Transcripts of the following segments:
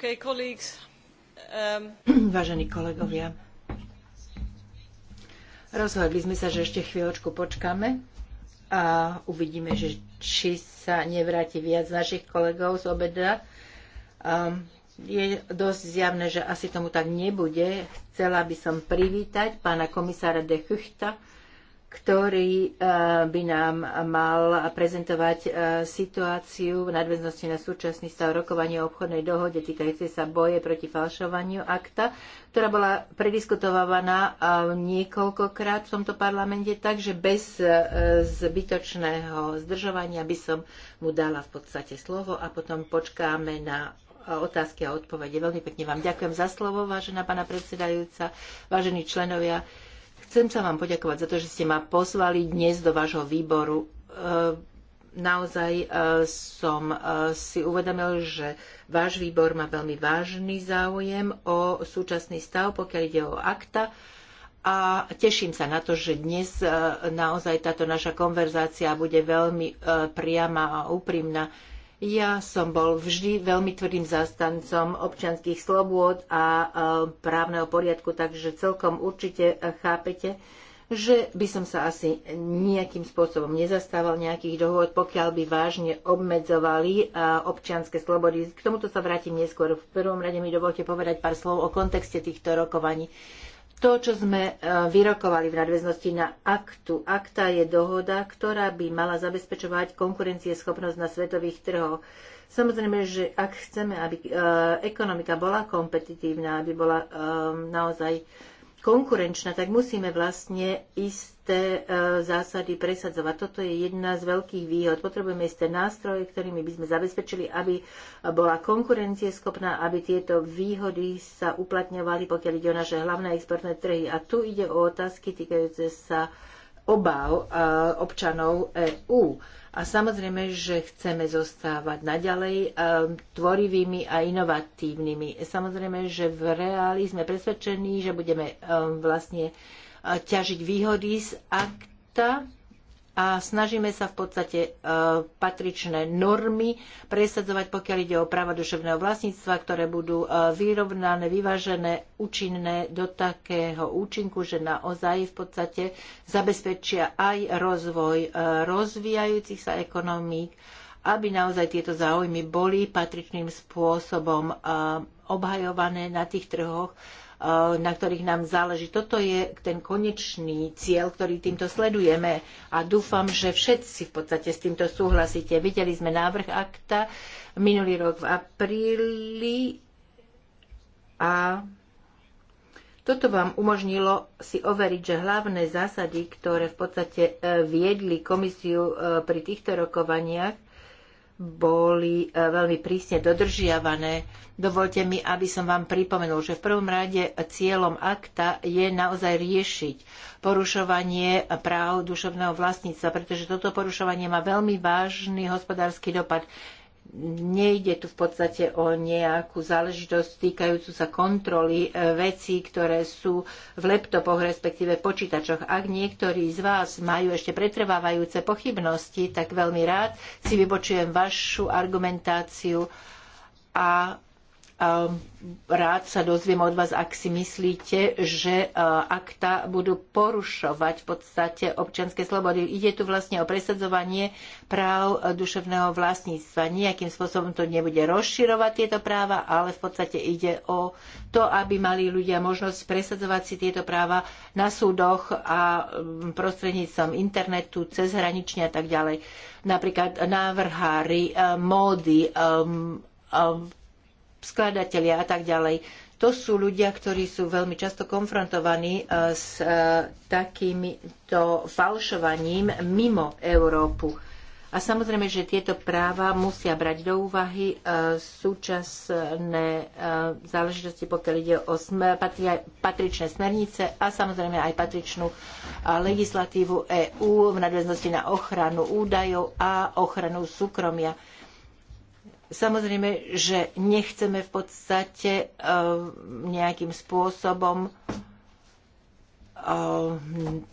Okay, um... Vážení kolegovia, rozhodli sme sa, že ešte chvíľočku počkáme a uvidíme, že či sa nevráti viac našich kolegov z obeda. Um, je dosť zjavné, že asi tomu tak nebude. Chcela by som privítať pána komisára de Chuchta, ktorý eh, by nám mal prezentovať eh, situáciu v nadväznosti na súčasný stav rokovania o obchodnej dohode týkajúcej sa boje proti falšovaniu akta, ktorá bola prediskutovaná eh, niekoľkokrát v tomto parlamente, takže bez zbytočného zdržovania by som mu dala v podstate slovo a potom počkáme na otázky a odpovede. Veľmi pekne vám ďakujem za slovo, vážená pána predsedajúca, vážení členovia Chcem sa vám poďakovať za to, že ste ma pozvali dnes do vášho výboru. E, naozaj e, som e, si uvedomil, že váš výbor má veľmi vážny záujem o súčasný stav, pokiaľ ide o akta a teším sa na to, že dnes naozaj táto naša konverzácia bude veľmi priama a úprimná. Ja som bol vždy veľmi tvrdým zastancom občanských slobôd a e, právneho poriadku, takže celkom určite e, chápete, že by som sa asi nejakým spôsobom nezastával nejakých dohôd, pokiaľ by vážne obmedzovali e, občianske slobody. K tomuto sa vrátim neskôr. V prvom rade mi dovolte povedať pár slov o kontexte týchto rokovaní to, čo sme e, vyrokovali v nadväznosti na aktu. Akta je dohoda, ktorá by mala zabezpečovať konkurencieschopnosť na svetových trhoch. Samozrejme, že ak chceme, aby e, ekonomika bola kompetitívna, aby bola e, naozaj konkurenčná, tak musíme vlastne isté e, zásady presadzovať. Toto je jedna z veľkých výhod. Potrebujeme isté nástroje, ktorými by sme zabezpečili, aby bola konkurencieschopná, aby tieto výhody sa uplatňovali, pokiaľ ide o naše hlavné exportné trhy. A tu ide o otázky týkajúce sa obáv e, občanov EÚ. A samozrejme, že chceme zostávať naďalej eh, tvorivými a inovatívnymi. Samozrejme, že v reáli sme presvedčení, že budeme eh, vlastne eh, ťažiť výhody z akta a snažíme sa v podstate e, patričné normy presadzovať, pokiaľ ide o práva duševného vlastníctva, ktoré budú e, vyrovnané, vyvážené, účinné do takého účinku, že naozaj v podstate zabezpečia aj rozvoj e, rozvíjajúcich sa ekonomík, aby naozaj tieto záujmy boli patričným spôsobom obhajované na tých trhoch, Eh, na ktorých nám záleží. Toto je ten konečný cieľ, ktorý týmto sledujeme a dúfam, že všetci v podstate s týmto súhlasíte. Videli sme návrh akta minulý rok v apríli a toto vám umožnilo si overiť, že hlavné zásady, ktoré v podstate eh, viedli komisiu eh, pri týchto rokovaniach, boli e, veľmi prísne dodržiavané. Dovolte mi, aby som vám pripomenul, že v prvom rade cieľom akta je naozaj riešiť porušovanie práv duševného vlastníctva, pretože toto porušovanie má veľmi vážny hospodársky dopad nejde tu v podstate o nejakú záležitosť týkajúcu sa kontroly e, vecí, ktoré sú v laptopoch, respektíve v počítačoch. Ak niektorí z vás majú ešte pretrvávajúce pochybnosti, tak veľmi rád si vybočujem vašu argumentáciu a Ehm, rád sa dozviem od vás, ak si myslíte, že eh, akta budú porušovať v podstate občianske slobody. Ide tu vlastne o presadzovanie práv eh, duševného vlastníctva. Nijakým spôsobom to nebude rozširovať tieto práva, ale v podstate ide o to, aby mali ľudia možnosť presadzovať si tieto práva na súdoch a ehm, prostredníctvom internetu, cezhranične a tak ďalej. Napríklad návrhári eh, módy, ehm, skladatelia a tak ďalej. To sú ľudia, ktorí sú veľmi často konfrontovaní e, s e, takýmto falšovaním mimo Európu. A samozrejme, že tieto práva musia brať do úvahy e, súčasné záležitosti, pokiaľ ide o patričné smernice a samozrejme aj patričnú legislatívu EÚ v nadväznosti na ochranu údajov a ochranu súkromia. Samozrejme, že nechceme v podstate eh, nejakým spôsobom eh,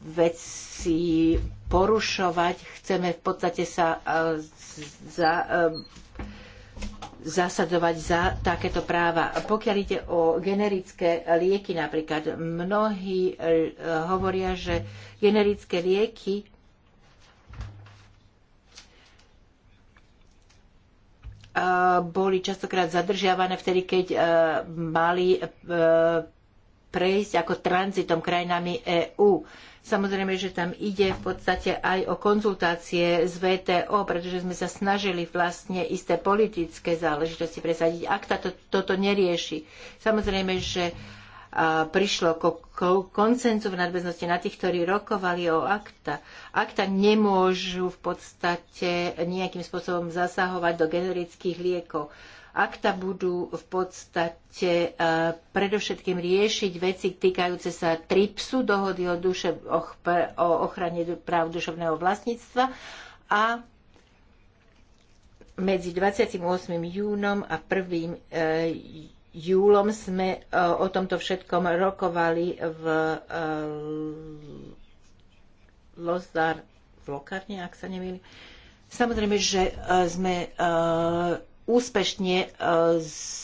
veci porušovať. Chceme v podstate sa eh, za, zasadovať za takéto práva. Pokiaľ ide o generické lieky napríklad, mnohí hovoria, že generické lieky Eh, boli častokrát zadržiavané vtedy, keď eh, mali eh, prejsť ako tranzitom krajinami EÚ. Samozrejme, že tam ide v podstate aj o konzultácie s VTO, pretože sme sa snažili vlastne isté politické záležitosti presadiť. Ak to, toto nerieši. Samozrejme, že uh, prišlo ko koncenzu v nadväznosti na tých, ktorí rokovali o akta. Akta nemôžu v podstate nejakým spôsobom zasahovať do generických liekov. Akta budú v podstate e, predovšetkým riešiť veci týkajúce sa TRIPSu, dohody o, duše, o ochrane práv duševného vlastníctva a medzi 28. júnom a 1 júlom sme e, o tomto všetkom rokovali v e, Lozar v Lokárne, ak sa nemýlim. Samozrejme, že e, sme úspešne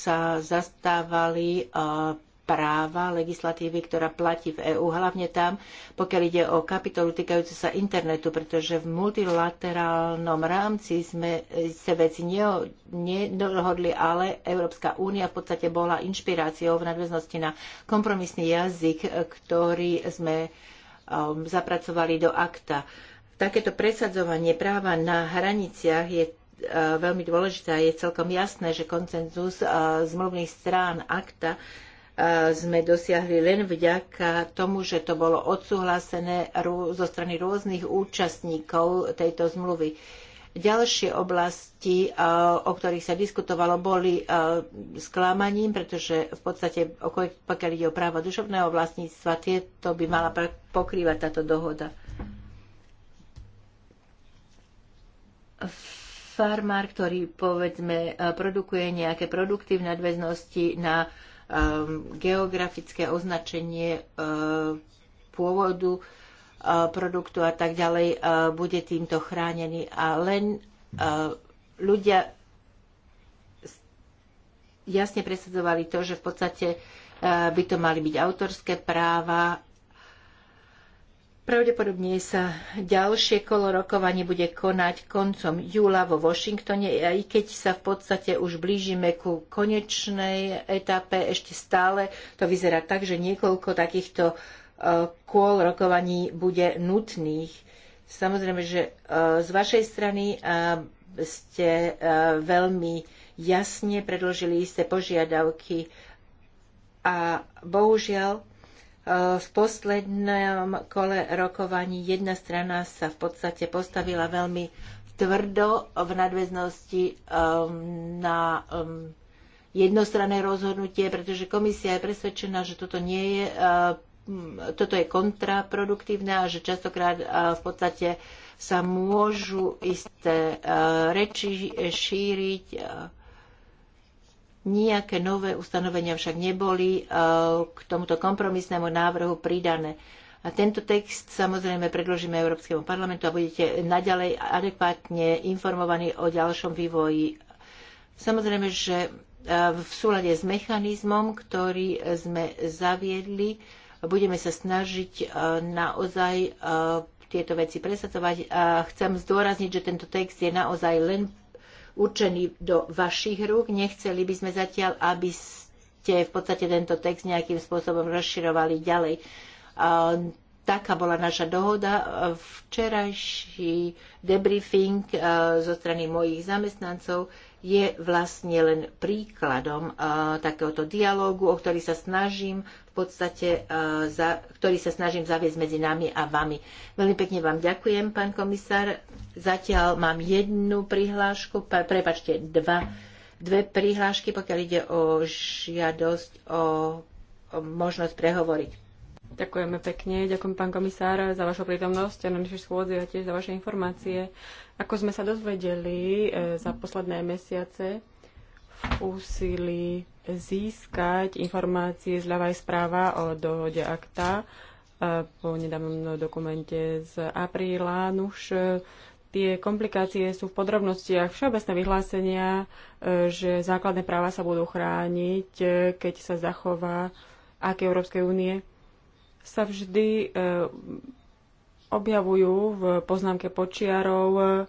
sa zastávali práva, legislatívy, ktorá platí v EÚ, hlavne tam, pokiaľ ide o kapitolu týkajúce sa internetu, pretože v multilaterálnom rámci sme sa veci nedohodli, ale Európska únia v podstate bola inšpiráciou v nadväznosti na kompromisný jazyk, ktorý sme um, zapracovali do akta. Takéto presadzovanie práva na hraniciach je uh, veľmi dôležité a je celkom jasné, že koncenzus uh, zmluvných strán akta sme dosiahli len vďaka tomu, že to bolo odsúhlasené zo strany rôznych účastníkov tejto zmluvy. Ďalšie oblasti, o ktorých sa diskutovalo, boli sklamaním, pretože v podstate, pokiaľ ide o práva duševného vlastníctva, tieto by mala pokrývať táto dohoda. Farmár, ktorý povedzme produkuje nejaké produkty v nadväznosti na uh, Um, geografické označenie uh, pôvodu uh, produktu a tak ďalej uh, bude týmto chránený. A len ľudia jasne presadzovali to, že v podstate by to mali byť autorské práva Pravdepodobne sa ďalšie kolo rokovaní bude konať koncom júla vo Washingtone, aj keď sa v podstate už blížime ku konečnej etape, ešte stále to vyzerá tak, že niekoľko takýchto e, kôl rokovaní bude nutných. Samozrejme, že e, z vašej strany e, ste veľmi jasne predložili isté požiadavky a bohužiaľ v poslednom kole rokovaní jedna strana sa v podstate postavila veľmi tvrdo v nadväznosti um, na um, jednostranné rozhodnutie, pretože komisia je presvedčená, že toto nie je uh, toto je kontraproduktívne a že častokrát uh, v podstate sa môžu isté uh, reči šíriť Nijaké nové ustanovenia však neboli e, k tomuto kompromisnému návrhu pridané. A tento text samozrejme predložíme Európskemu parlamentu a budete naďalej adekvátne informovaní o ďalšom vývoji. Samozrejme, že e, v súlade s mechanizmom, ktorý sme zaviedli, budeme sa snažiť e, naozaj tieto veci presadzovať. A chcem zdôrazniť, že tento text je naozaj len určený do vašich rúk. Nechceli by sme zatiaľ, aby ste v podstate tento text nejakým spôsobom rozširovali ďalej. Taká bola naša dohoda. Včerajší debriefing e, zo strany mojich zamestnancov je vlastne len príkladom e, takéhoto dialógu, o ktorý sa snažím podstate, e, za, ktorý sa snažím zaviesť medzi nami a vami. Veľmi pekne vám ďakujem, pán komisár. Zatiaľ mám jednu prihlášku, prepačte, dva, dve prihlášky, pokiaľ ide o žiadosť o, o možnosť prehovoriť. Ďakujeme pekne, ďakujem pán komisár za vašu prítomnosť a na našej schôdze a tiež za vaše informácie. Ako sme sa dozvedeli e, za posledné mesiace, úsilí získať informácie zľava aj správa o dohode akta e, po nedávnom dokumente z apríla. Nuž e, tie komplikácie sú v podrobnostiach všeobecné vyhlásenia, e, že základné práva sa budú chrániť, keď sa zachová ak Európskej únie, sa vždy objavujú v poznámke počiarov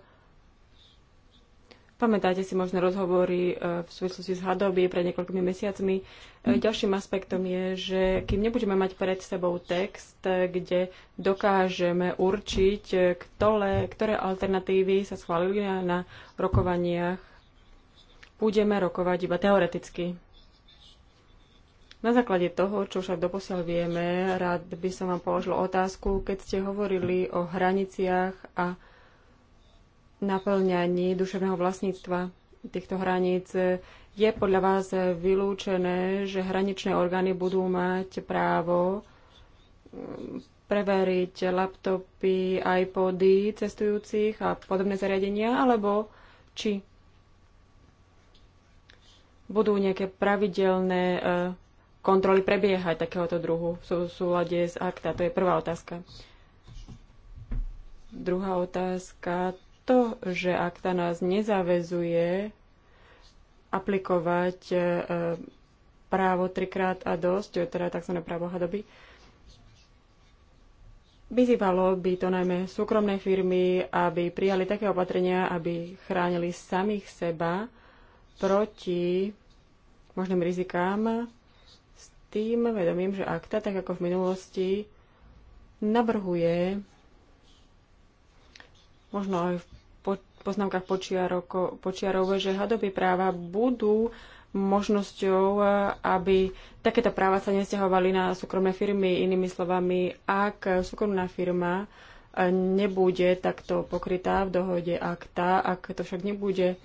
Pamätáte si možno rozhovory e, v súvislosti s Hadoby pred niekoľkými mesiacmi. E, mm. Ďalším aspektom je, že kým nebudeme mať pred sebou text, e, kde dokážeme určiť, ktoré, ktoré alternatívy sa schválili na rokovaniach, budeme rokovať iba teoreticky. Na základe toho, čo však doposiaľ vieme, rád by som vám položil otázku, keď ste hovorili o hraniciach a naplňaní duševného vlastníctva týchto hraníc. Je podľa vás vylúčené, že hraničné orgány budú mať právo mm, preveriť laptopy, iPody cestujúcich a podobné zariadenia, alebo či budú nejaké pravidelné e, kontroly prebiehať takéhoto druhu v súlade s akta? To je prvá otázka. Druhá otázka, to, že akta nás nezavezuje aplikovať e, e, právo trikrát a dosť, teda tzv. právo hadoby, Vyzývalo by to najmä súkromné firmy, aby prijali také opatrenia, aby chránili samých seba proti možným rizikám s tým vedomím, že akta, tak ako v minulosti, navrhuje možno aj v poznámkach počiarov, že hadobie práva budú možnosťou, eh, aby takéto práva sa nesťahovali na súkromné firmy. Inými slovami, ak súkromná firma eh, nebude takto pokrytá v dohode akta, ak to však nebude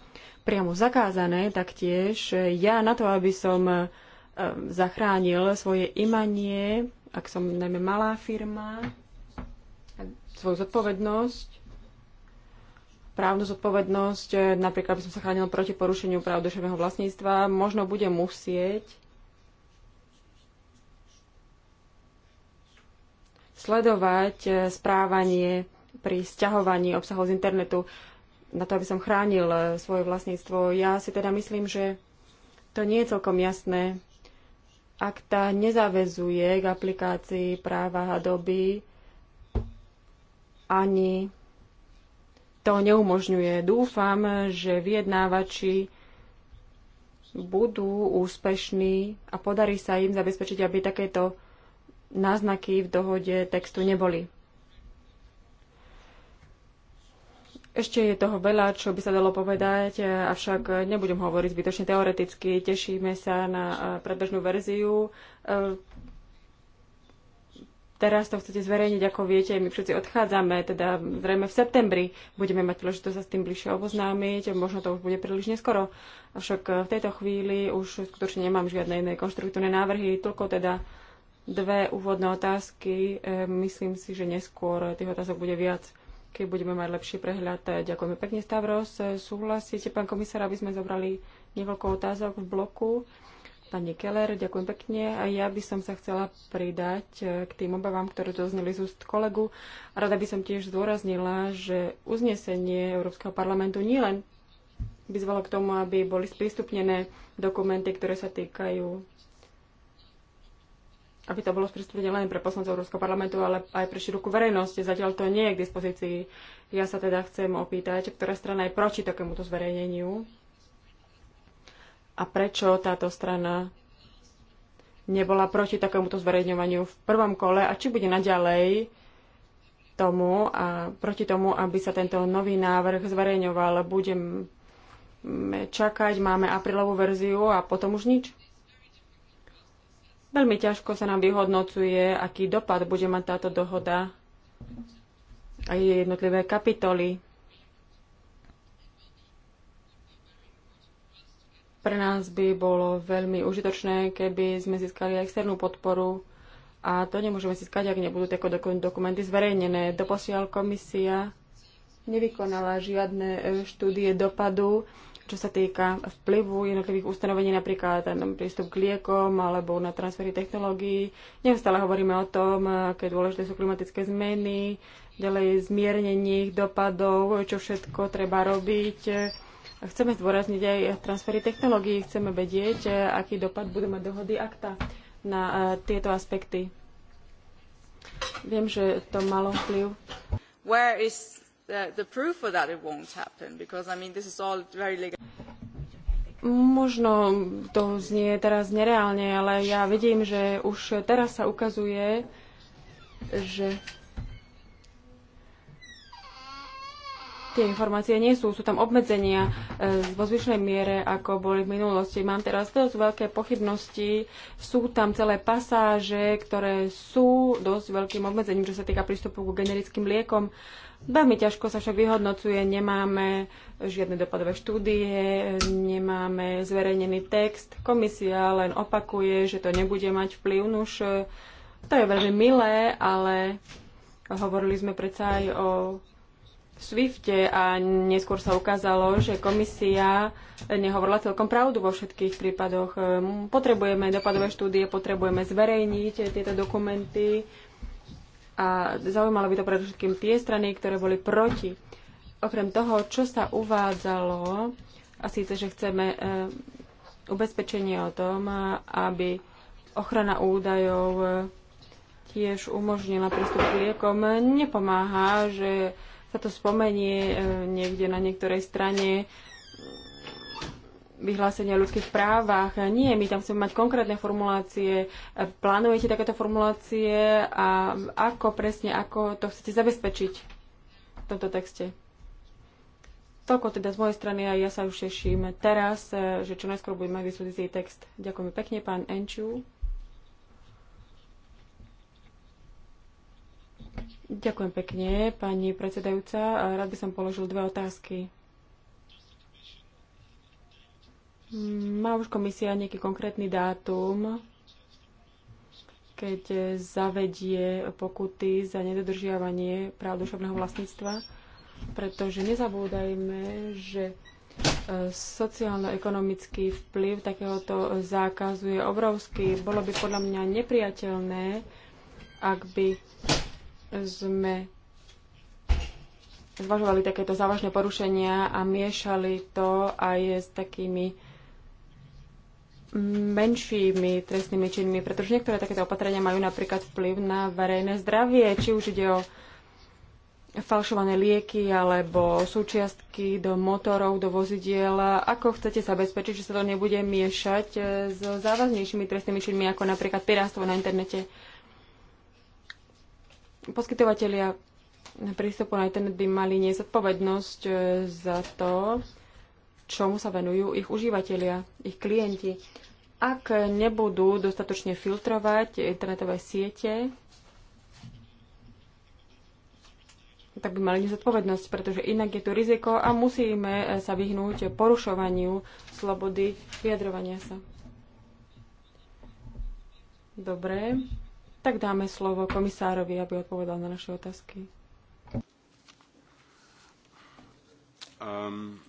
priamo zakázané, tak tiež eh, ja na to, aby som zachránil svoje imanie, ak som najmä malá firma, svoju zodpovednosť, právnu zodpovednosť, e, napríklad by som sa chránil proti porušeniu práv duševného vlastníctva, možno bude musieť sledovať e, správanie pri sťahovaní obsahov z internetu na to, aby som chránil e, svoje vlastníctvo. Ja si teda myslím, že to nie je celkom jasné. Ak tá nezavezuje k aplikácii práva a doby ani to neumožňuje. Dúfam, že vyjednávači budú úspešní a podarí sa im zabezpečiť, aby takéto náznaky v dohode textu neboli. Ešte je toho veľa, čo by sa dalo povedať, avšak nebudem hovoriť zbytočne teoreticky. Tešíme sa na eh, predbežnú verziu. Eh, Teraz to chcete zverejniť, ako viete, my všetci odchádzame, teda zrejme v septembri budeme mať príležitosť sa s tým bližšie oboznámiť, možno to už bude príliš neskoro. Avšak eh, v tejto chvíli už skutočne nemám žiadne iné konštruktívne návrhy, toľko teda dve úvodné otázky. Eh, myslím si, že neskôr tých otázok bude viac, keď budeme mať lepší prehľad. Eh, ďakujeme pekne, Stavros. Súhlasíte, pán komisár, aby sme zobrali niekoľko otázok v bloku? Pani Keller, ďakujem pekne. A ja by som sa chcela pridať eh, k tým obavám, ktoré to zneli z úst kolegu. rada by som tiež zdôraznila, že uznesenie Európskeho parlamentu nielen vyzvalo k tomu, aby boli sprístupnené dokumenty, ktoré sa týkajú aby to bolo sprístupnené len pre poslancov Európskeho parlamentu, ale aj pre širokú verejnosť. Zatiaľ to nie je k dispozícii. Ja sa teda chcem opýtať, ktorá strana je proti takémuto zverejneniu a prečo táto strana nebola proti takémuto zverejňovaniu v prvom kole a či bude naďalej tomu a proti tomu, aby sa tento nový návrh zverejňoval. Budeme čakať, máme aprílovú verziu a potom už nič. Veľmi ťažko sa nám vyhodnocuje, aký dopad bude mať táto dohoda a jej jednotlivé kapitoly. Pre nás by bolo veľmi užitočné, keby sme získali externú podporu a to nemôžeme získať, ak nebudú tieto dokumenty zverejnené. Doposiaľ komisia nevykonala žiadne e, štúdie dopadu, čo sa týka vplyvu jednotlivých ustanovení, napríklad na prístup k liekom alebo na transfery technológií. Neustále hovoríme o tom, aké dôležité sú klimatické zmeny, ďalej zmiernenie ich dopadov, čo všetko treba robiť Chceme zdôrazniť aj transfery technológií, chceme vedieť, e, aký dopad budú mať dohody akta na e, tieto aspekty. Viem, že to malo vplyv. Where is the, the proof for that it won't happen? Because I mean, this is all very legal. Možno to znie teraz nereálne, ale ja vidím, že už teraz sa ukazuje, že tie informácie nie sú, sú tam obmedzenia e, vo zvyšnej miere, ako boli v minulosti. Mám teraz dosť veľké pochybnosti, sú tam celé pasáže, ktoré sú dosť veľkým obmedzením, čo sa týka prístupu k generickým liekom. Veľmi ťažko sa však vyhodnocuje, nemáme žiadne dopadové štúdie, nemáme zverejnený text. Komisia len opakuje, že to nebude mať vplyv, už e, to je veľmi milé, ale hovorili sme predsa aj o Swifte a neskôr sa ukázalo, že komisia nehovorila celkom pravdu vo všetkých prípadoch. Ehm, potrebujeme dopadové štúdie, potrebujeme zverejniť tieto dokumenty a zaujímalo by to predovšetkým tie strany, ktoré boli proti. Okrem toho, čo sa uvádzalo, a síce, že chceme ehm, ubezpečenie o tom, aby ochrana údajov ehm, tiež umožnila prístup k liekom, nepomáha, že sa to spomenie niekde na niektorej strane vyhlásenia o ľudských právach. Nie, my tam chceme mať konkrétne formulácie. Plánujete takéto formulácie a ako presne, ako to chcete zabezpečiť v tomto texte? Toľko teda z mojej strany a ja sa už teším teraz, e, že čo najskôr budeme mať k dispozícii text. Ďakujem pekne, pán Enču. Ďakujem pekne, pani predsedajúca. Rád by som položil dve otázky. Má už komisia nejaký konkrétny dátum, keď zavedie pokuty za nedodržiavanie práv duševného vlastníctva? Pretože nezabúdajme, že e, sociálno-ekonomický vplyv takéhoto zákazu je obrovský. Bolo by podľa mňa nepriateľné, ak by sme zvažovali takéto závažné porušenia a miešali to aj s takými menšími trestnými činmi, pretože niektoré takéto opatrenia majú napríklad vplyv na verejné zdravie, či už ide o falšované lieky alebo súčiastky do motorov, do vozidiel. Ako chcete zabezpečiť, že sa to nebude miešať eh, s závaznejšími trestnými činmi, ako napríklad piráctvo na internete? Poskytovateľia prístupu na internet by mali nezodpovednosť e, za to, čomu sa venujú ich užívateľia, ich klienti. Ak nebudú dostatočne filtrovať internetové siete, tak by mali nezodpovednosť, pretože inak je tu riziko a musíme e, sa vyhnúť porušovaniu slobody vyjadrovania sa. Dobre tak dáme slovo komisárovi, aby odpovedal na naše otázky. Um,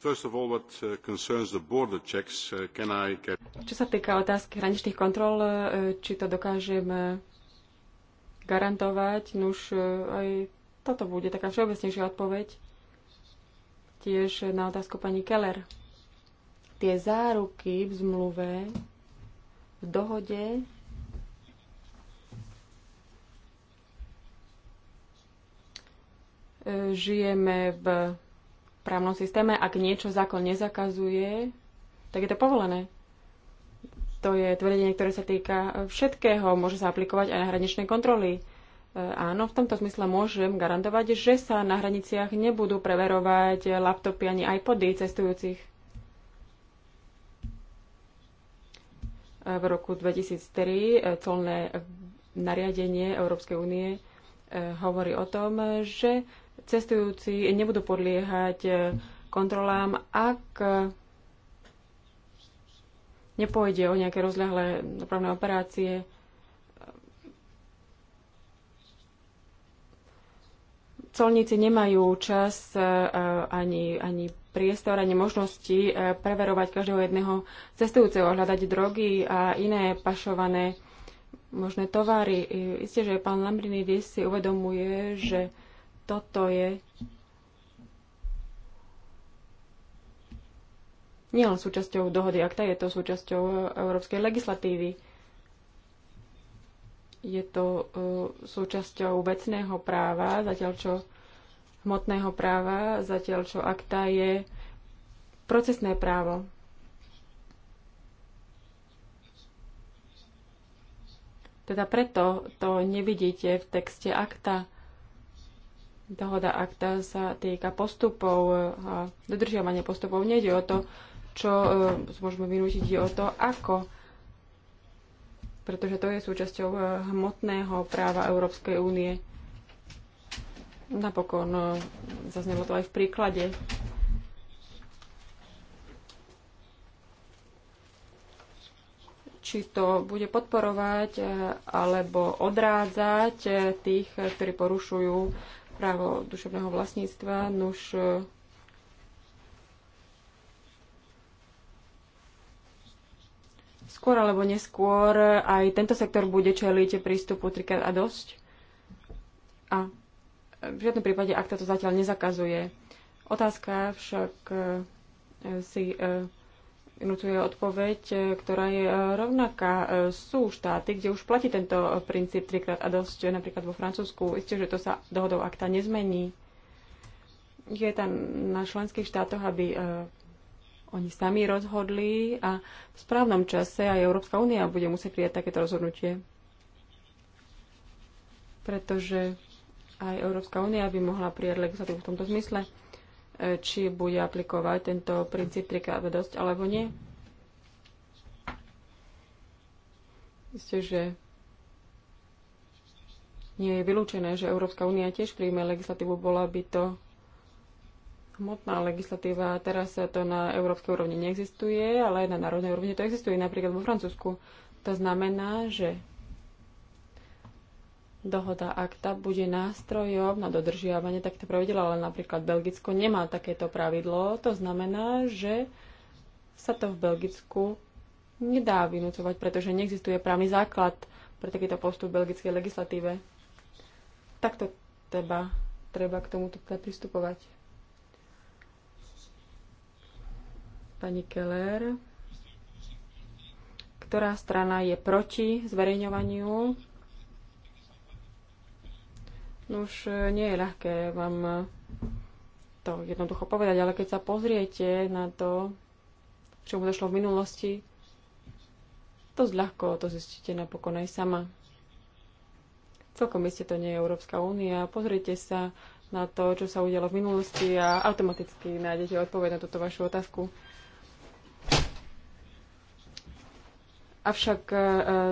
first of all, what uh, concerns the border checks, uh, can I... Čo sa týka otázky hraničných kontrol, uh, či to dokážeme garantovať, nuž aj toto bude taká všeobecnejšia odpoveď tiež na otázku pani Keller. Tie záruky v zmluve, v dohode, e, žijeme v právnom systéme. Ak niečo zákon nezakazuje, tak je to povolené. To je tvrdenie, ktoré sa týka všetkého. Môže sa aplikovať aj na hraničné kontroly. Áno, v tomto zmysle môžem garantovať, že sa na hraniciach nebudú preverovať laptopy ani iPody cestujúcich. V roku 2003 eh, colné nariadenie Európskej únie eh, hovorí o tom, že cestujúci nebudú podliehať eh, kontrolám, ak nepôjde o nejaké rozľahlé dopravné operácie, colníci nemajú čas e, ani, ani priestor, ani možnosti e, preverovať každého jedného cestujúceho, hľadať drogy a iné pašované možné tovary. Isté, že pán Lambrini si uvedomuje, že toto je nielen súčasťou dohody akta, je to súčasťou európskej legislatívy je to e, súčasťou vecného práva, zatiaľ čo hmotného práva, zatiaľ čo akta je procesné právo. Teda preto to nevidíte v texte akta. Dohoda akta sa týka postupov a dodržiavania postupov. Nejde o to, čo e, môžeme vynútiť, o to, ako pretože to je súčasťou eh, hmotného práva Európskej únie. Napokon eh, zaznelo to aj v príklade. Či to bude podporovať eh, alebo odrádzať tých, ktorí porušujú právo duševného vlastníctva, nuž skôr alebo neskôr aj tento sektor bude čeliť prístupu trikrát a dosť. A v žiadnom prípade akta to zatiaľ nezakazuje. Otázka však e, si e, nutuje odpoveď, e, ktorá je rovnaká. Sú štáty, kde už platí tento princíp trikrát a dosť, napríklad vo Francúzsku. Isté, že to sa dohodou akta nezmení. Je tam na členských štátoch, aby oni sami rozhodli a v správnom čase aj Európska únia bude musieť prijať takéto rozhodnutie. Pretože aj Európska únia by mohla prijať legislatívu v tomto zmysle, e, či bude aplikovať tento princíp trikrát dosť alebo nie. Isté, že nie je vylúčené, že Európska únia tiež príjme legislatívu, bola by to hmotná legislatíva. Teraz to na európskej úrovni neexistuje, ale na národnej úrovni to existuje, napríklad vo Francúzsku. To znamená, že dohoda akta bude nástrojom na dodržiavanie takto pravidel, ale napríklad Belgicko nemá takéto pravidlo. To znamená, že sa to v Belgicku nedá vynúcovať, pretože neexistuje právny základ pre takýto postup v belgickej legislatíve. Takto treba, treba k tomuto pristupovať. pani Keller. Ktorá strana je proti zverejňovaniu? No už e, nie je ľahké vám e, to jednoducho povedať, ale keď sa pozriete na to, čo mu došlo v minulosti, to ľahko to zistíte napokon aj sama. Celkom iste to nie je Európska únia. Pozrite sa na to, čo sa udialo v minulosti a automaticky nájdete odpoveď na túto vašu otázku. Avšak e, e,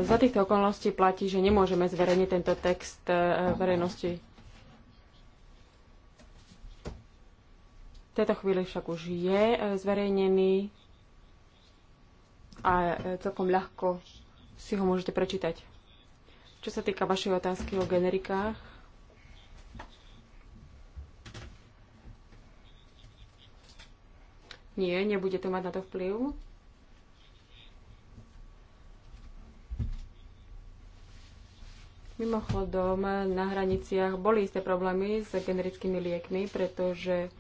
za týchto okolností platí, že nemôžeme zverejniť tento text e, verejnosti. V tejto chvíli však už je zverejnený a celkom ľahko si ho môžete prečítať. Čo sa týka vašej otázky o generikách, nie, nebude to mať na to vplyv. Mimochodom, na hraniciach boli isté problémy s generickými liekmi, pretože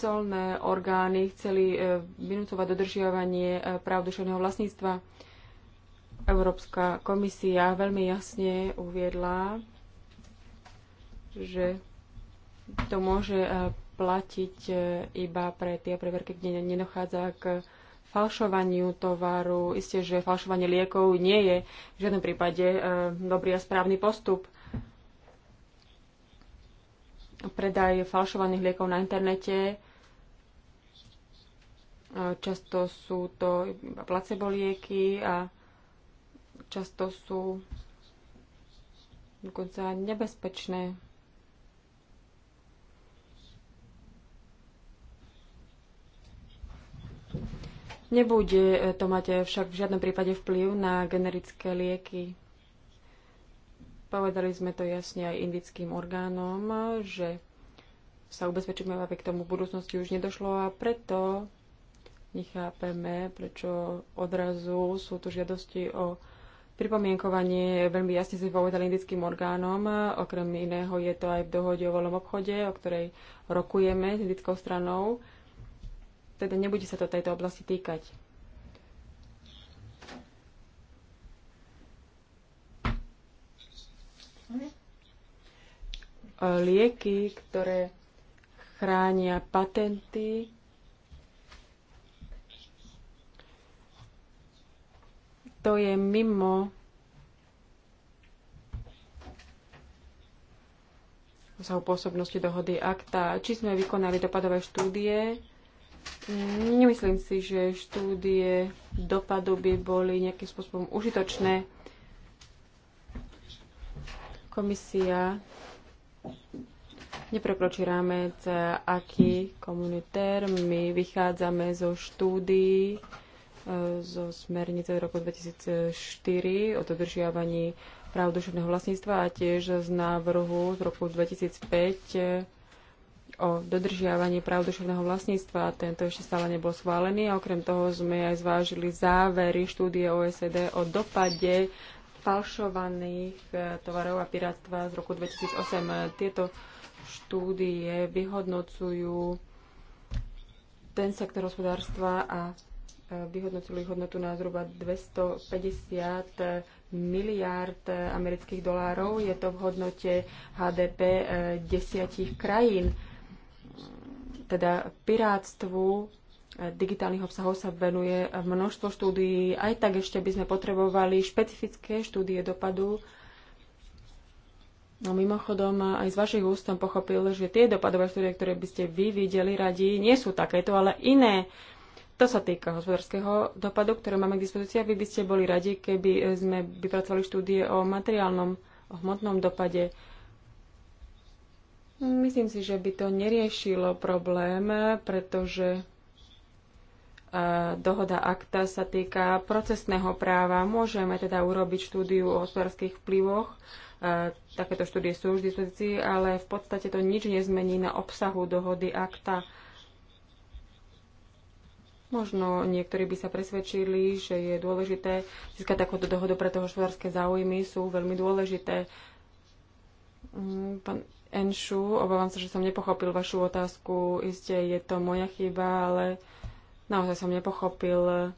colné orgány chceli e, vynúcovať dodržiavanie e, práv duševného vlastníctva. Európska komisia veľmi jasne uviedla, že to môže e, platiť iba pre tie preverky, kde nedochádza k falšovaniu tovaru. Isté, že falšovanie liekov nie je v žiadnom prípade e, dobrý a správny postup. Predaj falšovaných liekov na internete e, často sú to placebo lieky a často sú dokonca nebezpečné Nebude to mať však v žiadnom prípade vplyv na generické lieky. Povedali sme to jasne aj indickým orgánom, že sa ubezpečíme, aby k tomu v budúcnosti už nedošlo a preto nechápeme, prečo odrazu sú tu žiadosti o pripomienkovanie. Veľmi jasne sme povedali indickým orgánom, okrem iného je to aj v dohode o voľnom obchode, o ktorej rokujeme s indickou stranou teda nebude sa to tejto oblasti týkať. Lieky, ktoré chránia patenty, to je mimo sa pôsobnosti dohody akta. Či sme vykonali dopadové štúdie, Nemyslím si, že štúdie dopadu by boli nejakým spôsobom užitočné. Komisia neprekročí rámec aký komunitér. My vychádzame zo štúdií e, zo smernice roku 2004 o dodržiavaní práv duševného vlastníctva a tiež z návrhu z roku 2005 o dodržiavaní práv duševného vlastníctva. Tento ešte stále nebol schválený a okrem toho sme aj zvážili závery štúdie OSD o dopade falšovaných eh, tovarov a pirátstva z roku 2008. Tieto štúdie vyhodnocujú ten sektor hospodárstva a eh, vyhodnocili hodnotu na zhruba 250 miliárd eh, amerických dolárov. Je to v hodnote HDP desiatich krajín teda pirátstvu e, digitálnych obsahov sa venuje množstvo štúdií. Aj tak ešte by sme potrebovali špecifické štúdie dopadu. No mimochodom, aj z vašich úst som pochopil, že tie dopadové štúdie, ktoré by ste vy videli radi, nie sú takéto, ale iné. To sa týka hospodárskeho dopadu, ktoré máme k dispozícii. Vy by ste boli radi, keby sme vypracovali štúdie o materiálnom, o hmotnom dopade Myslím si, že by to neriešilo problém, pretože dohoda akta sa týka procesného práva. Môžeme teda urobiť štúdiu o hospodárských vplyvoch. Takéto štúdie sú už v dispozícii, ale v podstate to nič nezmení na obsahu dohody akta. Možno niektorí by sa presvedčili, že je dôležité získať takúto dohodu, pretože hospodárske záujmy sú veľmi dôležité. Mm, pán Enšu, obávam sa, že som nepochopil vašu otázku. Isté je to moja chyba, ale naozaj som nepochopil,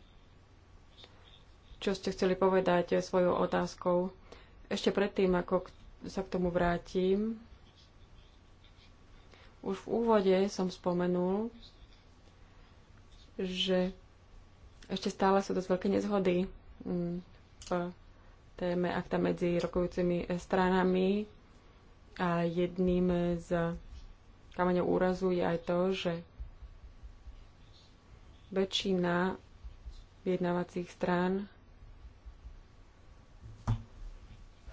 čo ste chceli povedať svojou otázkou. Ešte predtým, ako sa k tomu vrátim, už v úvode som spomenul, že ešte stále sú dosť veľké nezhody mm, v téme akta medzi rokujúcimi stranami a jedným z kameňov úrazu je aj to, že väčšina vyjednávacích strán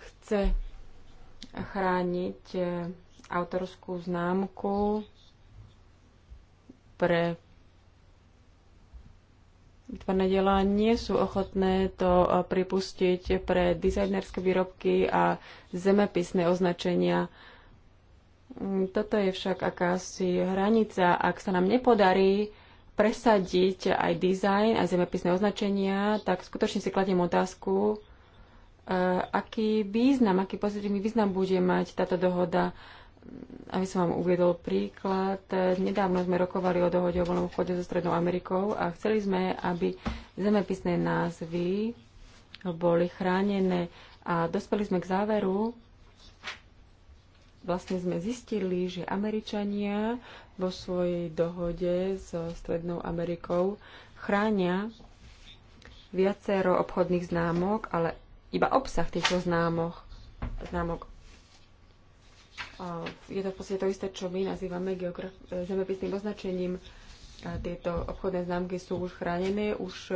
chce chrániť eh, autorskú známku pre výtvarné diela nie sú ochotné to pripustiť pre dizajnerské výrobky a zemepisné označenia. Mm, toto je však akási hranica. Ak sa nám nepodarí presadiť aj dizajn a zemepisné označenia, tak skutočne si kladiem otázku, e, aký význam, aký pozitívny význam bude mať táto dohoda aby som vám uviedol príklad, nedávno sme rokovali o dohode o voľnom obchode so Strednou Amerikou a chceli sme, aby zemepisné názvy boli chránené a dospeli sme k záveru, vlastne sme zistili, že Američania vo svojej dohode so Strednou Amerikou chránia viacero obchodných známok, ale iba obsah týchto známok. známok je to v podstate to isté, čo my nazývame zemepisným označením. Tieto obchodné známky sú už chránené, už e,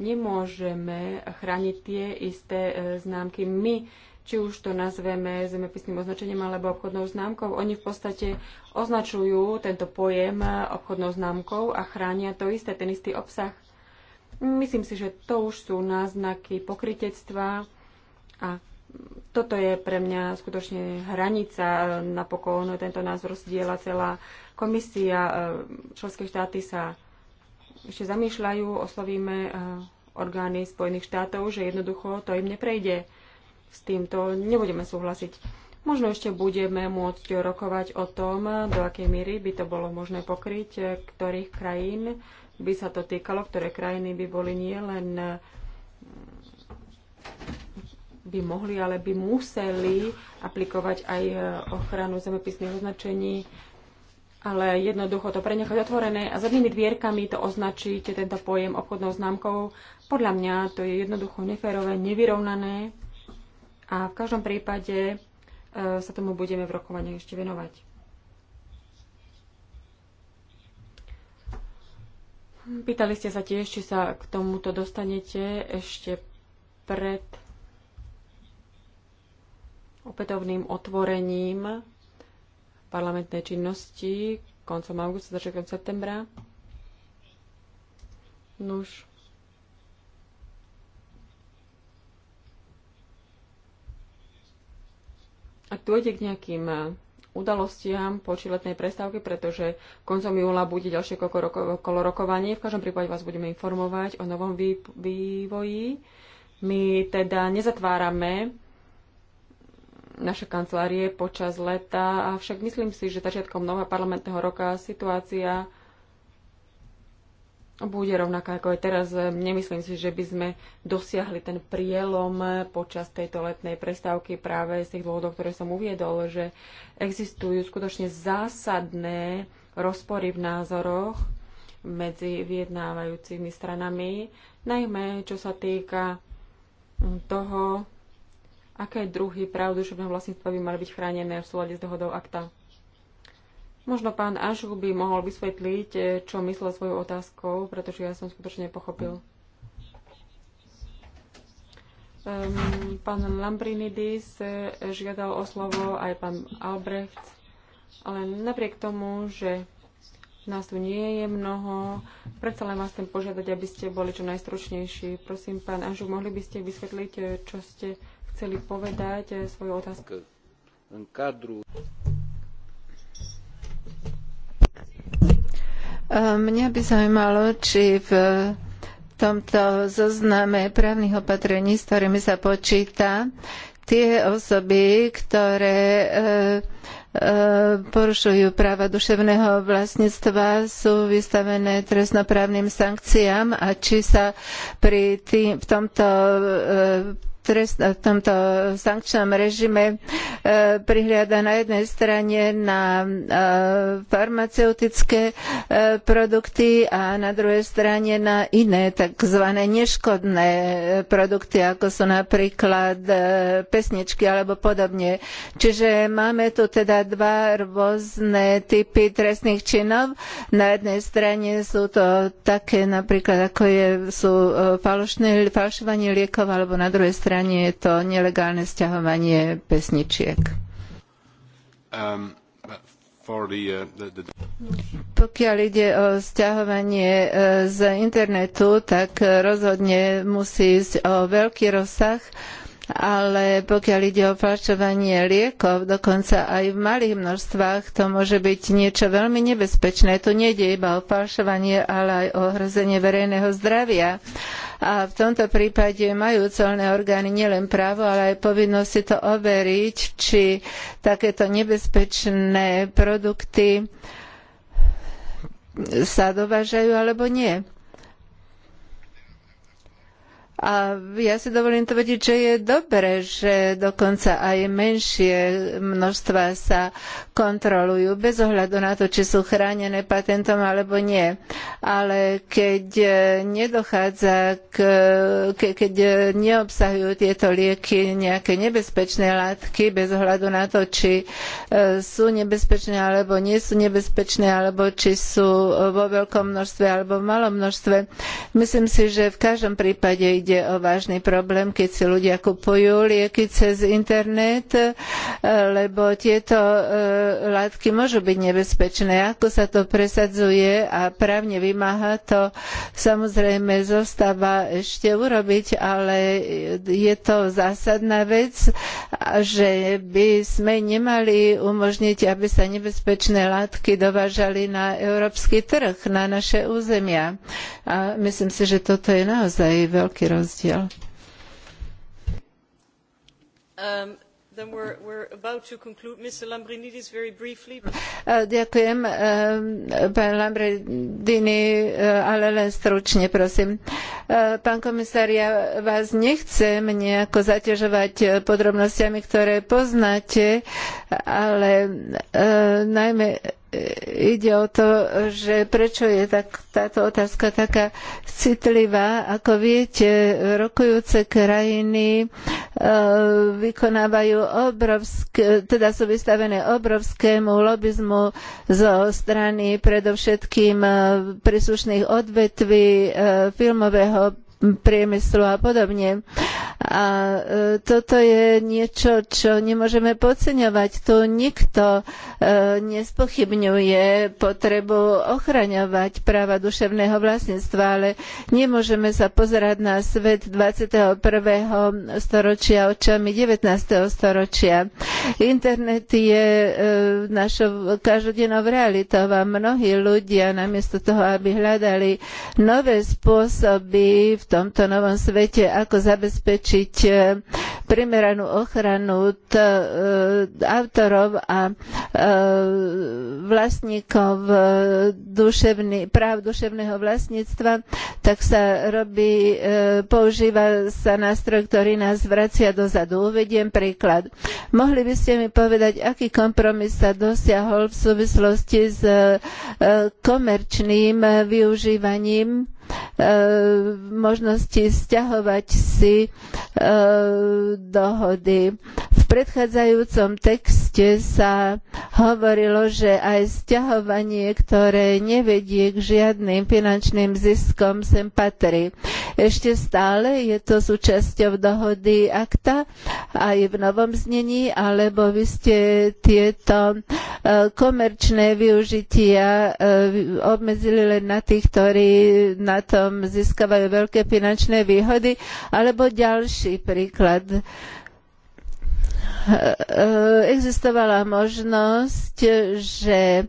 nemôžeme chrániť tie isté e, známky my, či už to nazveme zemepisným označením alebo obchodnou známkou. Oni v podstate označujú tento pojem e, obchodnou známkou a chránia to isté, ten istý obsah. Myslím si, že to už sú náznaky pokritectva a toto je pre mňa skutočne hranica. Napokon tento názor zdieľa celá komisia. E, Členské štáty sa ešte zamýšľajú, oslovíme e, orgány Spojených štátov, že jednoducho to im neprejde. S týmto nebudeme súhlasiť. Možno ešte budeme môcť rokovať o tom, do akej míry by to bolo možné pokryť, e, ktorých krajín by sa to týkalo, ktoré krajiny by boli nielen by mohli, ale by museli aplikovať aj e, ochranu zemepisných označení, ale jednoducho to prenechať otvorené a zadnými dvierkami to označiť tento pojem obchodnou známkou. Podľa mňa to je jednoducho neférové, nevyrovnané a v každom prípade e, sa tomu budeme v rokovaní ešte venovať. Pýtali ste sa tiež, či sa k tomuto dostanete ešte pred opätovným otvorením parlamentnej činnosti koncom augusta, začiatkom septembra. Nuž. Ak dôjde k nejakým eh, udalostiam po letnej prestávke, pretože koncom júla bude ďalšie kolo rokovanie. V každom prípade vás budeme informovať o novom vývoji. My teda nezatvárame naše kancelárie počas leta, avšak myslím si, že začiatkom nového parlamentného roka situácia bude rovnaká ako aj teraz. Nemyslím si, že by sme dosiahli ten prielom počas tejto letnej prestávky práve z tých dôvodov, ktoré som uviedol, že existujú skutočne zásadné rozpory v názoroch medzi vyjednávajúcimi stranami, najmä čo sa týka toho, aké druhy práv duševného vlastníctva by mali byť chránené v súlade s dohodou akta. Možno pán Ašu by mohol vysvetliť, e, čo myslel svojou otázkou, pretože ja som skutočne pochopil. Um, pán Lambrinidis e, žiadal o slovo aj pán Albrecht, ale napriek tomu, že nás tu nie je mnoho, predsa len vás chcem požiadať, aby ste boli čo najstručnejší. Prosím, pán Anžu, mohli by ste vysvetliť, e, čo ste chceli povedať eh, svoju otázku. Eh, mňa by zaujímalo, či v eh, tomto zozname právnych opatrení, s ktorými sa počíta, tie osoby, ktoré porušujú práva duševného vlastníctva, sú vystavené trestnoprávnym sankciám a či sa pri tý, v tomto trest, eh, v tomto sankčnom režime eh, prihliada na jednej strane na eh, farmaceutické produkty a na druhej strane na iné tzv. neškodné produkty, ako sú napríklad pesničky alebo podobne. Čiže máme tu teda dva rôzne typy trestných činov. Na jednej strane sú to také napríklad ako je, sú falošné, falšovanie liekov alebo na druhej strane strane je to nelegálne sťahovanie pesničiek. Um, the, uh, the, the... Pokiaľ ide o sťahovanie uh, z internetu, tak uh, rozhodne musí ísť o veľký rozsah ale pokiaľ ide o falšovanie liekov, dokonca aj v malých množstvách, to môže byť niečo veľmi nebezpečné. Tu nejde iba o falšovanie, ale aj o ohrozenie verejného zdravia. A v tomto prípade majú colné orgány nielen právo, ale aj povinnosť si to overiť, či takéto nebezpečné produkty sa dovážajú alebo nie. A ja si dovolím tvrdiť, že je dobré, že dokonca aj menšie množstva sa kontrolujú bez ohľadu na to, či sú chránené patentom alebo nie. Ale keď nedochádza k, ke, keď neobsahujú tieto lieky nejaké nebezpečné látky bez ohľadu na to, či e, sú nebezpečné alebo nie sú nebezpečné, alebo či sú vo veľkom množstve alebo v malom množstve, myslím si, že v každom prípade ide ide o vážny problém, keď si ľudia kupujú lieky cez internet, e, lebo tieto e, látky môžu byť nebezpečné. Ako sa to presadzuje a právne vymáha, to samozrejme zostáva ešte urobiť, ale je to zásadná vec, že by sme nemali umožniť, aby sa nebezpečné látky dovážali na európsky trh, na naše územia. A myslím si, že toto je naozaj veľký rozdiel rozdiel. Um, uh, ďakujem, um, pán Lambrinidini, uh, ale len stručne, prosím. Uh, pán komisár, ja vás nechcem nejako zaťažovať podrobnostiami, ktoré poznáte, ale najmä ide o to, že prečo je tak, táto otázka taká citlivá. Ako viete, rokujúce krajiny e, vykonávajú obrovské, teda sú vystavené obrovskému lobizmu zo strany predovšetkým e, príslušných odvetví e, filmového priemyslu a podobne. A e, toto je niečo, čo nemôžeme podceňovať. Tu nikto e, nespochybňuje potrebu ochraňovať práva duševného vlastníctva, ale nemôžeme sa pozerať na svet 21. storočia očami 19. storočia. Internet je e, našou každodennou realitou a mnohí ľudia namiesto toho, aby hľadali nové spôsoby v tomto novom svete, ako zabezpečiť eh, primeranú ochranu t, e, autorov a e, vlastníkov e, duševný, práv duševného vlastníctva, tak sa robí, používa sa nástroj, ktorý nás vracia dozadu. Uvediem príklad. Mohli by ste mi povedať, aký kompromis sa dosiahol v súvislosti s komerčným využívaním možnosti sťahovať si dohody predchádzajúcom texte sa hovorilo, že aj sťahovanie, ktoré nevedie k žiadnym finančným ziskom, sem patrí. Ešte stále je to súčasťou dohody akta aj v novom znení, alebo vy ste tieto e, komerčné využitia e, obmedzili len na tých, ktorí na tom získavajú veľké finančné výhody, alebo ďalší príklad. Eh, eh, existovala možnosť, že eh,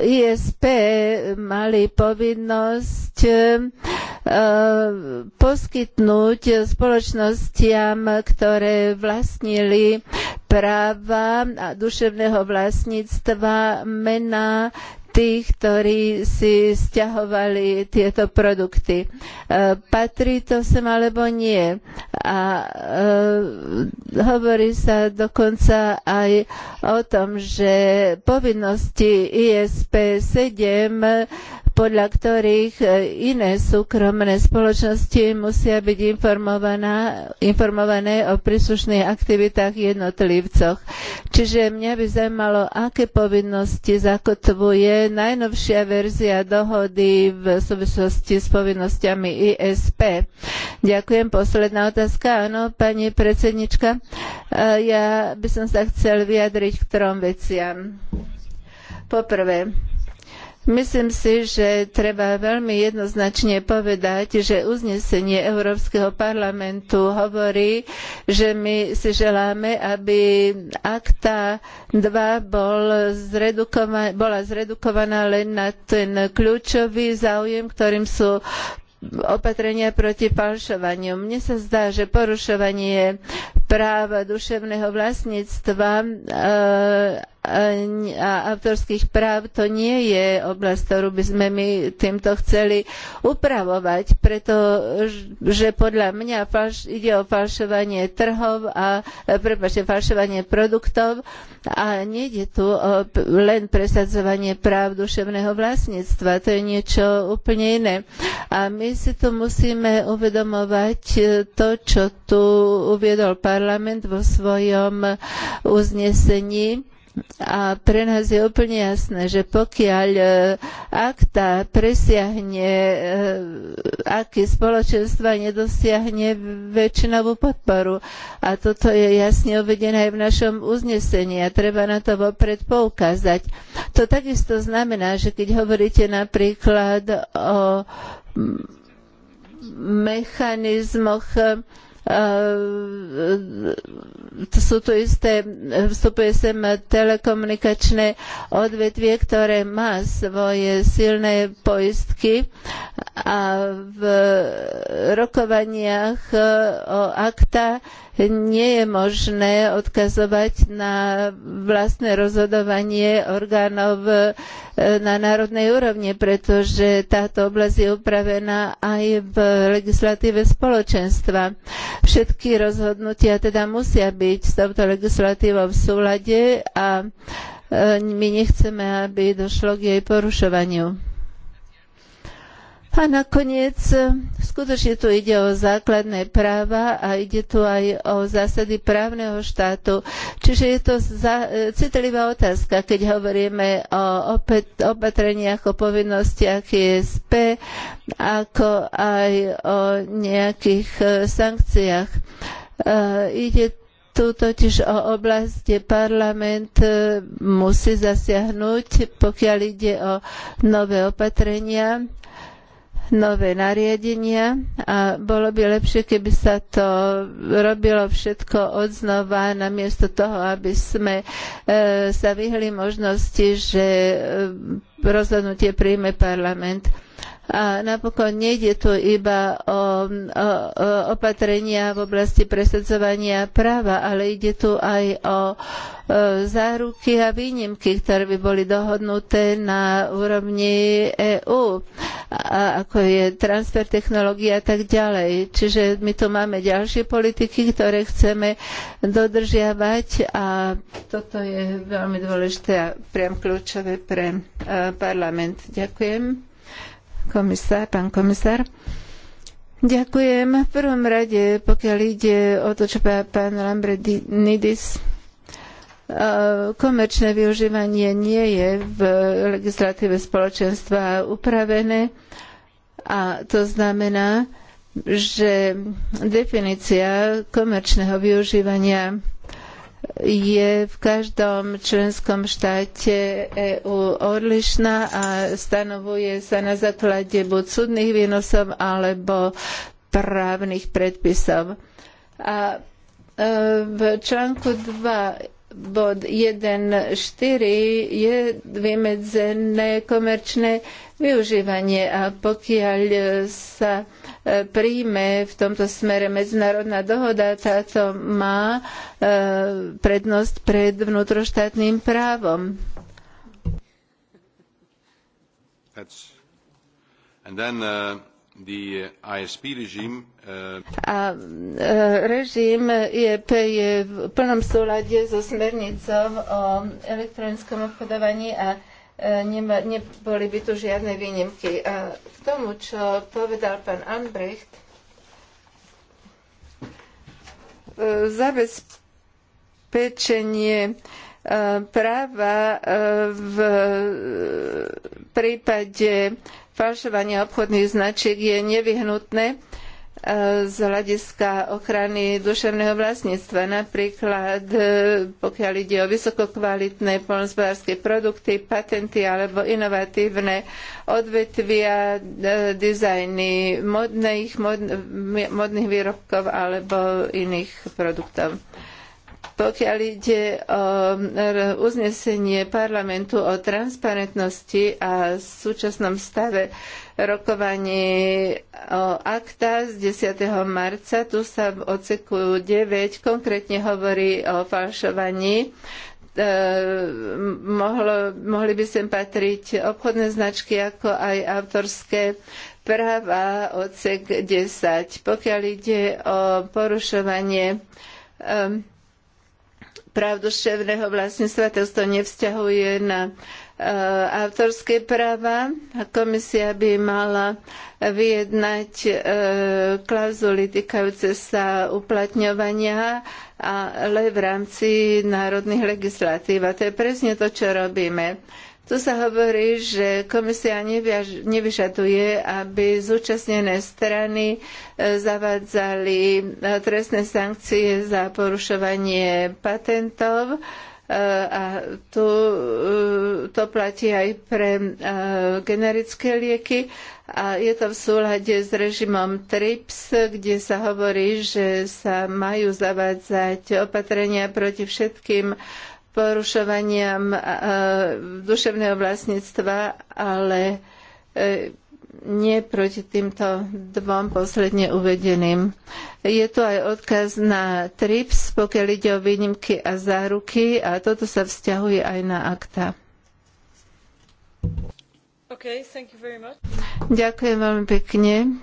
ISP mali povinnosť poskytnúť spoločnostiam, ktoré vlastnili práva duševného vlastníctva, mená, tých, ktorí si stiahovali tieto produkty. E, patrí to sem alebo nie? A e, hovorí sa dokonca aj o tom, že povinnosti ISP 7 podľa ktorých e, iné súkromné spoločnosti musia byť informované o príslušných aktivitách jednotlivcoch. Čiže mňa by zaujímalo, aké povinnosti zakotvuje najnovšia verzia dohody v súvislosti s povinnosťami ISP. Ďakujem. Posledná otázka. Áno, pani predsednička. E, ja by som sa chcel vyjadriť k trom veciam. Poprvé, Myslím si, že treba veľmi jednoznačne povedať, že uznesenie Európskeho parlamentu hovorí, že my si želáme, aby akta 2 bol zredukova bola zredukovaná len na ten kľúčový záujem, ktorým sú opatrenia proti falšovaniu. Mne sa zdá, že porušovanie práva duševného vlastníctva e, a autorských práv, to nie je oblasť, ktorú by sme my týmto chceli upravovať, pretože podľa mňa ide o falšovanie trhov a prepáčte, falšovanie produktov a nejde tu o len presadzovanie práv duševného vlastníctva. To je niečo úplne iné. A my si tu musíme uvedomovať e, to, čo tu uviedol parlament vo svojom uznesení a pre nás je úplne jasné, že pokiaľ e, akta presiahne e, aký spoločenstva, nedosiahne väčšinovú podporu. A toto je jasne uvedené aj v našom uznesení a treba na to vopred poukázať. To takisto znamená, že keď hovoríte napríklad o mechanizmoch E, e, sú tu isté, vstupuje sem telekomunikačné odvetvie, ktoré má svoje silné poistky a v rokovaniach e, o akta nie je možné odkazovať na vlastné rozhodovanie orgánov E, na národnej úrovni, pretože táto oblasť je upravená aj v legislatíve spoločenstva. Všetky rozhodnutia teda musia byť s touto legislatívou v súlade a e, my nechceme, aby došlo k jej porušovaniu. A nakoniec e, skutočne tu ide o základné práva a ide tu aj o zásady právneho štátu. Čiže je to e, citlivá otázka, keď hovoríme o opatreniach, o povinnostiach ISP, ako aj o nejakých e, sankciách. Ide tu totiž o oblasť, kde parlament musí zasiahnuť, pokiaľ ide o nové opatrenia nové nariadenia a bolo by lepšie, keby sa to robilo všetko odznova, namiesto toho, aby sme e, sa vyhli možnosti, že e, rozhodnutie príjme parlament. A napokon nejde tu iba o, o, o opatrenia v oblasti presadzovania práva, ale ide tu aj o, o záruky a výnimky, ktoré by boli dohodnuté na úrovni EÚ, ako je transfer technológií a tak ďalej. Čiže my tu máme ďalšie politiky, ktoré chceme dodržiavať a toto je veľmi dôležité a priam kľúčové pre e, parlament. Ďakujem komisár, pán komisár. Ďakujem. V prvom rade, pokiaľ ide o to, čo pán Lambrinidis, e, komerčné využívanie nie je v legislatíve spoločenstva upravené a to znamená, že definícia komerčného využívania je v každom členskom štáte EÚ odlišná a stanovuje sa na základe buď súdnych výnosov alebo právnych predpisov. A e, v článku 2 bod 1.4 je vymedzené komerčné využívanie a pokiaľ sa e, príjme v tomto smere medzinárodná dohoda, táto má e, prednosť pred vnútroštátnym právom. That's... And then, uh... Uh, uh, a uh, režim IEP je v plnom súlade so smernicou o elektronickom obchodovaní a e, neboli by tu žiadne výnimky. A k tomu, čo povedal pán Ambrecht, e, zabezpečenie e, práva v prípade falšovanie obchodných značiek je nevyhnutné e, z hľadiska ochrany duševného vlastníctva. Napríklad, e, pokiaľ ide o vysokokvalitné poľnospodárske produkty, patenty alebo inovatívne odvetvia, e, dizajny modných, modných výrobkov alebo iných produktov. Pokiaľ ide o uznesenie parlamentu o transparentnosti a súčasnom stave rokovaní o akta z 10. marca, tu sa v oceku 9 konkrétne hovorí o falšovaní e, Mohlo, mohli by sem patriť obchodné značky ako aj autorské práva odsek 10. Pokiaľ ide o porušovanie um, práv duševného vlastníctva, to sa to nevzťahuje na e, autorské práva. Komisia by mala vyjednať e, klauzuly týkajúce sa uplatňovania, ale v rámci národných legislatív. A to je presne to, čo robíme. Tu sa hovorí, že komisia nevyžaduje, aby zúčastnené strany e, zavádzali e, trestné sankcie za porušovanie patentov e, a tu to platí aj pre generické lieky a je to v súlade s režimom TRIPS, kde sa hovorí, že sa majú zavádzať opatrenia proti všetkým porušovaniam e, duševného vlastníctva, ale e, nie proti týmto dvom posledne uvedeným. Je tu aj odkaz na TRIPS, pokiaľ ide o výnimky a záruky a toto sa vzťahuje aj na akta. Okay, Ďakujem veľmi pekne.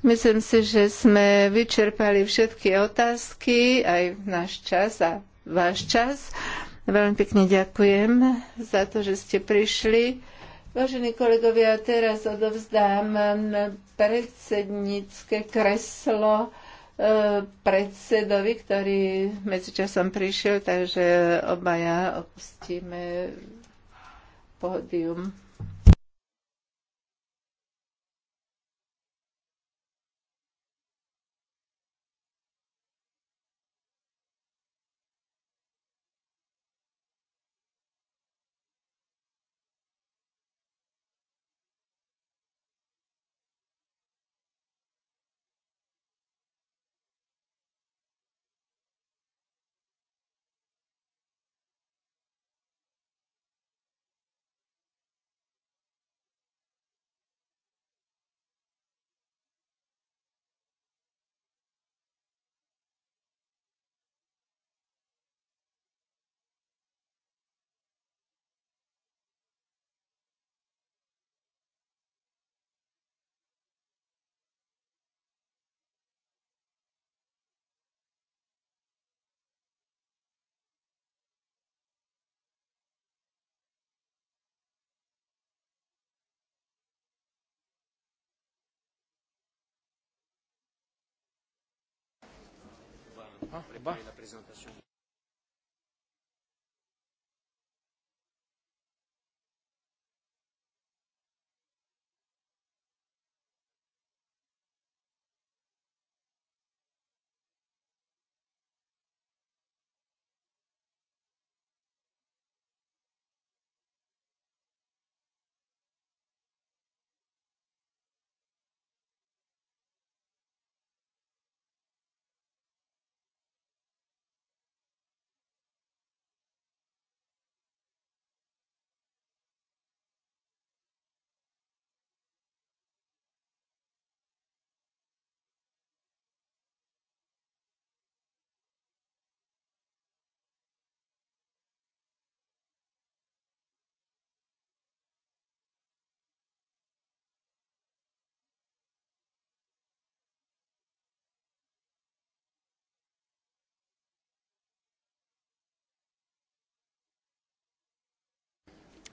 Myslím si, že sme vyčerpali všetky otázky, aj náš čas a váš čas. Veľmi pekne ďakujem za to, že ste prišli. Vážení kolegovia, teraz odovzdám predsednícke kreslo e, predsedovi, ktorý medzičasom prišiel, takže obaja opustíme pódium. pas, je sais pas.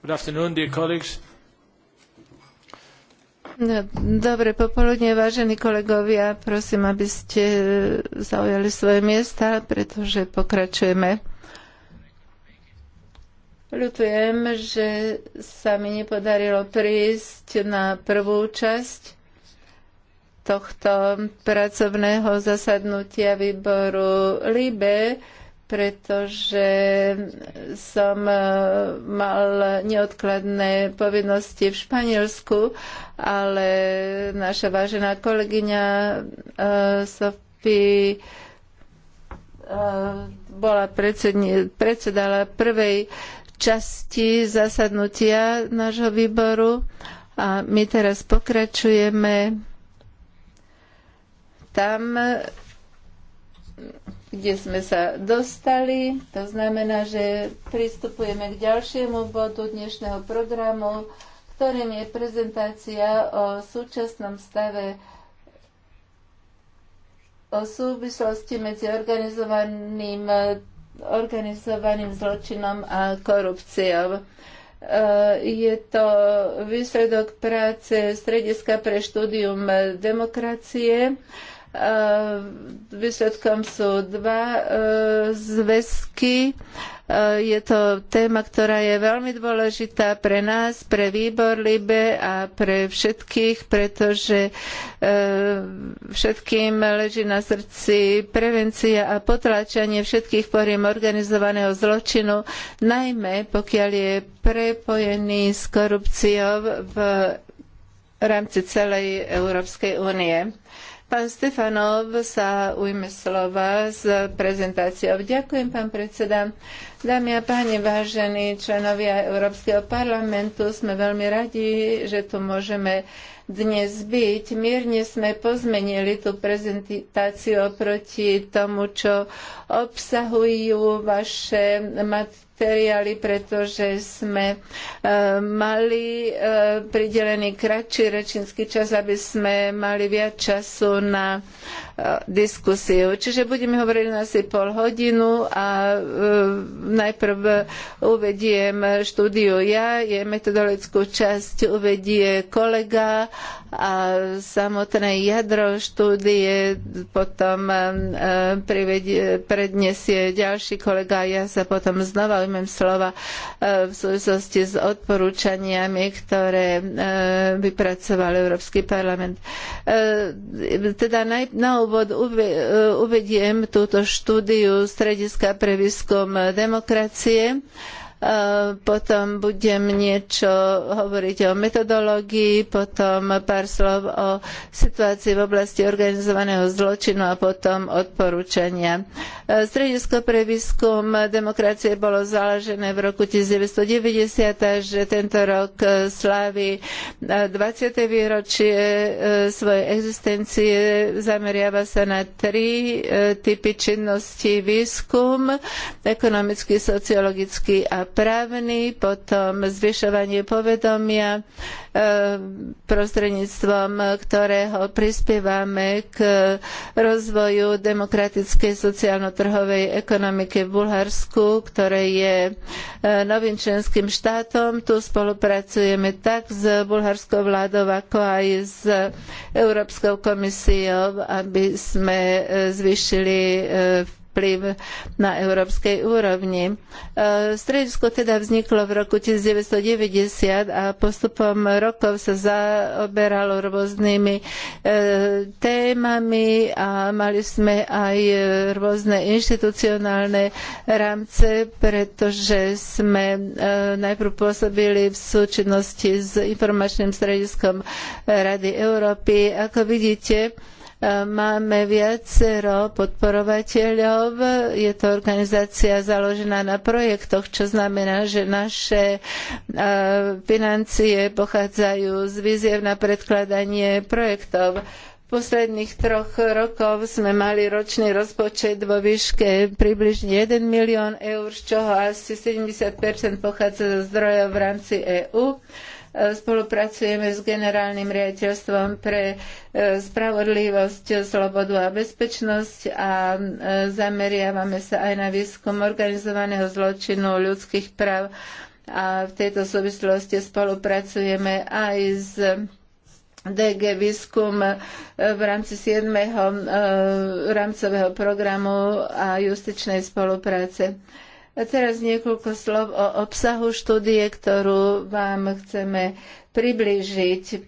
Good afternoon, dear colleagues. Dobre popoludne, vážení kolegovia. Prosím, aby ste zaujali svoje miesta, pretože pokračujeme. Ľutujem, že sa mi nepodarilo prísť na prvú časť tohto pracovného zasadnutia výboru LIBE pretože som e, mal neodkladné povinnosti v Španielsku, ale naša vážená kolegyňa e, Sofi e, bola predsedala prvej časti zasadnutia nášho výboru a my teraz pokračujeme tam kde sme sa dostali. To znamená, že pristupujeme k ďalšiemu bodu dnešného programu, ktorým je prezentácia o súčasnom stave o súvislosti medzi organizovaným, organizovaným zločinom a korupciou. E, je to výsledok práce Strediska pre štúdium demokracie, E, výsledkom sú dva e, zväzky. E, je to téma, ktorá je veľmi dôležitá pre nás, pre výbor Libe a pre všetkých, pretože všetkým leží na srdci prevencia a potláčanie všetkých poriem organizovaného zločinu, najmä pokiaľ je prepojený s korupciou v rámci celej Európskej únie. Pán Stefanov sa ujme slova s prezentáciou. Ďakujem, pán predseda. Dámy a páni, vážení členovia Európskeho parlamentu, sme veľmi radi, že tu môžeme dnes byť. Mierne sme pozmenili tú prezentáciu oproti tomu, čo obsahujú vaše matky materiály, pretože sme e, mali e, pridelený kratší rečnícky čas, aby sme mali viac času na e, diskusiu. Čiže budeme hovoriť asi pol hodinu a najprv uvediem štúdiu ja, jej metodologickú časť uvedie kolega a samotné jadro štúdie potom e, prednesie predniesie ďalší kolega a ja sa potom znova ujmem slova e, v súvislosti s odporúčaniami, ktoré e, vypracoval Európsky parlament. Teda na úvod uvediem túto štúdiu Strediska pre výskum demokracie, potom budem niečo hovoriť o metodológii, potom pár slov o situácii v oblasti organizovaného zločinu a potom odporúčania. Stredisko pre výskum demokracie bolo založené v roku 1990, takže tento rok slávi 20. výročie e, svojej existencie. Zameriava sa na tri e, typy činnosti výskum, ekonomický, sociologický a právny, potom zvyšovanie povedomia e, prostredníctvom ktorého prispievame k rozvoju demokratickej sociálno-trhovej ekonomiky v Bulharsku, ktoré je e, novým členským štátom. Tu spolupracujeme tak s bulharskou vládou, ako aj s Európskou komisiou, aby sme e, zvýšili vplyv na európskej úrovni. E, Stredisko teda vzniklo v roku 1990 a postupom rokov sa zaoberalo rôznymi e, témami a mali sme aj rôzne inštitucionálne rámce, pretože sme e, najprv pôsobili v súčinnosti s informačným strediskom Rady Európy. Ako vidíte, Máme viacero podporovateľov. Je to organizácia založená na projektoch, čo znamená, že naše financie pochádzajú z výziev na predkladanie projektov posledných troch rokov sme mali ročný rozpočet vo výške približne 1 milión eur, z čoho asi 70 pochádza zo zdrojov v rámci EÚ. Spolupracujeme s generálnym riaditeľstvom pre e, spravodlivosť, slobodu a bezpečnosť a e, zameriavame sa aj na výskum organizovaného zločinu ľudských práv a v tejto súvislosti spolupracujeme aj s DG Výskum e, v rámci 7. rámcového programu a justičnej spolupráce. A teraz niekoľko slov o obsahu štúdie, ktorú vám chceme priblížiť.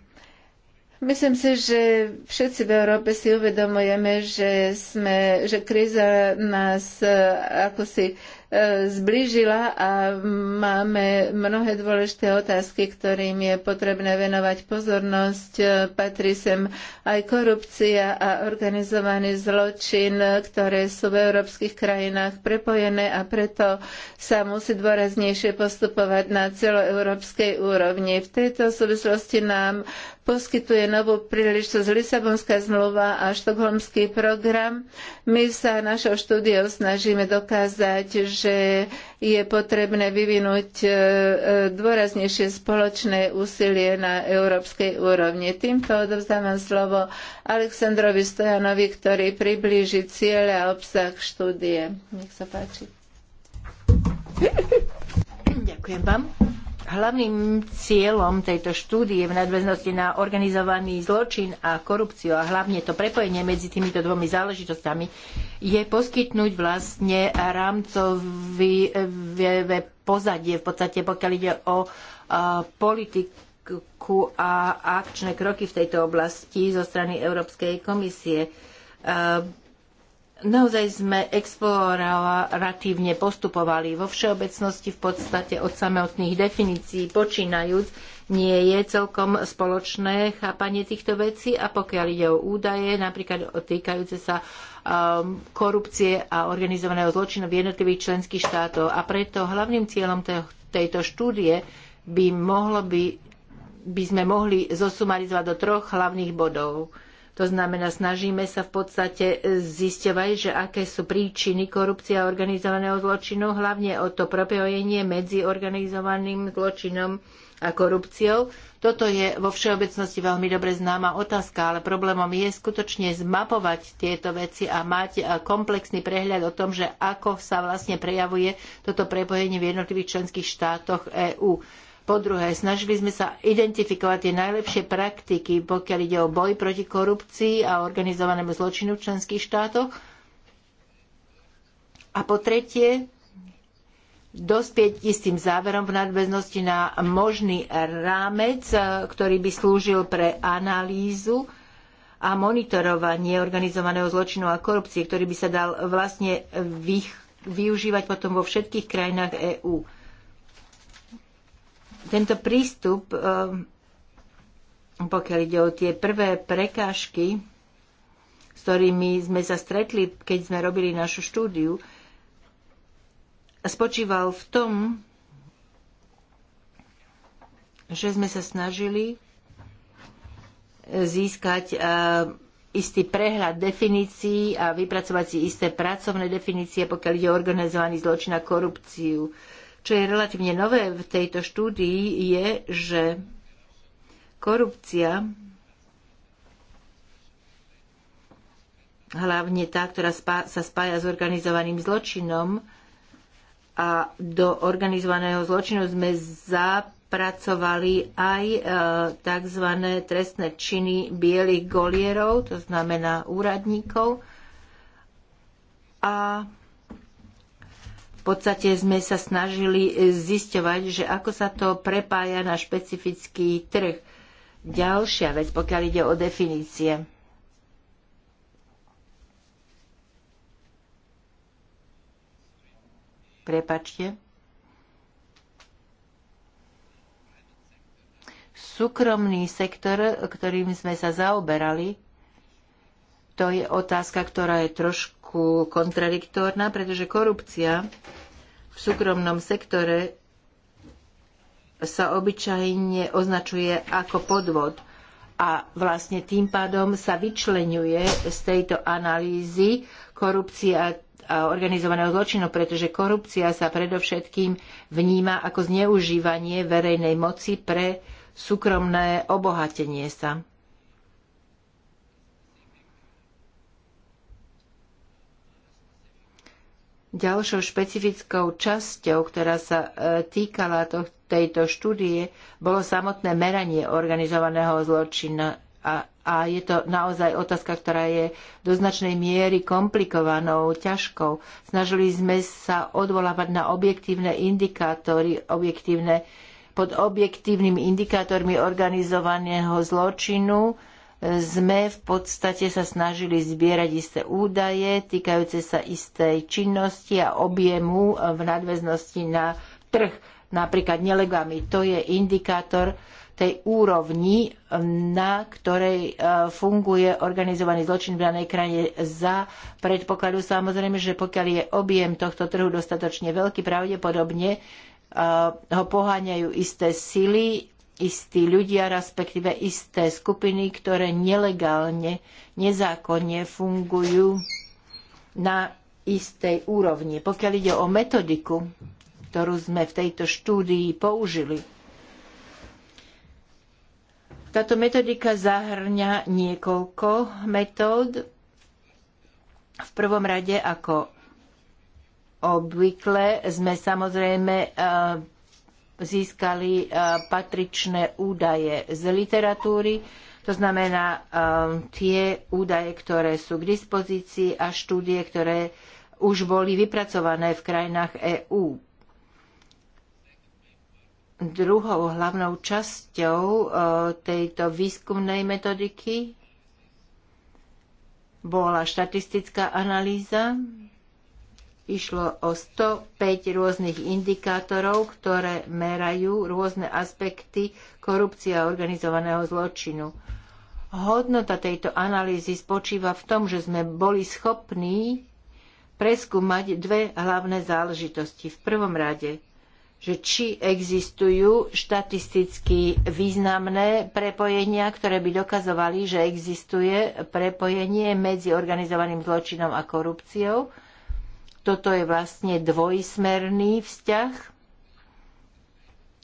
Myslím si, že všetci v Európe si uvedomujeme, že, sme, že kríza nás eh, ako si zblížila a máme mnohé dôležité otázky, ktorým je potrebné venovať pozornosť. Patrí sem aj korupcia a organizovaný zločin, ktoré sú v európskych krajinách prepojené a preto sa musí dôraznejšie postupovať na celoeurópskej úrovni. V tejto súvislosti nám poskytuje novú príležitosť Lisabonská zmluva a štokholmský program. My sa našou štúdiou snažíme dokázať, že je potrebné vyvinúť e, e, dôraznejšie spoločné úsilie na európskej úrovni. Týmto odovzdávam slovo Aleksandrovi Stojanovi, ktorý priblíži ciele a obsah štúdie. Nech sa páči. Ďakujem vám. Hlavným cieľom tejto štúdie v nadväznosti na organizovaný zločin a korupciu a hlavne to prepojenie medzi týmito dvomi záležitostami je poskytnúť vlastne rámcový eh, eh, pozadie v podstate, pokiaľ ide o eh, politiku a akčné kroky v tejto oblasti zo strany Európskej komisie naozaj sme exploratívne postupovali. Vo všeobecnosti v podstate od samotných definícií počínajúc nie je celkom spoločné chápanie týchto vecí a pokiaľ ide o údaje, napríklad týkajúce sa um, korupcie a organizovaného zločinu v jednotlivých členských štátoch. A preto hlavným cieľom tejto štúdie by, mohlo by, by sme mohli zosumarizovať do troch hlavných bodov to znamená, snažíme sa v podstate e, zisťovať, že aké sú príčiny korupcie a organizovaného zločinu, hlavne o to propojenie medzi organizovaným zločinom a korupciou. Toto je vo všeobecnosti veľmi dobre známa otázka, ale problémom je skutočne zmapovať tieto veci a mať e, komplexný prehľad o tom, že ako sa vlastne prejavuje toto prepojenie v jednotlivých členských štátoch EÚ po druhé, snažili sme sa identifikovať tie najlepšie praktiky, pokiaľ ide o boj proti korupcii a organizovanému zločinu v členských štátoch. A po tretie, dospieť istým záverom v nadväznosti na možný rámec, e, ktorý by slúžil pre analýzu a monitorovanie organizovaného zločinu a korupcie, ktorý by sa dal vlastne využívať potom vo všetkých krajinách EÚ. Tento prístup, ehm, pokiaľ ide o tie prvé prekážky, s ktorými sme sa stretli, keď sme robili našu štúdiu, spočíval v tom, že sme sa snažili získať ehm, istý prehľad definícií a vypracovať si isté pracovné definície, pokiaľ ide o organizovaný zločin a korupciu. Čo je relatívne nové v tejto štúdii je, že korupcia, hlavne tá, ktorá sa spája s organizovaným zločinom, a do organizovaného zločinu sme zapracovali aj e, tzv. trestné činy bielých golierov, to znamená úradníkov. A podstate sme sa snažili e, zisťovať, že ako sa to prepája na špecifický trh. Ďalšia vec, pokiaľ ide o definície. Prepačte. Súkromný sektor, ktorým sme sa zaoberali, to je otázka, ktorá je trošku kontradiktórna, pretože korupcia súkromnom sektore sa obyčajne označuje ako podvod a vlastne tým pádom sa vyčleňuje z tejto analýzy korupcia a organizovaného zločinu, pretože korupcia sa predovšetkým vníma ako zneužívanie verejnej moci pre súkromné obohatenie sa. Ďalšou špecifickou časťou, ktorá sa e, týkala to, tejto štúdie, bolo samotné meranie organizovaného zločina. A, a je to naozaj otázka, ktorá je do značnej miery komplikovanou, ťažkou. Snažili sme sa odvolávať na objektívne indikátory, objektívne, pod objektívnymi indikátormi organizovaného zločinu, sme v podstate sa snažili zbierať isté údaje týkajúce sa istej činnosti a objemu v nadväznosti na trh, napríklad nelegami. To je indikátor tej úrovni, na ktorej e, funguje organizovaný zločin v danej krajine za predpokladu samozrejme, že pokiaľ je objem tohto trhu dostatočne veľký, pravdepodobne e, ho poháňajú isté sily, istí ľudia, respektíve isté skupiny, ktoré nelegálne, nezákonne fungujú na istej úrovni. Pokiaľ ide o metodiku, ktorú sme v tejto štúdii použili, táto metodika zahrňa niekoľko metód. V prvom rade, ako obvykle, sme samozrejme eh, získali e, patričné údaje z literatúry, to znamená e, tie údaje, ktoré sú k dispozícii a štúdie, ktoré už boli vypracované v krajinách EÚ. Druhou hlavnou časťou e, tejto výskumnej metodiky bola štatistická analýza Išlo o 105 rôznych indikátorov, ktoré merajú rôzne aspekty korupcie a organizovaného zločinu. Hodnota tejto analýzy spočíva v tom, že sme boli schopní preskúmať dve hlavné záležitosti. V prvom rade, že či existujú štatisticky významné prepojenia, ktoré by dokazovali, že existuje prepojenie medzi organizovaným zločinom a korupciou toto je vlastne dvojsmerný vzťah.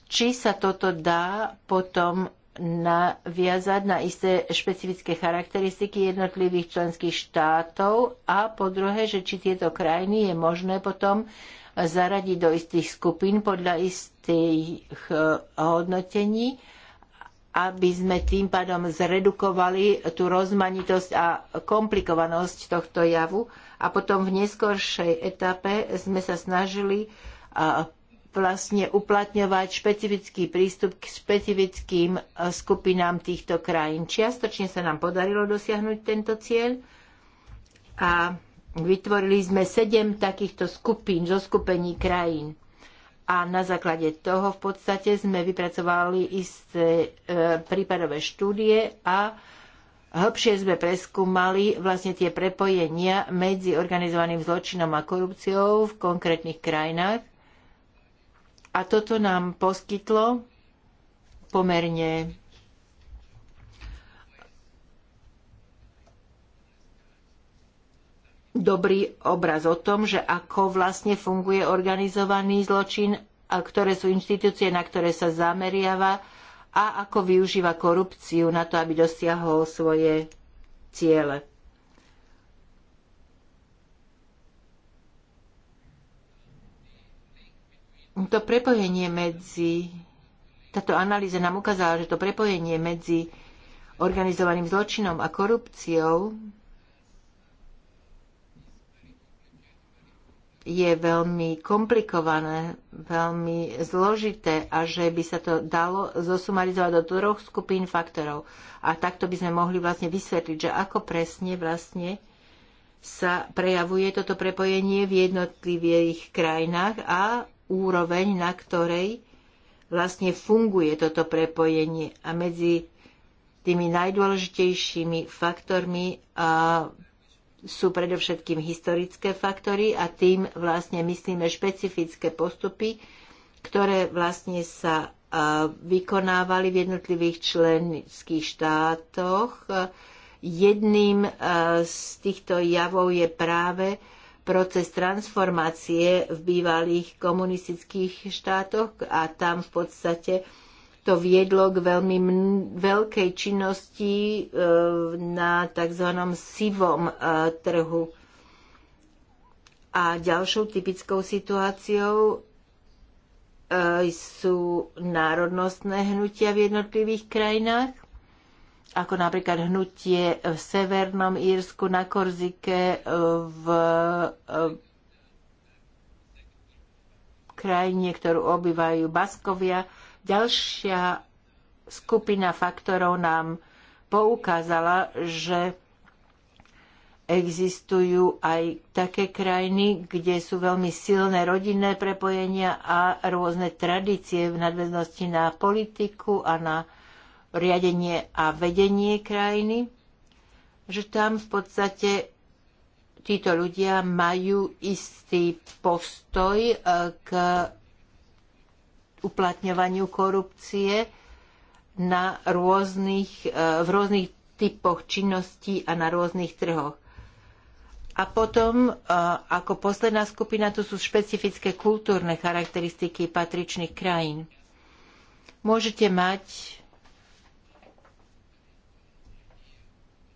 Či sa toto dá potom naviazať na isté špecifické charakteristiky jednotlivých členských štátov a po druhé, že či tieto krajiny je možné potom zaradiť do istých skupín podľa istých eh, hodnotení aby sme tým pádom zredukovali tú rozmanitosť a komplikovanosť tohto javu. A potom v neskoršej etape sme sa snažili vlastne uplatňovať špecifický prístup k špecifickým e, skupinám týchto krajín. Čiastočne sa nám podarilo dosiahnuť tento cieľ a vytvorili sme sedem takýchto skupín, zoskupení krajín a na základe toho v podstate sme vypracovali isté e, prípadové štúdie a hĺbšie sme preskúmali vlastne tie prepojenia medzi organizovaným zločinom a korupciou v konkrétnych krajinách. A toto nám poskytlo pomerne dobrý obraz o tom, že ako vlastne funguje organizovaný zločin a ktoré sú inštitúcie, na ktoré sa zameriava a ako využíva korupciu na to, aby dosiahol svoje ciele. To prepojenie medzi táto analýza nám ukázala, že to prepojenie medzi organizovaným zločinom a korupciou je veľmi komplikované, veľmi zložité a že by sa to dalo zosumarizovať do troch skupín faktorov. A takto by sme mohli vlastne vysvetliť, že ako presne vlastne sa prejavuje toto prepojenie v jednotlivých krajinách a úroveň, na ktorej vlastne funguje toto prepojenie. A medzi tými najdôležitejšími faktormi a sú predovšetkým historické faktory a tým vlastne myslíme špecifické postupy, ktoré vlastne sa vykonávali v jednotlivých členských štátoch. Jedným z týchto javov je práve proces transformácie v bývalých komunistických štátoch a tam v podstate to viedlo k veľmi veľkej činnosti e, na tzv. sivom e, trhu. A ďalšou typickou situáciou e, sú národnostné hnutia v jednotlivých krajinách, ako napríklad hnutie v Severnom Írsku, na Korzike, v krajine, ktorú obývajú Baskovia, Ďalšia skupina faktorov nám poukázala, že existujú aj také krajiny, kde sú veľmi silné rodinné prepojenia a rôzne tradície v nadväznosti na politiku a na riadenie a vedenie krajiny, že tam v podstate títo ľudia majú istý postoj eh, k uplatňovaniu korupcie na rôznych, e, v rôznych typoch činností a na rôznych trhoch. A potom, e, ako posledná skupina, tu sú špecifické kultúrne charakteristiky patričných krajín. Môžete mať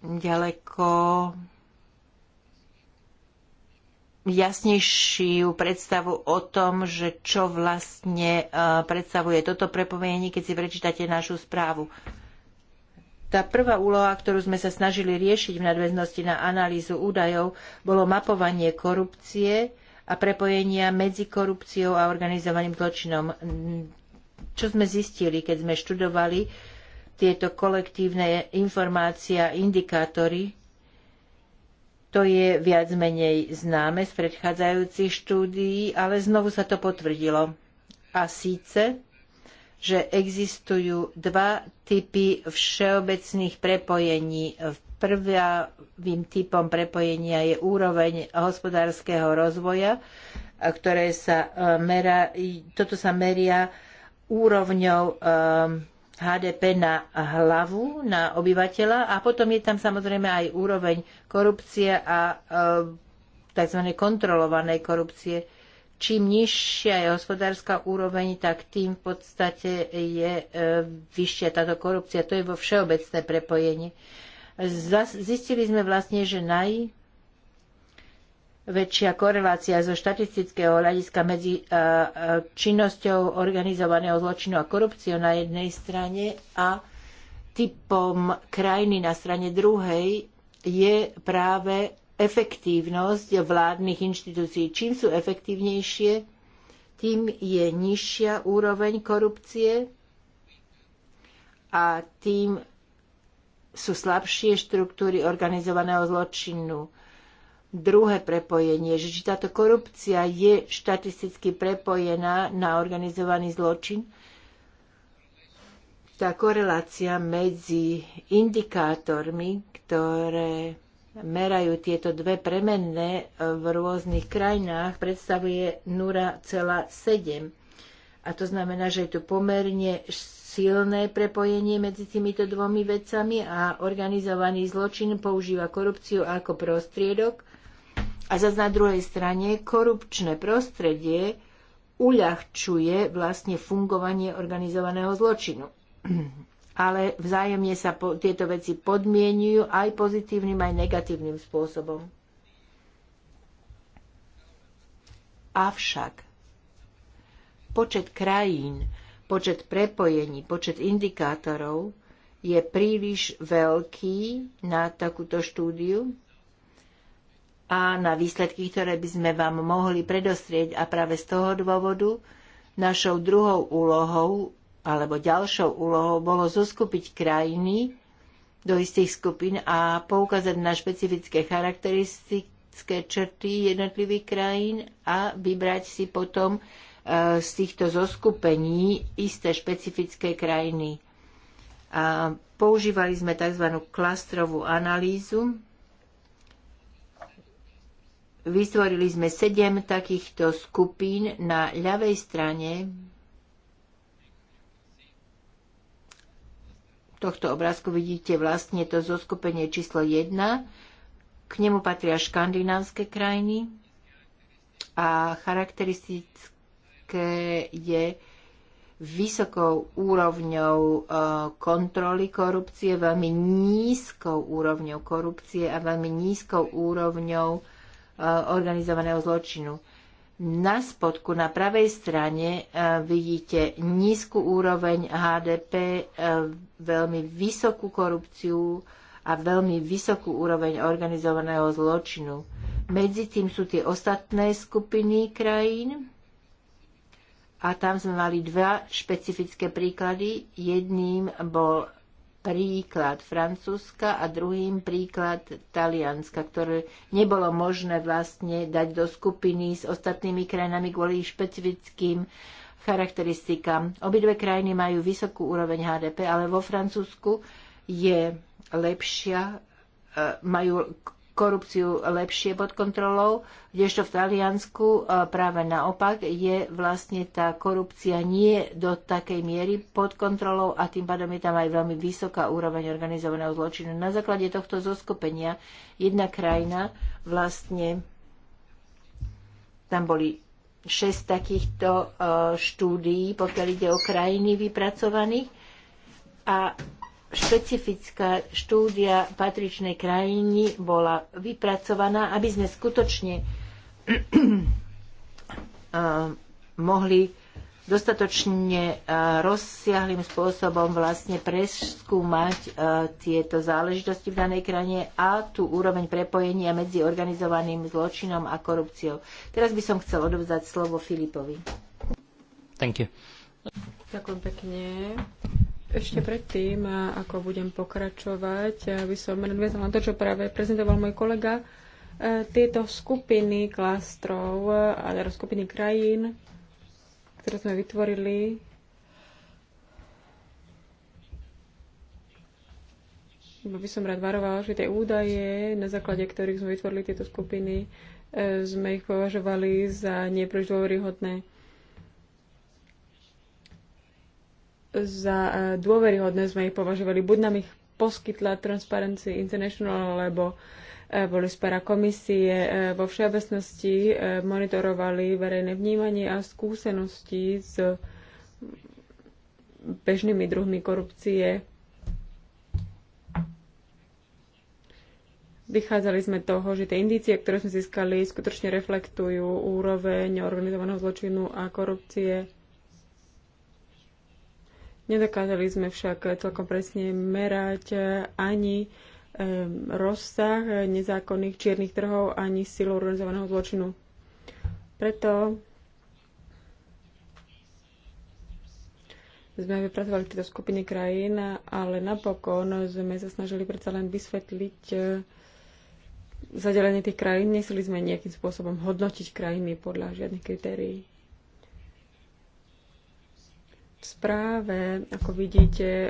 ďaleko jasnejšiu predstavu o tom, že čo vlastne e, predstavuje toto prepojenie, keď si prečítate našu správu. Tá prvá úloha, ktorú sme sa snažili riešiť v nadväznosti na analýzu údajov, bolo mapovanie korupcie a prepojenia medzi korupciou a organizovaným zločinom. Čo sme zistili, keď sme študovali tieto kolektívne informácie a indikátory, to je viac menej známe z predchádzajúcich štúdií, ale znovu sa to potvrdilo. A síce, že existujú dva typy všeobecných prepojení. Prvým typom prepojenia je úroveň hospodárskeho rozvoja, ktoré sa e, merá, toto sa meria úrovňou um, HDP na hlavu, na obyvateľa a potom je tam samozrejme aj úroveň korupcie a e, tzv. kontrolovanej korupcie. Čím nižšia je hospodárska úroveň, tak tým v podstate je e, vyššia táto korupcia. To je vo všeobecné prepojenie. Zistili sme vlastne, že naj väčšia korelácia zo štatistického hľadiska medzi e, e, činnosťou organizovaného zločinu a korupciou na jednej strane a typom krajiny na strane druhej je práve efektívnosť vládnych inštitúcií. Čím sú efektívnejšie, tým je nižšia úroveň korupcie a tým sú slabšie štruktúry organizovaného zločinu druhé prepojenie, že či táto korupcia je štatisticky prepojená na organizovaný zločin. Tá korelácia medzi indikátormi, ktoré merajú tieto dve premenné e, v rôznych krajinách, predstavuje 0,7. A to znamená, že je tu pomerne silné prepojenie medzi týmito dvomi vecami a organizovaný zločin používa korupciu ako prostriedok a zase na druhej strane korupčné prostredie uľahčuje vlastne fungovanie organizovaného zločinu. Ale vzájomne sa po, tieto veci podmienujú aj pozitívnym, aj negatívnym spôsobom. Avšak počet krajín, počet prepojení, počet indikátorov je príliš veľký na takúto štúdiu a na výsledky, ktoré by sme vám mohli predostrieť. A práve z toho dôvodu našou druhou úlohou alebo ďalšou úlohou bolo zoskupiť krajiny do istých skupín a poukázať na špecifické charakteristické črty jednotlivých krajín a vybrať si potom e, z týchto zoskupení isté špecifické krajiny. A používali sme tzv. klastrovú analýzu, Vytvorili sme sedem takýchto skupín na ľavej strane tohto obrázku vidíte vlastne to zoskupenie číslo 1. K nemu patria škandinávske krajiny a charakteristické je vysokou úrovňou e, kontroly korupcie, veľmi nízkou úrovňou korupcie a veľmi nízkou úrovňou E, organizovaného zločinu. Na spodku, na pravej strane e, vidíte nízku úroveň HDP, e, veľmi vysokú korupciu a veľmi vysokú úroveň organizovaného zločinu. Medzi tým sú tie ostatné skupiny krajín a tam sme mali dva špecifické príklady. Jedným bol príklad Francúzska a druhým príklad Talianska, ktoré nebolo možné vlastne dať do skupiny s ostatnými krajinami kvôli špecifickým charakteristikám. Obidve krajiny majú vysokú úroveň HDP, ale vo Francúzsku je lepšia, e, majú korupciu lepšie pod kontrolou, kdežto v Taliansku e, práve naopak je vlastne tá korupcia nie do takej miery pod kontrolou a tým pádom je tam aj veľmi vysoká úroveň organizovaného zločinu. Na základe tohto zoskupenia jedna krajina vlastne tam boli šesť takýchto e, štúdií, pokiaľ ide o krajiny vypracovaných a špecifická štúdia patričnej krajiny bola vypracovaná, aby sme skutočne eh, mohli dostatočne eh, rozsiahlým spôsobom vlastne preskúmať eh, tieto záležitosti v danej krajine a tú úroveň prepojenia medzi organizovaným zločinom a korupciou. Teraz by som chcel odovzdať slovo Filipovi. Thank you. Ďakujem pekne. Ešte predtým, ako budem pokračovať, by som nadviazala na to, čo práve prezentoval môj kolega. E, tieto skupiny klastrov, e, a skupiny krajín, ktoré sme vytvorili, by som rád varoval, že tie údaje, na základe ktorých sme vytvorili tieto skupiny, e, sme ich považovali za nepríliš dôveryhodné za e, dôveryhodné sme ich považovali. Buď nám ich poskytla Transparency International, alebo e, boli z para komisie. E, vo všeobecnosti monitorovali verejné vnímanie a skúsenosti s bežnými druhmi korupcie. Vychádzali sme toho, že tie indície, ktoré sme získali, skutočne reflektujú úroveň organizovaného zločinu a korupcie Nedokázali sme však celkom presne merať eh, ani rozsah nezákonných čiernych trhov, ani silu organizovaného zločinu. Preto sme vypracovali tieto skupiny krajín, ale napokon sme sa snažili predsa len vysvetliť eh, zadelenie tých krajín. Nesili sme nejakým spôsobom hodnotiť krajiny podľa žiadnych kritérií. V správe, ako vidíte, e,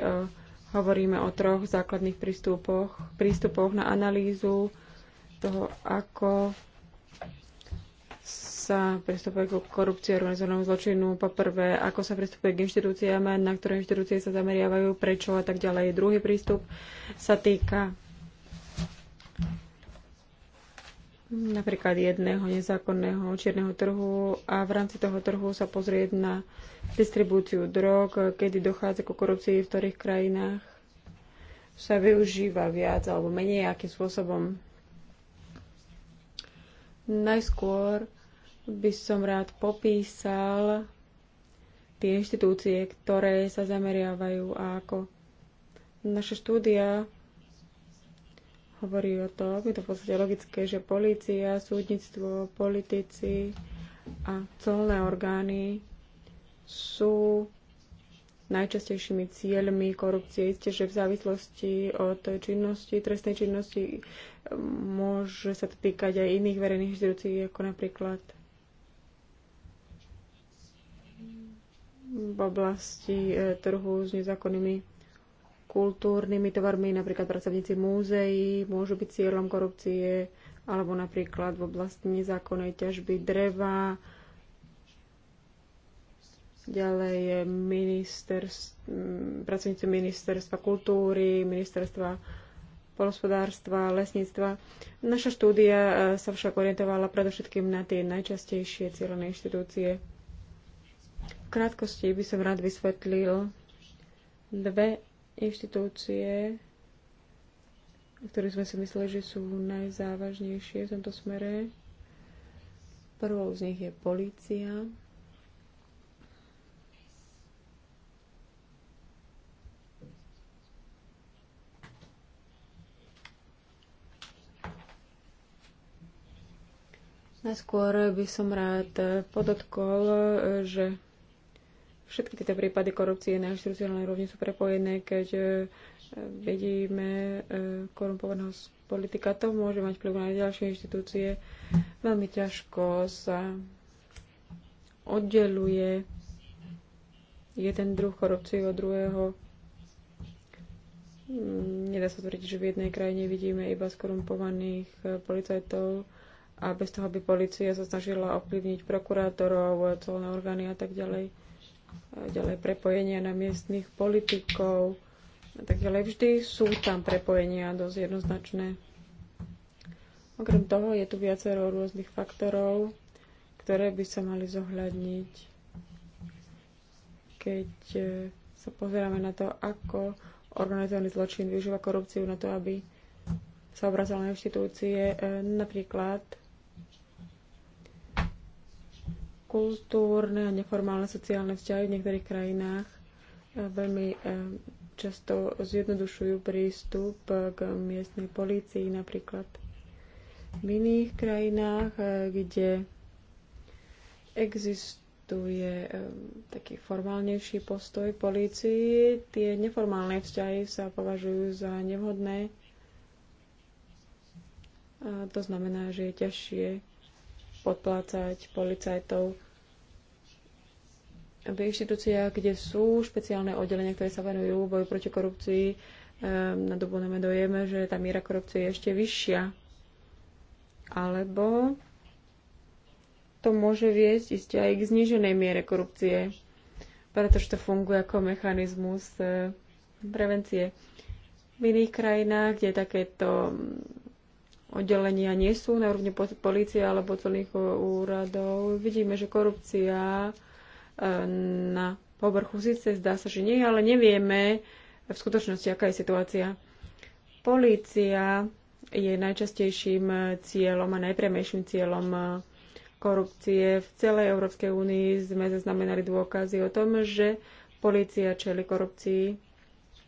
hovoríme o troch základných prístupoch, prístupoch na analýzu toho, ako sa pristupuje k korupcii a organizovanému zločinu. Po prvé, ako sa pristupuje k inštitúciám, na ktoré inštitúcie sa zameriavajú, prečo a tak ďalej. Druhý prístup sa týka napríklad jedného nezákonného čierneho trhu a v rámci toho trhu sa pozrieť na distribúciu drog, kedy dochádza ku korupcii, v ktorých krajinách sa využíva viac alebo menej, akým spôsobom. Najskôr by som rád popísal tie inštitúcie, ktoré sa zameriavajú a ako naša štúdia hovorí o tom, je to v podstate logické, že polícia, súdnictvo, politici a colné orgány sú najčastejšími cieľmi korupcie. Isté, že v závislosti od činnosti, trestnej činnosti môže sa to týkať aj iných verejných inštitúcií, ako napríklad v oblasti eh, trhu s nezákonnými kultúrnymi tovarmi, napríklad pracovníci múzeí môžu byť cieľom korupcie, alebo napríklad v oblasti nezákonnej ťažby dreva. Ďalej je ministerst- mm, pracovníci ministerstva kultúry, ministerstva polospodárstva, lesníctva. Naša štúdia e, sa však orientovala predovšetkým na tie najčastejšie cieľené inštitúcie. V krátkosti by som rád vysvetlil dve inštitúcie, ktoré sme si mysleli, že sú najzávažnejšie v tomto smere. Prvou z nich je policia. Najskôr by som rád podotkol, že Všetky tieto prípady korupcie na inštitucionálnej rovni sú prepojené, keď e, vidíme e, korumpovaného politika. To môže mať vplyv na ďalšie inštitúcie. Veľmi ťažko sa oddeluje jeden druh korupcie od druhého. Nedá sa tvrdiť, že v jednej krajine vidíme iba skorumpovaných e, policajtov a bez toho, aby policia sa snažila ovplyvniť prokurátorov, celné orgány a tak ďalej ďalej prepojenia na miestnych politikov a tak ďalej. Vždy sú tam prepojenia dosť jednoznačné. Okrem toho je tu viacero rôznych faktorov, ktoré by sa mali zohľadniť, keď e, sa pozeráme na to, ako organizovaný zločin využíva korupciu na to, aby sa obracal na inštitúcie. E, napríklad kultúrne a neformálne sociálne vzťahy v niektorých krajinách eh, veľmi eh, často zjednodušujú prístup eh, k miestnej polícii napríklad. V iných krajinách, kde existuje taký formálnejší postoj polícii, tie neformálne vzťahy sa považujú za nevhodné. A to znamená, že je ťažšie podplácať policajtov v inštitúciách, kde sú špeciálne oddelenia, ktoré sa venujú boju proti korupcii, ehm, na dobu dojeme, že tá míra korupcie je ešte vyššia. Alebo to môže viesť isté aj k zniženej miere korupcie, pretože to funguje ako mechanizmus eh, prevencie. V iných krajinách, kde takéto oddelenia nie sú na úrovni policie alebo celých e, úradov. Vidíme, že korupcia e, na povrchu síce zdá sa, že nie, ale nevieme v skutočnosti, aká je situácia. Polícia je najčastejším cieľom a najpriamejším cieľom e, korupcie. V celej Európskej únii sme zaznamenali dôkazy o tom, že polícia čeli korupcii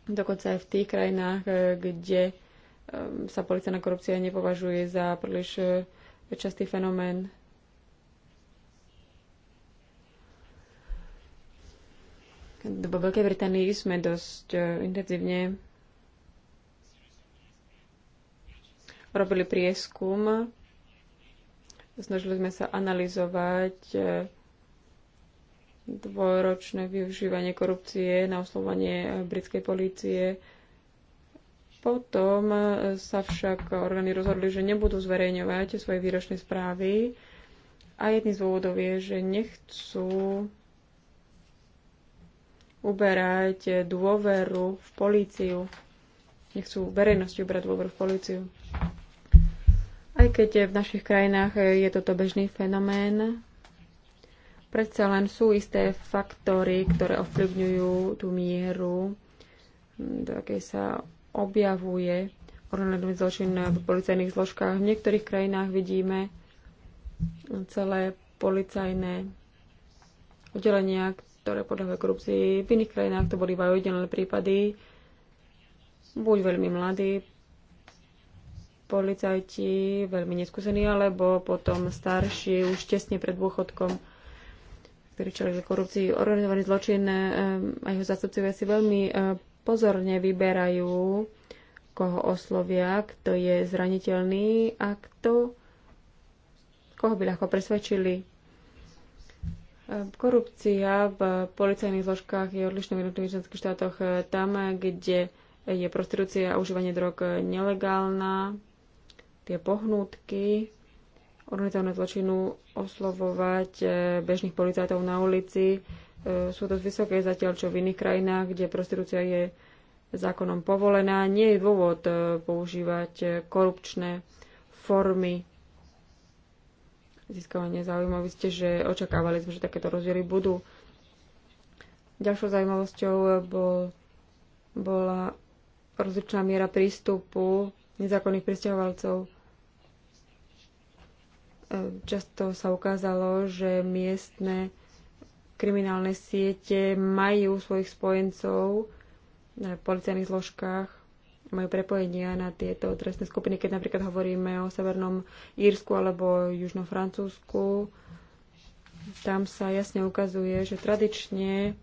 dokonca aj v tých krajinách, kde Ehm, sa policajná korupcia nepovažuje za príliš e, častý fenomén. Vo Veľkej Británii sme dosť e, intenzívne robili prieskum. Snažili sme sa analyzovať e, dvojročné využívanie korupcie na oslovanie britskej polície potom e, sa však orgány rozhodli, že nebudú zverejňovať svoje výročné správy a jedný z dôvodov je, že nechcú uberať dôveru v políciu. Nechcú verejnosti uberať dôveru v políciu. Aj keď v našich krajinách je toto bežný fenomén, predsa len sú isté faktory, ktoré ovplyvňujú tú mieru, do akej sa objavuje organizovaný zločin v policajných zložkách. V niektorých krajinách vidíme celé policajné oddelenia, ktoré podľahujú korupcii. V iných krajinách to boli iba ojedinelé prípady. Buď veľmi mladí policajti, veľmi neskúsení, alebo potom starší, už tesne pred dôchodkom, ktorí čelili korupcii. Organizovaný zločin eh, a jeho zástupcovia si veľmi eh, pozorne vyberajú, koho oslovia, kto je zraniteľný a kto, koho by ľahko presvedčili. Korupcia v policajných zložkách je odlišná v jednotlivých členských štátoch tam, kde je prostitúcia a užívanie drog nelegálna, tie pohnútky organizované zločinu oslovovať eh, bežných policajtov na ulici E, sú dosť vysoké, zatiaľ čo v iných krajinách, kde prostitúcia je zákonom povolená, nie je dôvod e, používať e, korupčné formy získavania záujmov. Vy ste, že očakávali sme, že takéto rozdiely budú. Ďalšou zaujímavosťou bol, bola rozličná miera prístupu nezákonných pristahovalcov často sa ukázalo, že miestne kriminálne siete majú svojich spojencov na policajných zložkách, majú prepojenia na tieto trestné skupiny, keď napríklad hovoríme o Severnom Írsku alebo Južnom Francúzsku. Tam sa jasne ukazuje, že tradične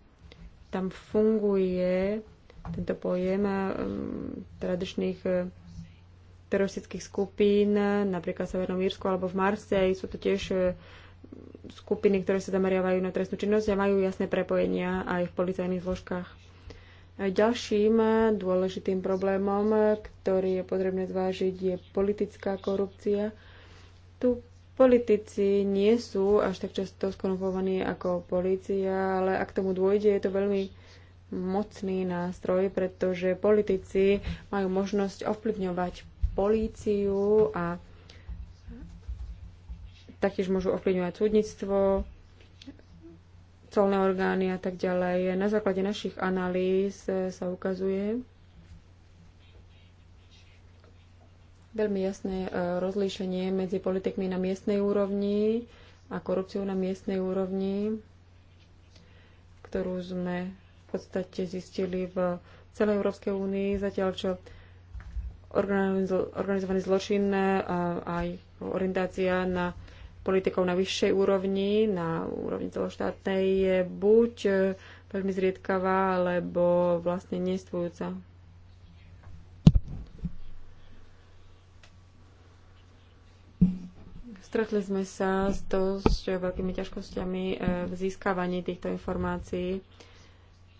tam funguje tento pojem eh, tradičných eh, teroristických skupín, napríklad v Severnom Írsku alebo v Marseji. Sú to tiež eh, skupiny, ktoré sa zameriavajú na trestnú činnosť a majú jasné prepojenia aj v policajných zložkách. Ďalším dôležitým problémom, ktorý je potrebné zvážiť, je politická korupcia. Tu politici nie sú až tak často skonfovaní ako policia, ale ak tomu dôjde, je to veľmi mocný nástroj, pretože politici majú možnosť ovplyvňovať políciu a taktiež môžu ovplyvňovať súdnictvo, colné orgány a tak ďalej. Na základe našich analýz e, sa ukazuje veľmi jasné e, rozlíšenie medzi politikmi na miestnej úrovni a korupciou na miestnej úrovni, ktorú sme v podstate zistili v celej Európskej únii, zatiaľ čo organizovaný zločin e, a aj orientácia na politikov na vyššej úrovni, na úrovni celoštátnej, je buď e, veľmi zriedkavá, alebo vlastne nestvujúca. Stretli sme sa s dosť veľkými ťažkosťami e, v získavaní týchto informácií.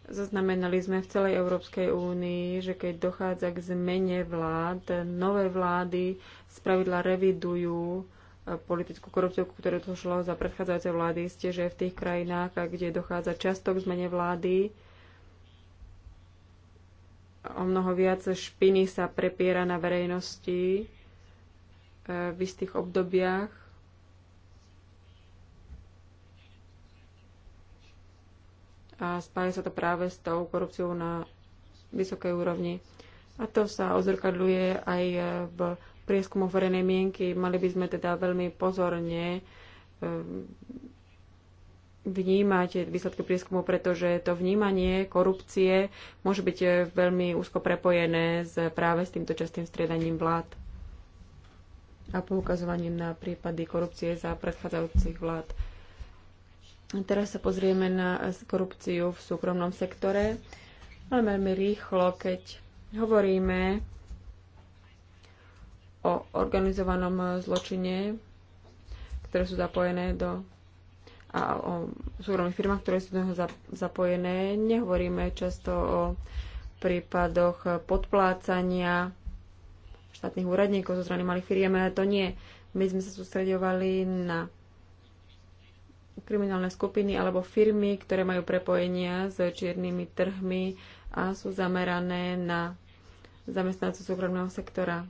Zaznamenali sme v celej Európskej únii, že keď dochádza k zmene vlád, nové vlády spravidla revidujú politickú korupciu, ktorú to šlo za predchádzajúce vlády. Ste, že v tých krajinách, kde dochádza často k zmene vlády, o mnoho viac špiny sa prepiera na verejnosti e, v istých obdobiach. A spája sa to práve s tou korupciou na vysokej úrovni. A to sa ozrkadľuje aj v prieskumu verejnej mienky. Mali by sme teda veľmi pozorne ehm, vnímať výsledky prieskumu, pretože to vnímanie korupcie môže byť e, veľmi úzko prepojené s, práve s týmto častým striedaním vlád a poukazovaním na prípady korupcie za predchádzajúcich vlád. Teraz sa pozrieme na korupciu v súkromnom sektore. Ale veľmi rýchlo, keď hovoríme o organizovanom zločine, ktoré sú zapojené do a o súkromných firmách, ktoré sú do neho zapojené. Nehovoríme často o prípadoch podplácania štátnych úradníkov zo strany malých firiem. To nie. My sme sa sústredovali na kriminálne skupiny alebo firmy, ktoré majú prepojenia s čiernymi trhmi a sú zamerané na zamestnancov súkromného sektora.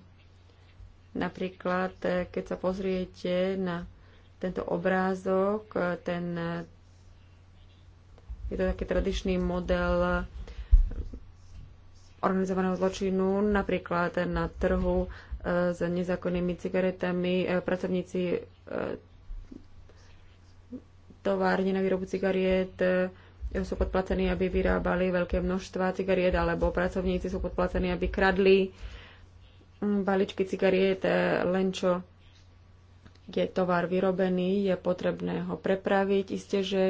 Napríklad, e, keď sa pozriete na tento obrázok, e, ten, e, je to taký tradičný model organizovaného zločinu, napríklad na trhu s nezákonnými cigaretami pracovníci továrne na výrobu cigariet sú podplacení, aby vyrábali veľké množstva cigariet, alebo pracovníci sú podplacení, aby kradli balíčky cigariet, e, len čo je tovar vyrobený, je potrebné ho prepraviť. Isté, že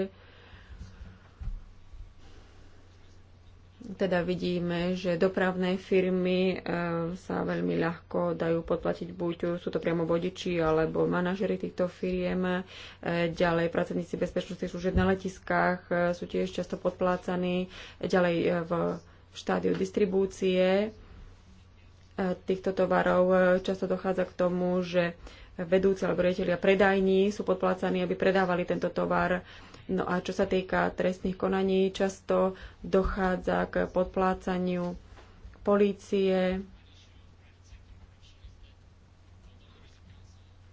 teda vidíme, že dopravné firmy e, sa veľmi ľahko dajú podplatiť, buď sú to priamo vodiči alebo manažery týchto firiem. E, ďalej pracovníci bezpečnosti sú na letiskách sú tiež často podplácaní. Ďalej v štádiu distribúcie E, týchto tovarov. E, často dochádza k tomu, že vedúci alebo riaditeľia predajní sú podplácaní, aby predávali tento tovar. No a čo sa týka trestných konaní, často dochádza k podplácaniu polície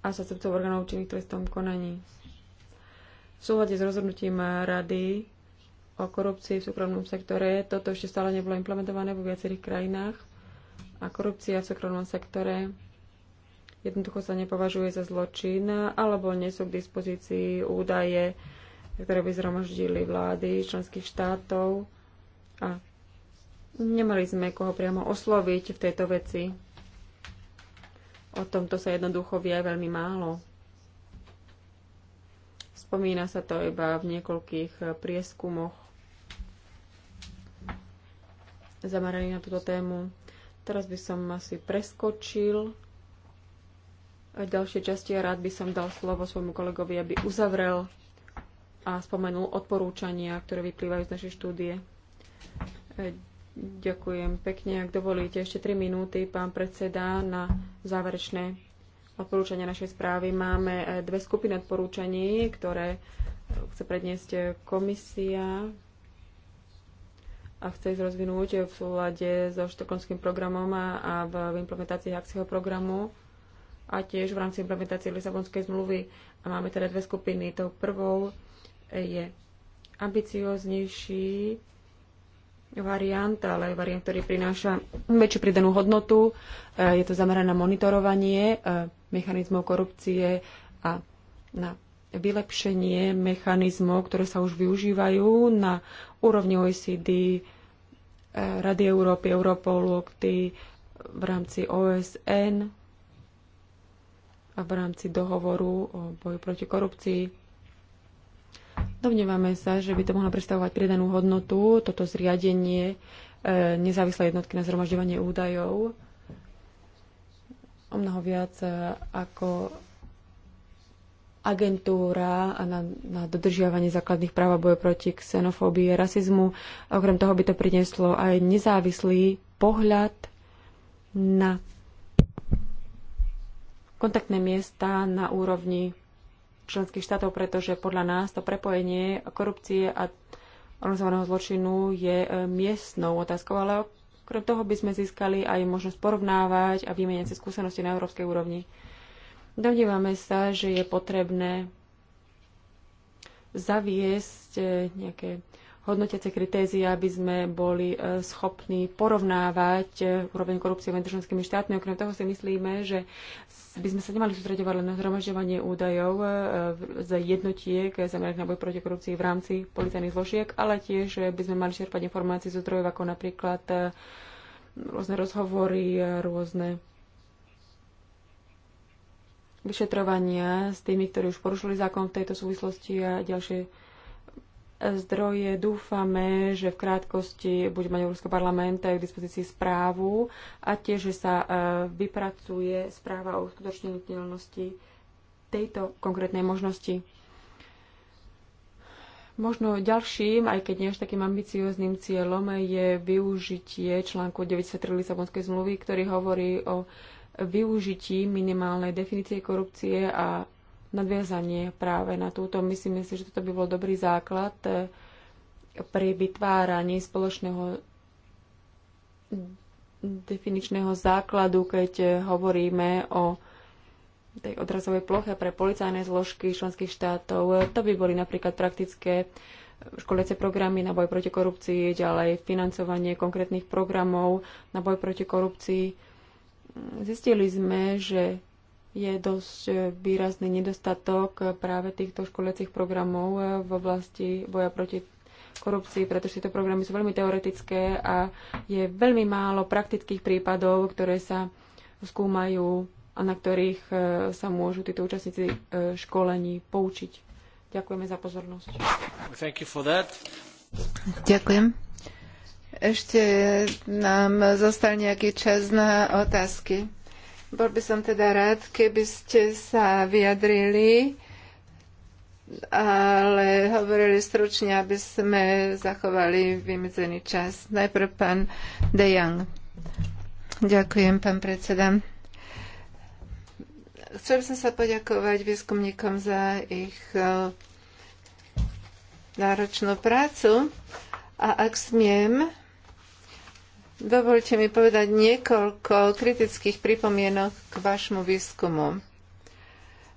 a srdcov orgánov činných trestnom konaní. V súhľade s rozhodnutím Rady o korupcii v súkromnom sektore toto ešte stále nebolo implementované vo viacerých krajinách a korupcia v súkromnom sektore jednoducho sa nepovažuje za zločin alebo nie sú k dispozícii údaje, ktoré by zhromaždili vlády členských štátov a nemali sme koho priamo osloviť v tejto veci. O tomto sa jednoducho vie veľmi málo. Spomína sa to iba v niekoľkých prieskumoch zameraných na túto tému. Teraz by som asi preskočil ďalšie časti a rád by som dal slovo svojmu kolegovi, aby uzavrel a spomenul odporúčania, ktoré vyplývajú z našej štúdie. E, ďakujem pekne. Ak dovolíte, ešte 3 minúty, pán predseda, na záverečné odporúčania našej správy. Máme e, dve skupiny odporúčaní, ktoré chce predniesť e, komisia a chce ich rozvinúť v súlade so štokonským programom a v implementácii akcieho programu a tiež v rámci implementácie Lisabonskej zmluvy. A máme teda dve skupiny. Tou prvou je ambicioznejší variant, ale variant, ktorý prináša väčšiu pridanú hodnotu. E, je to zamerané na monitorovanie e, mechanizmov korupcie a na vylepšenie mechanizmov, ktoré sa už využívajú na úrovni OECD, eh, Rady Európy, Europolu, v rámci OSN a v rámci dohovoru o boju proti korupcii. Domnievame sa, že by to mohla predstavovať pridanú hodnotu, toto zriadenie eh, nezávislej jednotky na zhromažďovanie údajov o mnoho viac eh, ako agentúra na, na dodržiavanie základných práv a boje proti xenofóbii a rasizmu. Okrem toho by to prinieslo aj nezávislý pohľad na kontaktné miesta na úrovni členských štátov, pretože podľa nás to prepojenie korupcie a organizovaného zločinu je e, miestnou otázkou, ale okrem toho by sme získali aj možnosť porovnávať a vymeniať si skúsenosti na európskej úrovni. Domnievame sa, že je potrebné zaviesť eh, nejaké hodnotiace kritézie, aby sme boli eh, schopní porovnávať eh, úroveň korupcie medzi členskými štátmi. Okrem toho si myslíme, že by sme sa nemali sústredovať len na zhromažďovanie údajov z jednotiek zameraných na boj proti korupcii v rámci policajných zložiek, ale tiež by sme mali čerpať informácie zo zdrojov ako napríklad rôzne rozhovory, rôzne vyšetrovania s tými, ktorí už porušili zákon v tejto súvislosti a ďalšie zdroje. Dúfame, že v krátkosti bude mať Európsky parlament aj k dispozícii správu a tiež, že sa e, vypracuje správa o uskutočniteľnosti tejto konkrétnej možnosti. Možno ďalším, aj keď nie až takým ambiciozným cieľom, je využitie článku 93 Lisabonskej zmluvy, ktorý hovorí o využití minimálnej definície korupcie a nadviazanie práve na túto. Myslím si, že toto by bol dobrý základ eh, pri vytváraní spoločného definičného základu, keď eh, hovoríme o tej odrazovej ploche pre policajné zložky členských štátov. Eh, to by boli napríklad praktické školiace programy na boj proti korupcii, ďalej financovanie konkrétnych programov na boj proti korupcii Zistili sme, že je dosť výrazný nedostatok práve týchto školiacich programov v oblasti boja proti korupcii, pretože tieto programy sú veľmi teoretické a je veľmi málo praktických prípadov, ktoré sa skúmajú a na ktorých e, sa môžu títo účastníci e, školení poučiť. Ďakujeme za pozornosť. Ďakujem. Ešte nám zostal nejaký čas na otázky. Bol by som teda rád, keby ste sa vyjadrili, ale hovorili stručne, aby sme zachovali vymedzený čas. Najprv pán De Jong. Ďakujem, pán predseda. Chcel som sa poďakovať výskumníkom za ich e, náročnú prácu. A ak smiem, Dovolte mi povedať niekoľko kritických pripomienok k vašmu výskumu.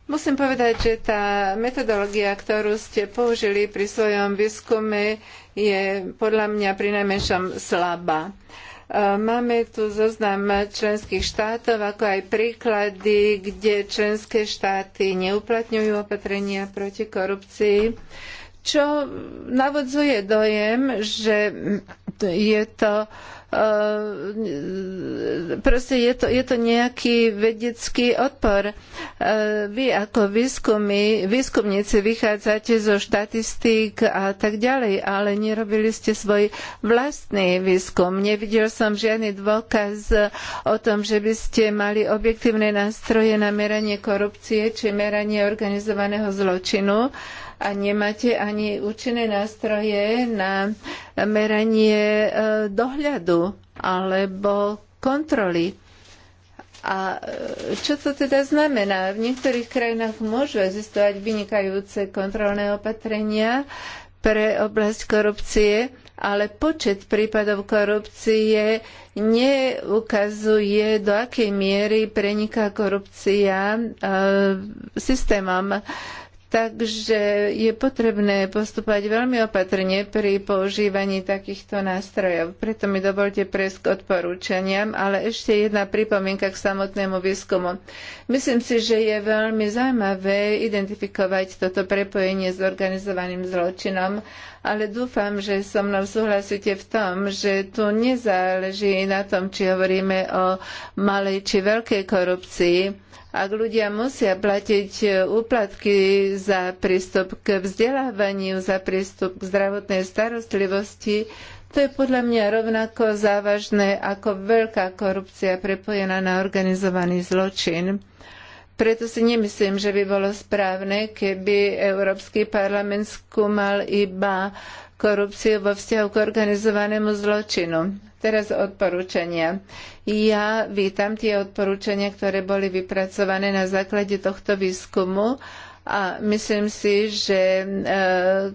Musím povedať, že tá metodológia, ktorú ste použili pri svojom výskume, je podľa mňa najmenšom slabá. E, máme tu zoznam členských štátov, ako aj príklady, kde členské štáty neuplatňujú opatrenia proti korupcii, čo navodzuje dojem, že je to Ehm, proste je to, je to nejaký vedecký odpor. Ehm, vy ako výskumy, výskumníci vychádzate zo štatistík a tak ďalej, ale nerobili ste svoj vlastný výskum. Nevidel som žiadny dôkaz o tom, že by ste mali objektívne nástroje na meranie korupcie či meranie organizovaného zločinu a nemáte ani účinné nástroje na meranie e, dohľadu alebo kontroly. A e, čo to teda znamená? V niektorých krajinách môžu existovať vynikajúce kontrolné opatrenia pre oblasť korupcie, ale počet prípadov korupcie neukazuje, do akej miery preniká korupcia e, systémom. E, Takže je potrebné postupovať veľmi opatrne pri používaní takýchto nástrojov. Preto mi dovolte prejsť k odporúčaniam, ale ešte jedna pripomienka k samotnému výskumu. Myslím si, že je veľmi zaujímavé identifikovať toto prepojenie s organizovaným zločinom, ale dúfam, že so mnou súhlasíte v tom, že tu nezáleží na tom, či hovoríme o malej či veľkej korupcii, ak ľudia musia platiť e, úplatky za prístup k vzdelávaniu, za prístup k zdravotnej starostlivosti, to je podľa mňa rovnako závažné ako veľká korupcia prepojená na organizovaný zločin. Preto si nemyslím, že by bolo správne, keby Európsky parlament skúmal iba korupciu vo vzťahu k organizovanému zločinu. Teraz odporúčania. Ja vítam tie odporúčania, ktoré boli vypracované na základe tohto výskumu a myslím si, že e,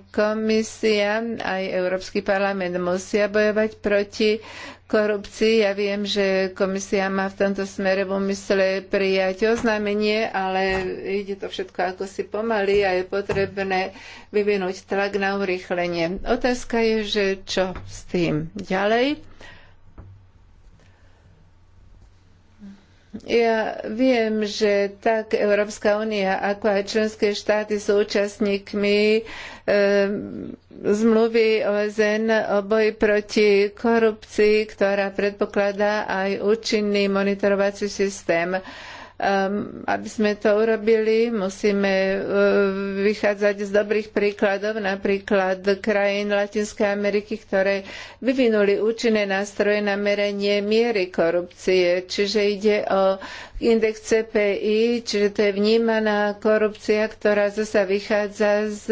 komisia aj Európsky parlament musia bojovať proti korupcii. Ja viem, že komisia má v tomto smere v úmysle prijať oznámenie, ale ide to všetko ako si pomaly a je potrebné vyvinúť tlak na urýchlenie. Otázka je, že čo s tým ďalej. Ja viem, že tak Európska únia, ako aj členské štáty sú účastníkmi e, zmluvy OSN o boji proti korupcii, ktorá predpokladá aj účinný monitorovací systém. E, Ehm, aby sme to urobili, musíme e, vychádzať z dobrých príkladov, napríklad krajín Latinskej Ameriky, ktoré vyvinuli účinné nástroje na merenie miery korupcie. Čiže ide o index CPI, čiže to je vnímaná korupcia, ktorá zasa vychádza z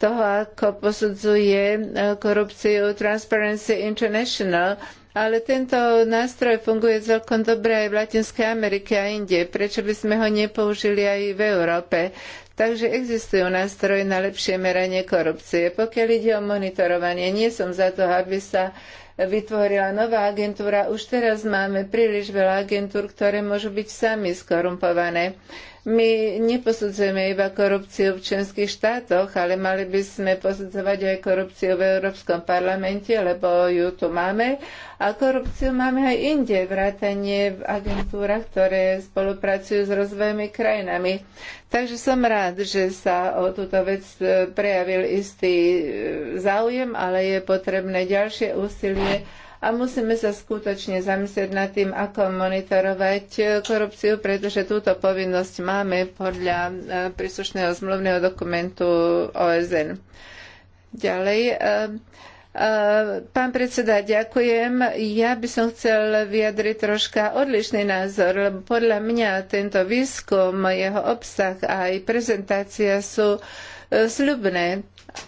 toho, ako posudzuje e, korupciu Transparency International ale tento nástroj funguje celkom dobre aj v Latinskej Amerike a inde. Prečo by sme ho nepoužili aj v Európe? Takže existujú nástroje na lepšie meranie korupcie. Pokiaľ ide o monitorovanie, nie som za to, aby sa vytvorila nová agentúra. Už teraz máme príliš veľa agentúr, ktoré môžu byť sami skorumpované. My neposudzujeme iba korupciu v členských štátoch, ale mali by sme posudzovať aj korupciu v Európskom parlamente, lebo ju tu máme. A korupciu máme aj inde, vrátanie v agentúrach, ktoré spolupracujú s rozvojmi krajinami. Takže som rád, že sa o túto vec e, prejavil istý e, záujem, ale je potrebné ďalšie úsilie a musíme sa skutočne zamyslieť nad tým, ako monitorovať korupciu, pretože túto povinnosť máme podľa e, príslušného zmluvného dokumentu OSN. Ďalej. E, e, pán predseda, ďakujem. Ja by som chcel vyjadriť troška odlišný názor, lebo podľa mňa tento výskum, jeho obsah a aj prezentácia sú sľubné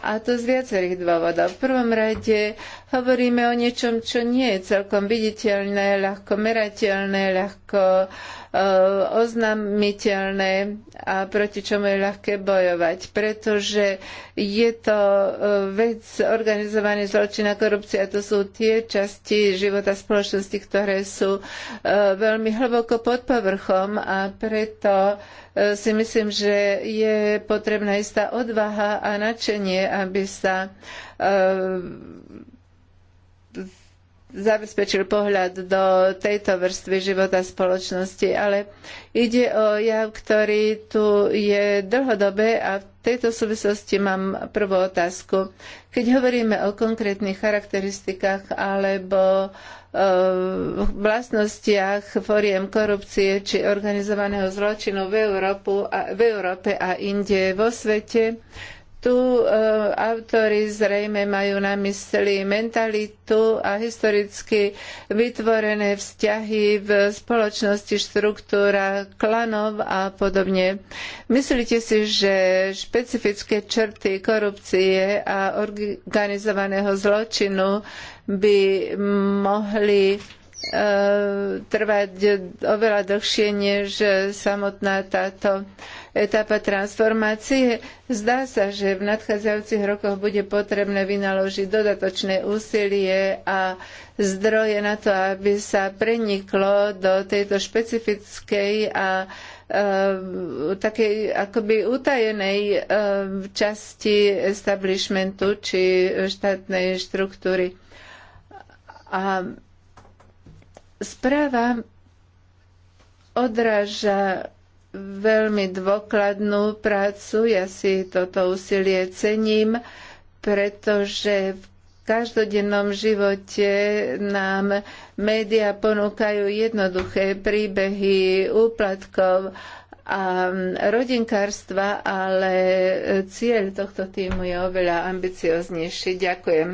a to z viacerých dôvodov. V prvom rade hovoríme o niečom, čo nie je celkom viditeľné, ľahko merateľné, ľahko e, a proti čomu je ľahké bojovať, pretože je to e, vec organizovaný zločin a korupcia. To sú tie časti života spoločnosti, ktoré sú e, veľmi hlboko pod povrchom a preto e, si myslím, že je potrebná istá odvaha a nadšenie nie, aby sa e, zabezpečil pohľad do tejto vrstvy života spoločnosti, ale ide o jav, ktorý tu je dlhodobé a v tejto súvislosti mám prvú otázku. Keď hovoríme o konkrétnych charakteristikách alebo e, vlastnostiach foriem korupcie či organizovaného zločinu v, Európu, v Európe a inde vo svete, tu e, autori zrejme majú na mysli mentalitu a historicky vytvorené vzťahy v spoločnosti, štruktúra klanov a podobne. Myslíte si, že špecifické črty korupcie a organizovaného zločinu by mohli e, trvať oveľa dlhšie než samotná táto etapa transformácie. Zdá sa, že v nadchádzajúcich rokoch bude potrebné vynaložiť dodatočné úsilie a zdroje na to, aby sa preniklo do tejto špecifickej a e, takej akoby utajenej e, časti establishmentu či štátnej štruktúry. A správa odráža veľmi dôkladnú prácu. Ja si toto úsilie cením, pretože v každodennom živote nám média ponúkajú jednoduché príbehy úplatkov a rodinkárstva, ale cieľ tohto týmu je oveľa ambicioznejší. Ďakujem.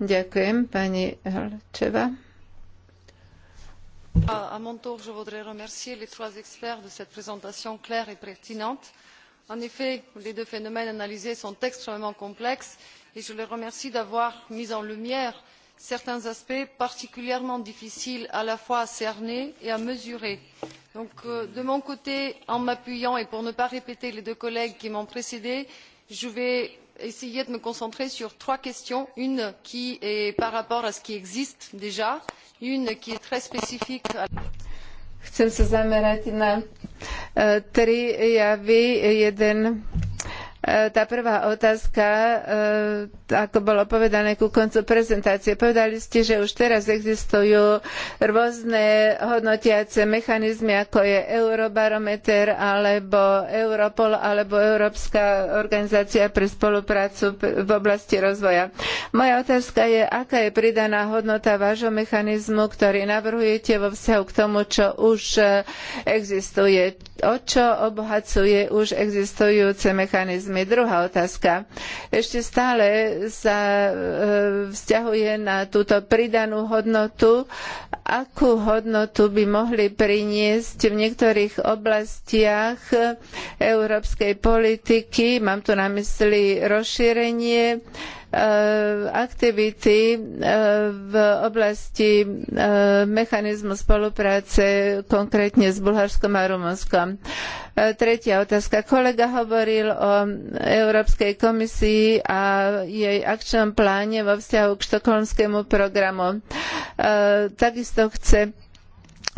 Ďakujem, pani Hlčeva. À mon tour, je voudrais remercier les trois experts de cette présentation claire et pertinente. En effet, les deux phénomènes analysés sont extrêmement complexes et je les remercie d'avoir mis en lumière certains aspects particulièrement difficiles à la fois à cerner et à mesurer. Euh, de mon côté en m'appuyant et pour ne pas répéter les deux collègues qui m'ont précédée je vais essayer de me concentrer sur trois questions une qui est par rapport à ce qui existe déjà une qui est très spécifique à Chcem sa zamerať na eh, tri javy. Jeden E, tá prvá otázka, e, ako bolo povedané ku koncu prezentácie, povedali ste, že už teraz existujú rôzne hodnotiace mechanizmy, ako je Eurobarometer alebo Europol alebo Európska organizácia pre spoluprácu v oblasti rozvoja. Moja otázka je, aká je pridaná hodnota vášho mechanizmu, ktorý navrhujete vo vzťahu k tomu, čo už existuje. O čo obohacuje už existujúce mechanizmy? mechanizmy. Druhá otázka. Ešte stále sa e, vzťahuje na túto pridanú hodnotu. Akú hodnotu by mohli priniesť v niektorých oblastiach európskej politiky? Mám tu na mysli rozšírenie Eh, aktivity eh, v oblasti eh, mechanizmu spolupráce konkrétne s Bulharskom a Rumunskom. Tretia otázka. Kolega hovoril o Európskej komisii a jej akčnom pláne vo vzťahu k štokholmskému programu. Takisto chce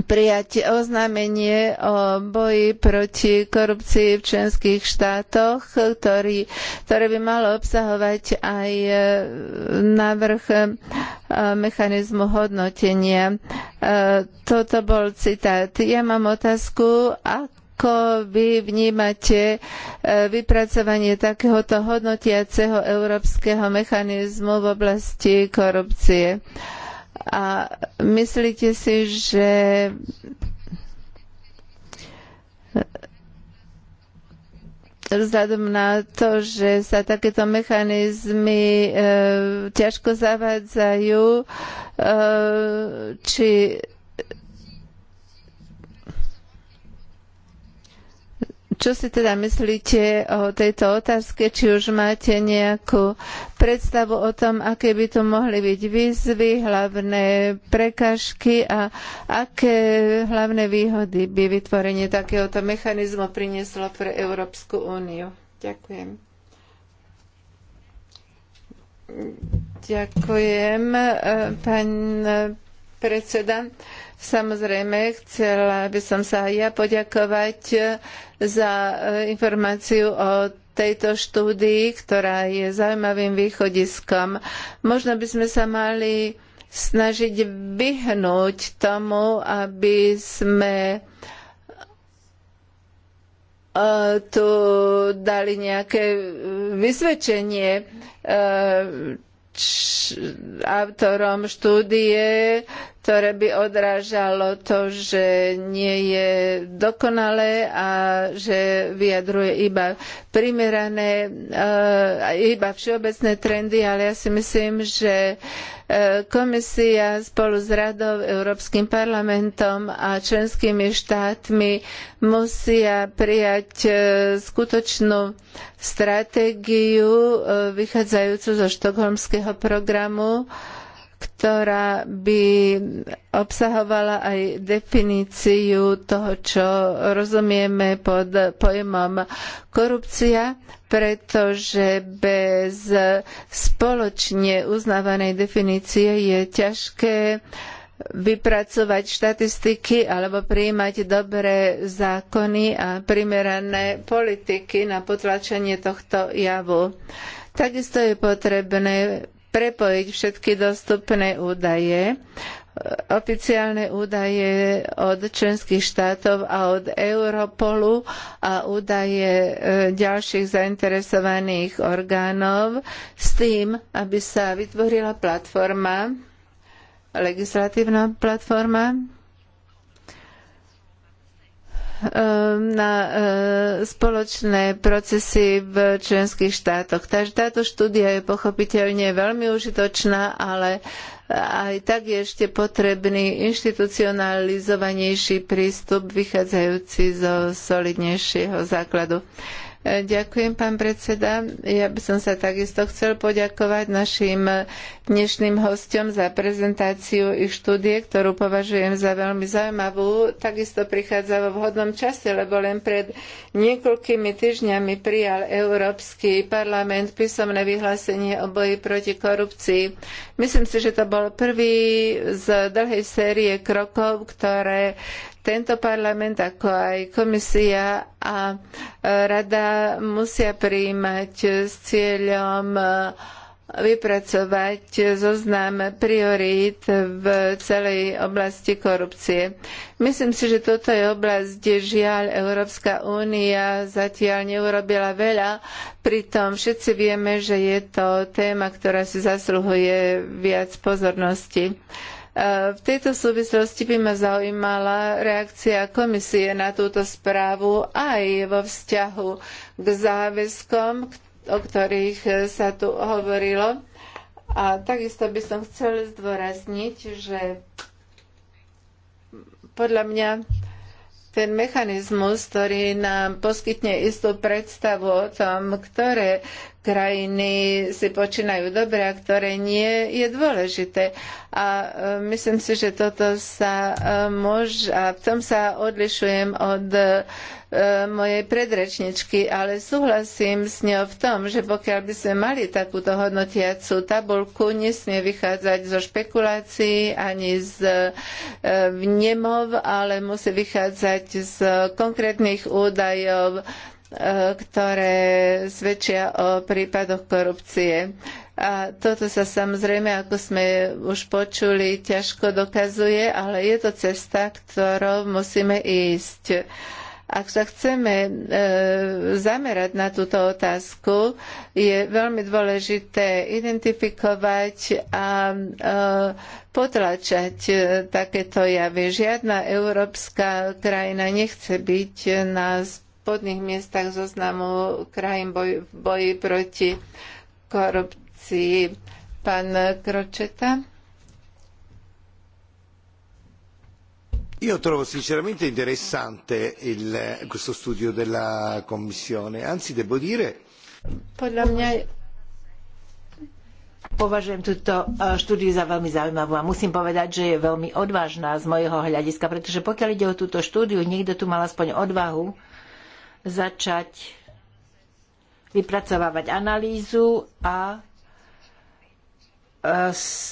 prijať oznámenie o boji proti korupcii v členských štátoch, ktorý, ktoré by malo obsahovať aj e, návrh e, mechanizmu hodnotenia. E, toto bol citát. Ja mám otázku, ako vy vnímate vypracovanie takéhoto hodnotiaceho európskeho mechanizmu v oblasti korupcie? A myslíte si, že vzhľadom na to, že sa takéto mechanizmy e, ťažko zavádzajú, e, či Čo si teda myslíte o tejto otázke? Či už máte nejakú predstavu o tom, aké by tu mohli byť výzvy, hlavné prekažky a aké hlavné výhody by vytvorenie takéhoto mechanizmu prinieslo pre Európsku úniu? Ďakujem. Ďakujem, eh, pán predseda. Samozrejme, chcela by som sa aj ja poďakovať za e, informáciu o tejto štúdii, ktorá je zaujímavým východiskom. Možno by sme sa mali snažiť vyhnúť tomu, aby sme e, tu dali nejaké vysvedčenie e, autorom štúdie, ktoré by odrážalo to, že nie je dokonalé a že vyjadruje iba primerané, eh, iba všeobecné trendy, ale ja si myslím, že eh, komisia spolu s Radou, Európskym parlamentom a členskými štátmi musia prijať eh, skutočnú stratégiu vychádzajúcu zo štokholmského programu, ktorá by obsahovala aj definíciu toho, čo rozumieme pod pojmom korupcia, pretože bez spoločne uznávanej definície je ťažké vypracovať štatistiky alebo prijímať dobré zákony a primerané politiky na potlačenie tohto javu. Takisto je potrebné prepojiť všetky dostupné údaje oficiálne údaje od členských štátov a od Europolu a údaje e, ďalších zainteresovaných orgánov s tým, aby sa vytvorila platforma, legislatívna platforma, Ehm, na ehm, spoločné procesy v členských štátoch. Takže táto štúdia je pochopiteľne veľmi užitočná, ale aj tak je ešte potrebný inštitucionalizovanejší prístup vychádzajúci zo solidnejšieho základu. Ďakujem, pán predseda. Ja by som sa takisto chcel poďakovať našim dnešným hostom za prezentáciu ich štúdie, ktorú považujem za veľmi zaujímavú. Takisto prichádza vo vhodnom čase, lebo len pred niekoľkými týždňami prijal Európsky parlament písomné vyhlásenie o boji proti korupcii. Myslím si, že to bol prvý z dlhej série krokov, ktoré tento parlament, ako aj komisia a e, rada musia prijímať s cieľom e, vypracovať zoznam priorít v celej oblasti korupcie. Myslím si, že toto je oblasť, kde žiaľ Európska únia zatiaľ neurobila veľa, pritom všetci vieme, že je to téma, ktorá si zasluhuje viac pozornosti. Uh, E, v tejto súvislosti by ma zaujímala reakcia komisie na túto správu aj vo vzťahu k záväzkom, o ktorých e, sa tu hovorilo. A takisto by som chcela zdôrazniť, že podľa mňa ten mechanizmus, ktorý nám poskytne istú predstavu o tom, ktoré krajiny si počínajú dobre a ktoré nie, je dôležité. A e, myslím si, že toto sa e, môže, a v tom sa odlišujem od mojej predrečničky, ale súhlasím s ňou v tom, že pokiaľ by sme mali takúto hodnotiacu tabulku, nesmie vychádzať zo špekulácií ani z e, vnemov, ale musí vychádzať z konkrétnych údajov, e, ktoré svedčia o prípadoch korupcie. A toto sa samozrejme, ako sme už počuli, ťažko dokazuje, ale je to cesta, ktorou musíme ísť. Ak sa chceme e, zamerať na túto otázku, je veľmi dôležité identifikovať a e, potlačať e, takéto javy. Žiadna európska krajina nechce byť na spodných miestach zoznamu krajín boj, boji proti korupcii. Pán Kročeta. io trovo sinceramente interessante il, questo studio della Commissione, anzi devo dire... Podľa mňa považujem túto e, štúdiu za veľmi zaujímavú a musím povedať, že je veľmi odvážna z môjho hľadiska, pretože pokiaľ ide o túto štúdiu, niekto tu mal aspoň odvahu začať vypracovávať analýzu a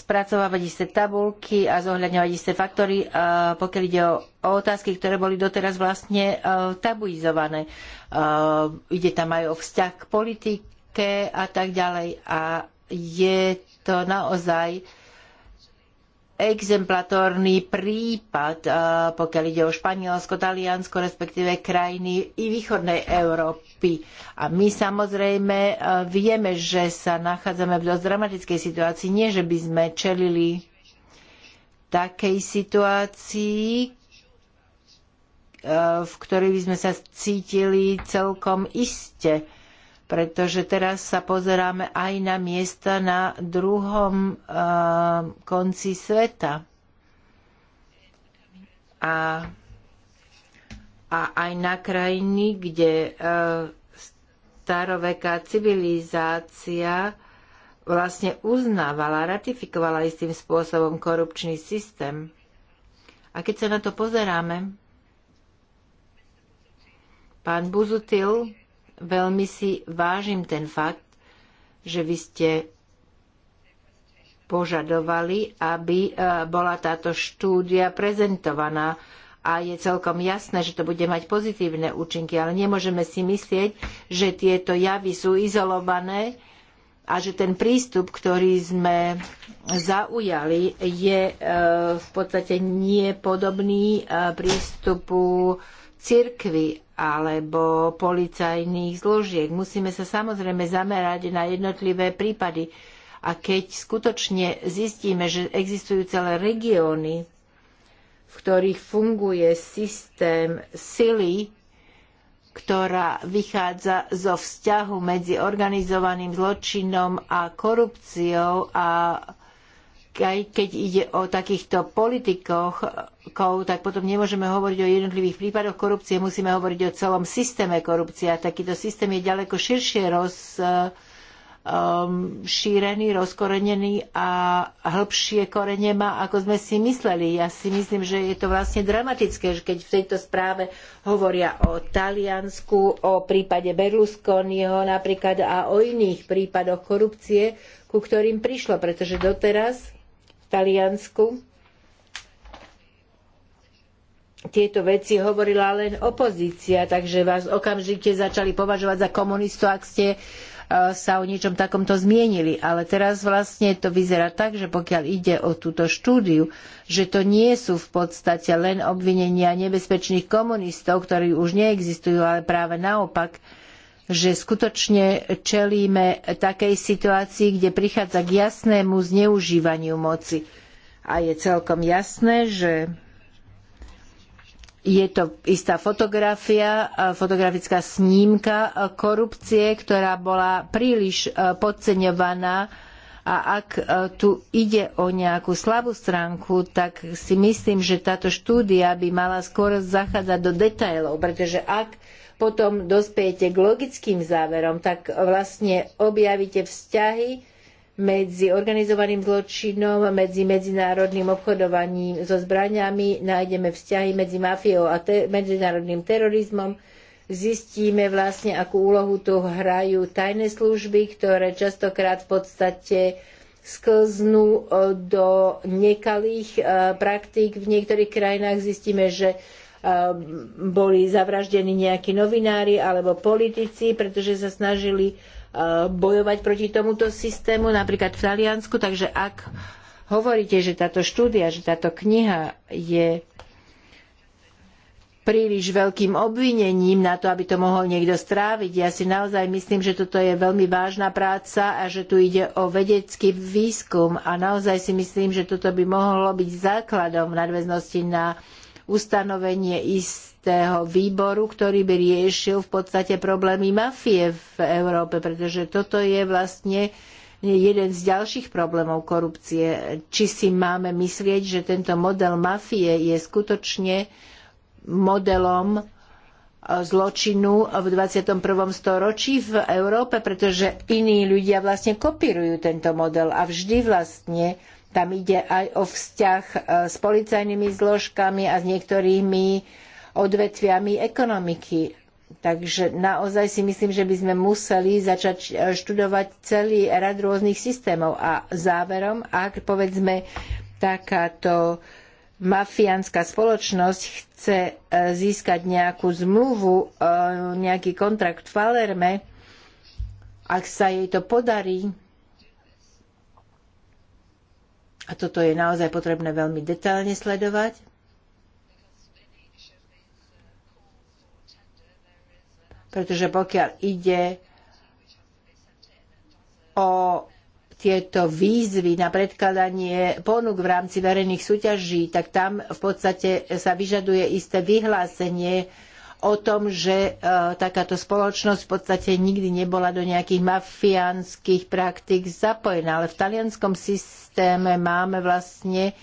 spracovávať isté tabulky a zohľadňovať isté faktory, pokiaľ ide o, o otázky, ktoré boli doteraz vlastne e, tabuizované. E, ide tam aj o vzťah k politike a tak ďalej. A je to naozaj exemplatórny prípad, pokiaľ ide o Španielsko, Taliansko, respektíve krajiny i východnej Európy. A my samozrejme e, vieme, že sa nachádzame v dosť dramatickej situácii. Nie, že by sme čelili takej situácii, e, v ktorej by sme sa cítili celkom iste pretože teraz sa pozeráme aj na miesta na druhom uh, konci sveta. A, a aj na krajiny, kde uh, staroveká civilizácia vlastne uznávala, ratifikovala istým spôsobom korupčný systém. A keď sa na to pozeráme, pán Buzutil veľmi si vážim ten fakt, že vy ste požadovali, aby e, bola táto štúdia prezentovaná a je celkom jasné, že to bude mať pozitívne účinky, ale nemôžeme si myslieť, že tieto javy sú izolované a že ten prístup, ktorý sme zaujali, je e, v podstate niepodobný e, prístupu cirkvi alebo policajných zložiek. Musíme sa samozrejme zamerať na jednotlivé prípady. A keď skutočne zistíme, že existujú celé regióny, v ktorých funguje systém sily, ktorá vychádza zo vzťahu medzi organizovaným zločinom a korupciou a aj keď ide o takýchto politikoch, tak potom nemôžeme hovoriť o jednotlivých prípadoch korupcie, musíme hovoriť o celom systéme korupcie. A takýto systém je ďaleko širšie rozšírený, um, rozkorenený a hĺbšie korene má, ako sme si mysleli. Ja si myslím, že je to vlastne dramatické, že keď v tejto správe hovoria o Taliansku, o prípade Berlusconiho napríklad a o iných prípadoch korupcie, ku ktorým prišlo, pretože doteraz Taliansku tieto veci hovorila len opozícia, takže vás okamžite začali považovať za komunistov, ak ste e, sa o niečom takomto zmienili. Ale teraz vlastne to vyzerá tak, že pokiaľ ide o túto štúdiu, že to nie sú v podstate len obvinenia nebezpečných komunistov, ktorí už neexistujú, ale práve naopak, že skutočne čelíme takej situácii, kde prichádza k jasnému zneužívaniu moci. A je celkom jasné, že je to istá fotografia, fotografická snímka korupcie, ktorá bola príliš e, podceňovaná a ak e, tu ide o nejakú slabú stránku, tak si myslím, že táto štúdia by mala skôr zachádzať do detailov, pretože ak potom dospejete k logickým záverom, tak vlastne objavíte vzťahy medzi organizovaným zločinom, medzi medzinárodným obchodovaním so zbraniami, nájdeme vzťahy medzi mafiou a te- medzinárodným terorizmom, zistíme vlastne, akú úlohu tu hrajú tajné služby, ktoré častokrát v podstate sklznú eh, do nekalých eh, praktík. V niektorých krajinách zistíme, že Ehm, boli zavraždení nejakí novinári alebo politici, pretože sa snažili e, bojovať proti tomuto systému, napríklad v Taliansku. Takže ak hovoríte, že táto štúdia, že táto kniha je príliš veľkým obvinením na to, aby to mohol niekto stráviť. Ja si naozaj myslím, že toto je veľmi vážna práca a že tu ide o vedecký výskum a naozaj si myslím, že toto by mohlo byť základom v nadväznosti na ustanovenie istého výboru, ktorý by riešil v podstate problémy mafie v Európe, pretože toto je vlastne jeden z ďalších problémov korupcie. Či si máme myslieť, že tento model mafie je skutočne modelom e, zločinu v 21. storočí v Európe, pretože iní ľudia vlastne kopírujú tento model a vždy vlastne tam ide aj o vzťah e, s policajnými zložkami a s niektorými odvetviami ekonomiky. Takže naozaj si myslím, že by sme museli začať e, študovať celý rad rôznych systémov. A záverom, ak povedzme takáto mafiánska spoločnosť chce e, získať nejakú zmluvu, nejaký kontrakt v Palerme, ak sa jej to podarí, a toto je naozaj potrebné veľmi detailne sledovať. Pretože pokiaľ ide o tieto výzvy na predkladanie ponúk v rámci verejných súťaží, tak tam v podstate sa vyžaduje isté vyhlásenie o tom, že e, takáto spoločnosť v podstate nikdy nebola do nejakých mafiánskych praktík zapojená. Ale v talianskom systéme máme vlastne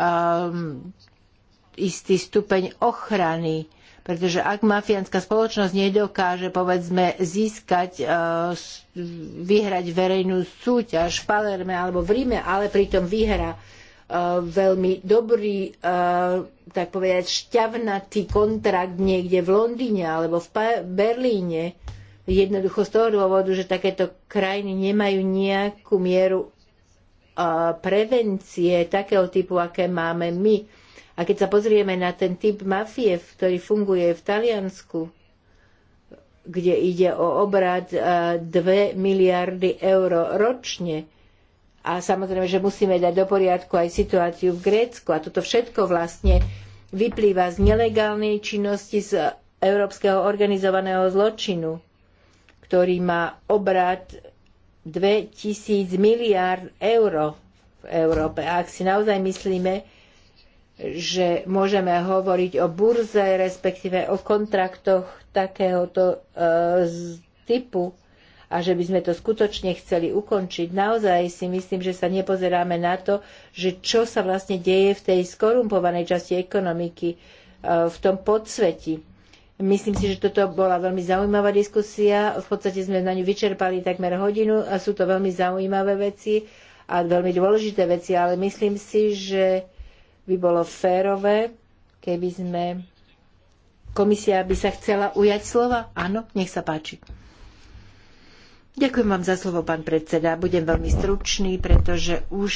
ehm, istý stupeň ochrany pretože ak mafiánska spoločnosť nedokáže, povedzme, získať, e, vyhrať verejnú súťaž v Palerme alebo v Ríme, ale pritom vyhra veľmi dobrý, e, tak povedať, šťavnatý kontrakt niekde v Londýne alebo v Berlíne. Jednoducho z toho dôvodu, že takéto krajiny nemajú nejakú mieru e, prevencie takého typu, aké máme my. A keď sa pozrieme na ten typ mafie, ktorý funguje v Taliansku, kde ide o obrad 2 e, miliardy eur ročne, a samozrejme, že musíme dať do poriadku aj situáciu v Grécku. A toto všetko vlastne vyplýva z nelegálnej činnosti z európskeho organizovaného zločinu, ktorý má obrat 2000 miliárd eur v Európe. A ak si naozaj myslíme, že môžeme hovoriť o burze, respektíve o kontraktoch takéhoto e, typu, a že by sme to skutočne chceli ukončiť, naozaj si myslím, že sa nepozeráme na to, že čo sa vlastne deje v tej skorumpovanej časti ekonomiky, e, v tom podsveti. Myslím si, že toto bola veľmi zaujímavá diskusia. V podstate sme na ňu vyčerpali takmer hodinu a sú to veľmi zaujímavé veci a veľmi dôležité veci, ale myslím si, že by bolo férové, keby sme... Komisia by sa chcela ujať slova? Áno, nech sa páči. Ďakujem vám za slovo, pán predseda. Budem veľmi stručný, pretože už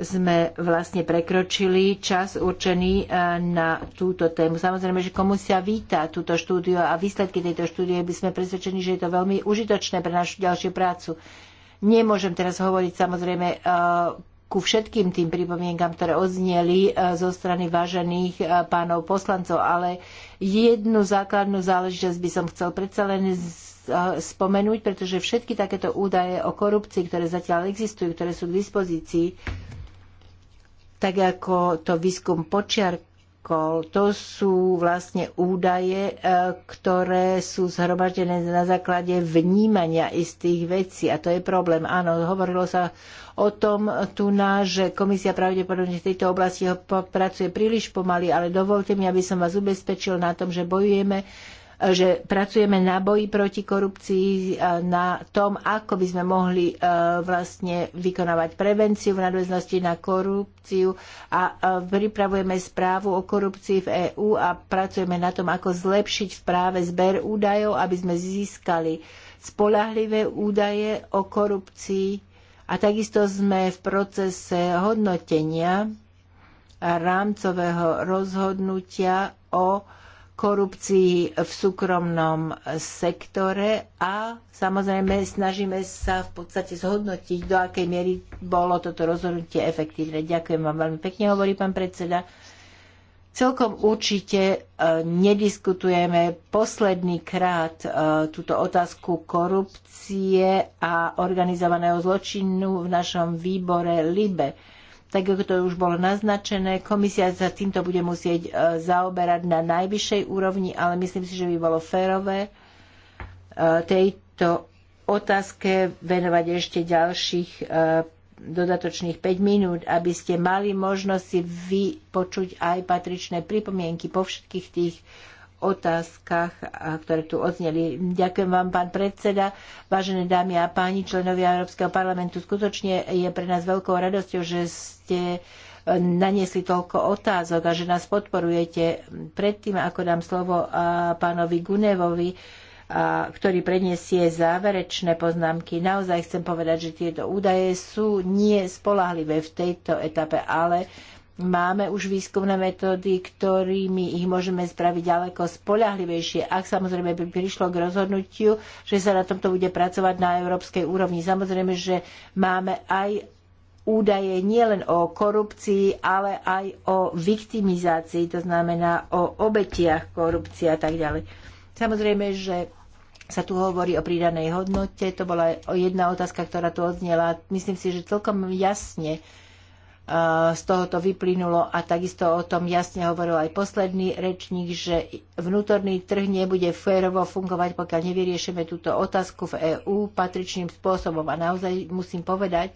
sme vlastne prekročili čas určený e, na túto tému. Samozrejme, že komisia víta túto štúdiu a výsledky tejto štúdie by sme presvedčení, že je to veľmi užitočné pre našu ďalšiu prácu. Nemôžem teraz hovoriť samozrejme e, ku všetkým tým pripomienkam, ktoré odznieli e, zo strany vážených pánov poslancov, ale jednu základnú záležitosť by som chcel predsa len z spomenúť, pretože všetky takéto údaje o korupcii, ktoré zatiaľ existujú, ktoré sú k dispozícii, tak ako to výskum počiarkol, to sú vlastne údaje, e, ktoré sú zhromaždené na základe vnímania istých vecí a to je problém. Áno, hovorilo sa o tom tu na, že komisia pravdepodobne v tejto oblasti pracuje príliš pomaly, ale dovolte mi, aby som vás ubezpečil na tom, že bojujeme že pracujeme na boji proti korupcii, e, na tom, ako by sme mohli e, vlastne vykonávať prevenciu v nadväznosti na korupciu a e, pripravujeme správu o korupcii v EÚ a pracujeme na tom, ako zlepšiť práve zber údajov, aby sme získali spolahlivé údaje o korupcii a takisto sme v procese hodnotenia rámcového rozhodnutia o korupcii v súkromnom sektore a samozrejme snažíme sa v podstate zhodnotiť, do akej miery bolo toto rozhodnutie efektívne. Ďakujem vám veľmi pekne, hovorí pán predseda. Celkom určite e, nediskutujeme posledný krát e, túto otázku korupcie a organizovaného zločinu v našom výbore LIBE tak ako to už bolo naznačené, komisia sa týmto bude musieť e, zaoberať na najvyššej úrovni, ale myslím si, že by bolo férové e, tejto otázke venovať ešte ďalších e, dodatočných 5 minút, aby ste mali možnosť si vypočuť aj patričné pripomienky po všetkých tých otázkach, ktoré tu odzneli. Ďakujem vám, pán predseda, vážené dámy a páni, členovia Európskeho parlamentu. Skutočne je pre nás veľkou radosťou, že ste naniesli toľko otázok a že nás podporujete. Predtým, ako dám slovo pánovi Gunevovi, ktorý predniesie záverečné poznámky. Naozaj chcem povedať, že tieto údaje sú nie spolahlivé v tejto etape, ale Máme už výskumné metódy, ktorými ich môžeme spraviť ďaleko spolahlivejšie, ak samozrejme by prišlo k rozhodnutiu, že sa na tomto bude pracovať na európskej úrovni. Samozrejme, že máme aj údaje nielen o korupcii, ale aj o viktimizácii, to znamená o obetiach korupcie a tak ďalej. Samozrejme, že sa tu hovorí o pridanej hodnote, to bola jedna otázka, ktorá tu odznela. Myslím si, že celkom jasne Eh, z tohoto vyplynulo a takisto o tom jasne hovoril aj posledný rečník, že vnútorný trh nebude férovo fungovať, pokiaľ nevyriešime túto otázku v EÚ patričným spôsobom. A naozaj musím povedať,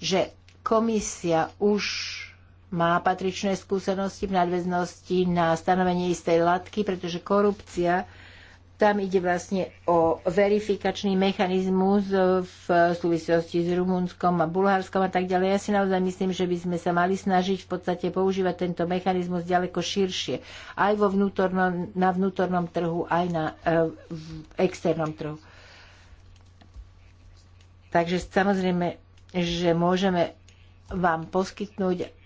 že komisia už má patričné skúsenosti v nadväznosti na stanovenie istej latky, pretože korupcia tam ide vlastne o verifikačný mechanizmus v súvislosti s Rumunskom a Bulharskom a tak ďalej. Ja si naozaj myslím, že by sme sa mali snažiť v podstate používať tento mechanizmus ďaleko širšie. Aj vo vnútornom, na vnútornom trhu, aj na e, v externom trhu. Takže samozrejme, že môžeme vám poskytnúť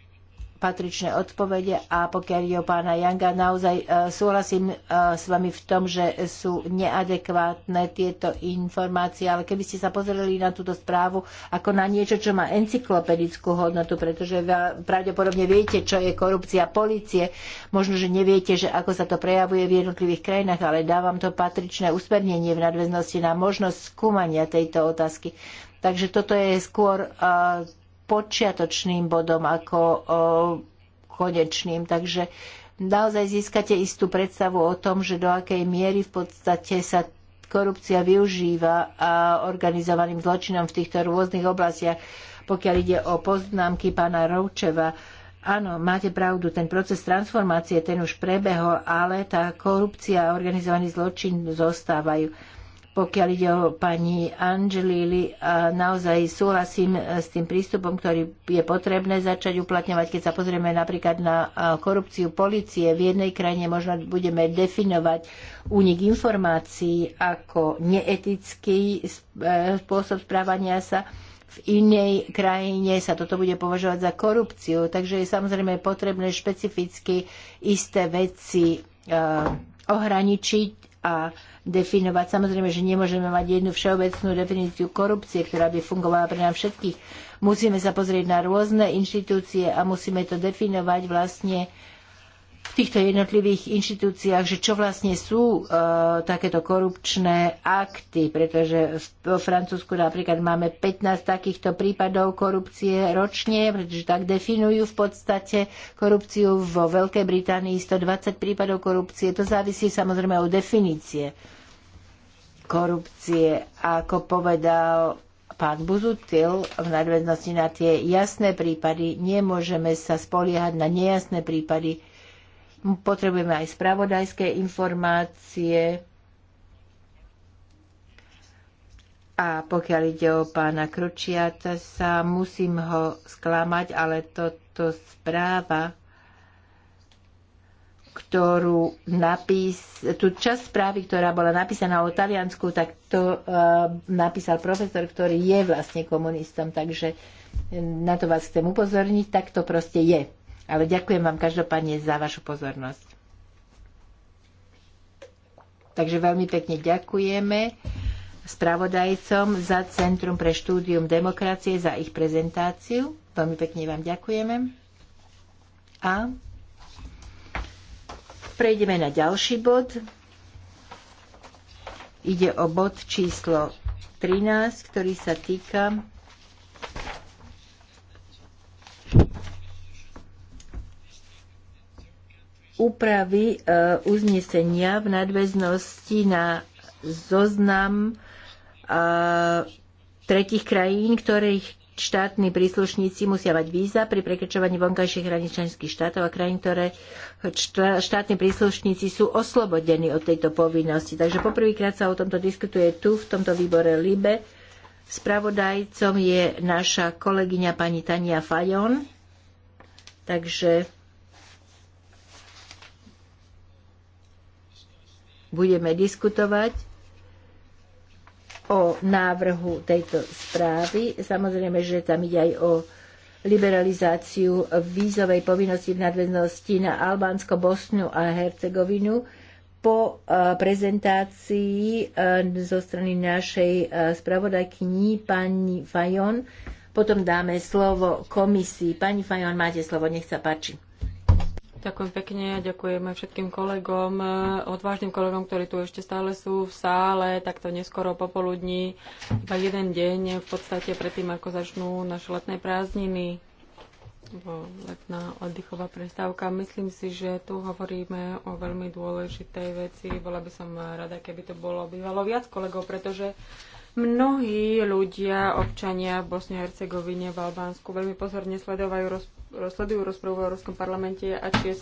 patričné odpovede a pokiaľ je o pána Janga, naozaj e, súhlasím e, s vami v tom, že sú neadekvátne tieto informácie, ale keby ste sa pozreli na túto správu ako na niečo, čo má encyklopedickú hodnotu, pretože pravdepodobne viete, čo je korupcia policie, možno, že neviete, že ako sa to prejavuje v jednotlivých krajinách, ale dávam to patričné usmernenie v nadväznosti na možnosť skúmania tejto otázky. Takže toto je skôr uh, počiatočným bodom ako konečným. Takže naozaj získate istú predstavu o tom, že do akej miery v podstate sa korupcia využíva a organizovaným zločinom v týchto rôznych oblastiach. Pokiaľ ide o poznámky pána Roučeva, áno, máte pravdu, ten proces transformácie, ten už prebehol, ale tá korupcia a organizovaný zločin zostávajú. Pokiaľ ide o pani Angelili, naozaj súhlasím e, s tým prístupom, ktorý je potrebné začať uplatňovať. Keď sa pozrieme napríklad na e, korupciu policie, v jednej krajine možno budeme definovať únik informácií ako neetický e, spôsob správania sa v inej krajine sa toto bude považovať za korupciu. Takže je samozrejme potrebné špecificky isté veci ohraničiť a definovať. Samozrejme, že nemôžeme mať jednu všeobecnú definíciu korupcie, ktorá by fungovala pre nás všetkých. Musíme sa pozrieť na rôzne inštitúcie a musíme to definovať vlastne týchto jednotlivých inštitúciách, že čo vlastne sú e, takéto korupčné akty, pretože v Francúzsku napríklad máme 15 takýchto prípadov korupcie ročne, pretože tak definujú v podstate korupciu vo Veľkej Británii 120 prípadov korupcie. To závisí samozrejme od definície korupcie, ako povedal pán Buzutil v nadväznosti na tie jasné prípady, nemôžeme sa spoliehať na nejasné prípady, potrebujeme aj spravodajské informácie. A pokiaľ ide o pána Kručiata, sa musím ho sklamať, ale toto správa, ktorú napís, tú časť správy, ktorá bola napísaná o Taliansku, tak to uh, napísal profesor, ktorý je vlastne komunistom, takže na to vás chcem upozorniť, tak to proste je. Ale ďakujem vám každopádne za vašu pozornosť. Takže veľmi pekne ďakujeme spravodajcom za Centrum pre štúdium demokracie za ich prezentáciu. Veľmi pekne vám ďakujeme. A prejdeme na ďalší bod. Ide o bod číslo 13, ktorý sa týka úpravy e, uznesenia v nadväznosti na zoznam e, tretich krajín, ktorých štátni príslušníci musia mať víza pri prekračovaní vonkajších hraníc štátov a krajín, ktoré štátni príslušníci sú oslobodení od tejto povinnosti. Takže poprvýkrát sa o tomto diskutuje tu, v tomto výbore LIBE. Spravodajcom je naša kolegyňa pani Tania Fajon. Takže budeme diskutovať o návrhu tejto správy. Samozrejme, že tam ide aj o liberalizáciu vízovej povinnosti v nadväznosti na Albánsko, Bosnu a Hercegovinu po e, prezentácii e, zo strany našej e, spravodajkyní pani Fajon. Potom dáme slovo komisii. Pani Fajon, máte slovo, nech sa páči. Ďakujem pekne a ďakujem aj všetkým kolegom, e, odvážnym kolegom, ktorí tu ešte stále sú v sále, takto neskoro popoludní, iba jeden deň v podstate predtým, ako začnú naše letné prázdniny letná oddychová prestávka. Myslím si, že tu hovoríme o veľmi dôležitej veci. Bola by som rada, keby to bolo bývalo viac kolegov, pretože mnohí ľudia, občania v Bosne a Hercegovine, v Albánsku veľmi pozorne sledovajú roz sledujú rozprávu v Európskom parlamente a je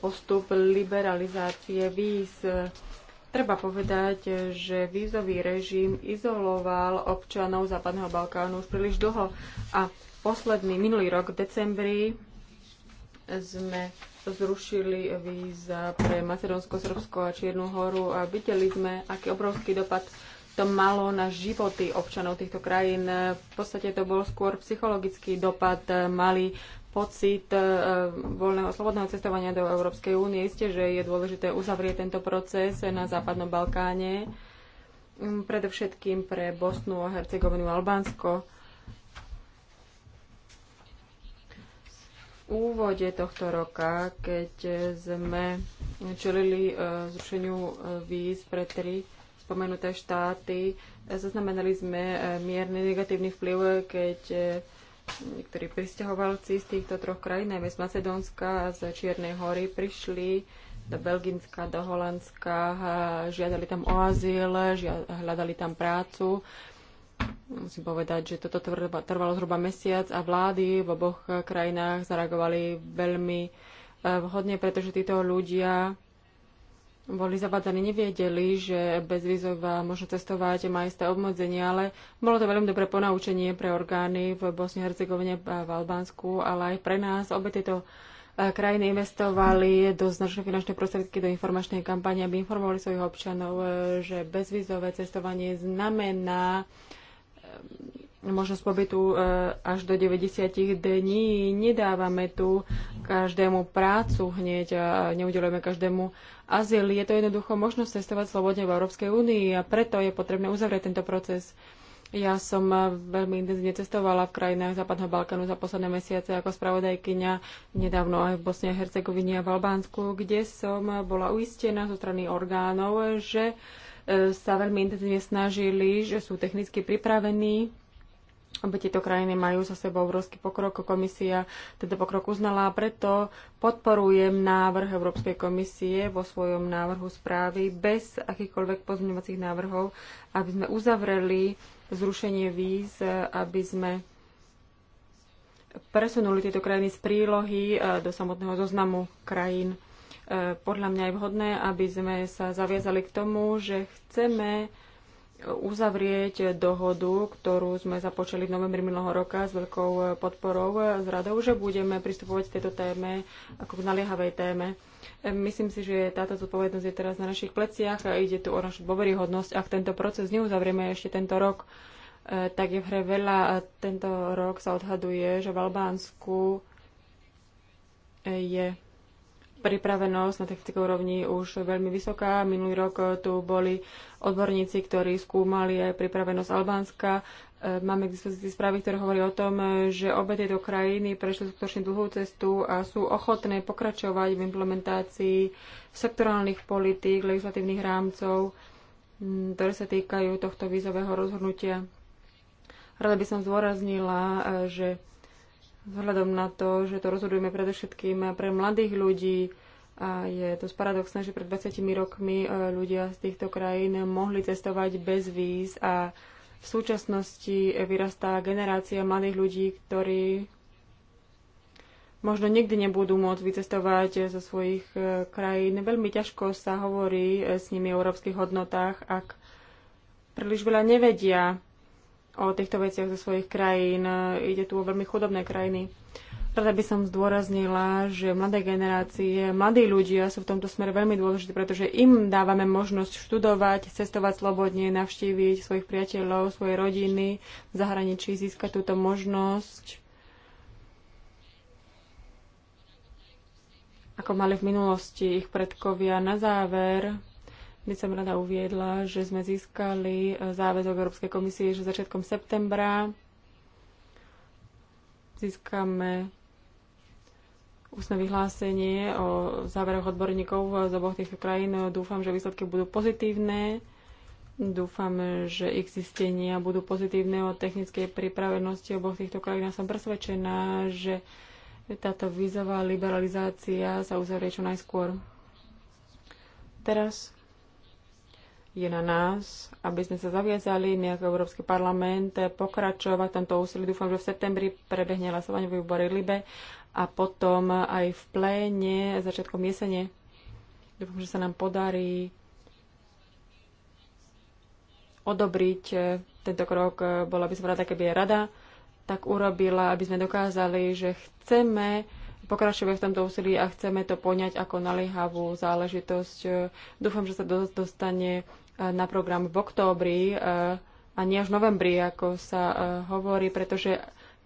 postup liberalizácie víz. Treba povedať, že vízový režim izoloval občanov Západného Balkánu už príliš dlho a posledný minulý rok v decembri sme zrušili víza pre Macedónsko, Srbsko a Čiernu horu a videli sme, aký obrovský dopad to malo na životy občanov týchto krajín. V podstate to bol skôr psychologický dopad, malý pocit e, voľného slobodného cestovania do Európskej únie. Isté, že je dôležité uzavrieť tento proces na Západnom Balkáne, predovšetkým pre Bosnu a Hercegovinu a Albánsko. V úvode tohto roka, keď sme čelili e, zrušeniu e, víz pre tri spomenuté štáty. Zaznamenali sme e, mierny negatívny vplyv, keď e, niektorí pristahovalci z týchto troch krajín, najmä z Macedónska a z Čiernej hory, prišli do Belgínska, do Holandska, žiadali tam o azyl, hľadali tam prácu. Musím povedať, že toto trvalo zhruba mesiac a vlády v oboch e, krajinách zareagovali veľmi vhodne, pretože títo ľudia boli zabadaní, nevedeli, že bezvizová možno cestovať má isté obmedzenie, ale bolo to veľmi dobré ponaučenie pre orgány v Bosni, Hercegovine, v Albánsku, ale aj pre nás. Obe tieto e, krajiny investovali do značné finančné prostriedky do informačnej kampane, aby informovali svojich občanov, e, že bezvizové cestovanie znamená e, možnosť pobytu až do 90 dní. Nedávame tu každému prácu hneď a neudelujeme každému azyl. Je to jednoducho možnosť cestovať slobodne v Európskej únii a preto je potrebné uzavrieť tento proces. Ja som veľmi intenzívne cestovala v krajinách Západného Balkánu za posledné mesiace ako spravodajkyňa, nedávno aj v Bosne a Hercegovine a v Albánsku, kde som bola uistená zo strany orgánov, že e, sa veľmi intenzívne snažili, že sú technicky pripravení Obe tieto krajiny majú za sebou obrovský pokrok. Komisia tento pokrok uznala a preto podporujem návrh Európskej komisie vo svojom návrhu správy bez akýchkoľvek pozmeňovacích návrhov, aby sme uzavreli zrušenie víz, aby sme presunuli tieto krajiny z prílohy e, do samotného zoznamu krajín. E, podľa mňa je vhodné, aby sme sa zaviazali k tomu, že chceme uzavrieť dohodu, ktorú sme započali v novembri minulého roka s veľkou podporou z e, radou, že budeme pristupovať k tejto téme ako k naliehavej téme. E, myslím si, že táto zodpovednosť je teraz na našich pleciach a ide tu o našu dôveryhodnosť. Ak tento proces neuzavrieme ešte tento rok, e, tak je v hre veľa. A tento rok sa odhaduje, že v Albánsku je pripravenosť na technickej úrovni už veľmi vysoká. Minulý rok tu boli odborníci, ktorí skúmali aj pripravenosť Albánska. E, máme k dispozícii správy, ktoré hovorí o tom, že obe tieto krajiny prešli skutočne dlhú cestu a sú ochotné pokračovať v implementácii sektorálnych politík, legislatívnych rámcov, ktoré sa týkajú tohto vízového rozhodnutia. Rada by som zdôraznila, e, že vzhľadom na to, že to rozhodujeme predovšetkým pre mladých ľudí a je to paradoxné, že pred 20 rokmi e, ľudia z týchto krajín mohli cestovať bez víz a v súčasnosti vyrastá generácia mladých ľudí, ktorí možno nikdy nebudú môcť vycestovať zo svojich e, krajín. Veľmi ťažko sa hovorí e, s nimi o európskych hodnotách, ak príliš veľa nevedia o týchto veciach zo svojich krajín. Ide tu o veľmi chudobné krajiny. Rada by som zdôraznila, že mladé generácie, mladí ľudia sú v tomto smere veľmi dôležití, pretože im dávame možnosť študovať, cestovať slobodne, navštíviť svojich priateľov, svoje rodiny v zahraničí, získať túto možnosť. Ako mali v minulosti ich predkovia na záver, by som rada uviedla, že sme získali e, záväzok Európskej komisie, že začiatkom septembra získame ústne vyhlásenie o záveroch odborníkov z oboch týchto krajín. Dúfam, že výsledky budú pozitívne. Dúfam, že ich zistenia budú pozitívne o technickej pripravenosti oboch týchto krajín. Ja som presvedčená, že táto vízová liberalizácia sa uzavrie čo najskôr. Teraz je na nás, aby sme sa zaviazali, my ako Európsky parlament, pokračovať v tomto úsilí. Dúfam, že v septembri prebehne hlasovanie v výbore Libe a potom aj v pléne začiatkom jesene. Dúfam, že sa nám podarí odobriť tento krok. Bola by som rada, keby je rada tak urobila, aby sme dokázali, že chceme pokračovať v tomto úsilí a chceme to poňať ako naliehavú záležitosť. Dúfam, že sa dostane Eh, na program v októbri eh, a nie až v novembri, ako sa eh, hovorí, pretože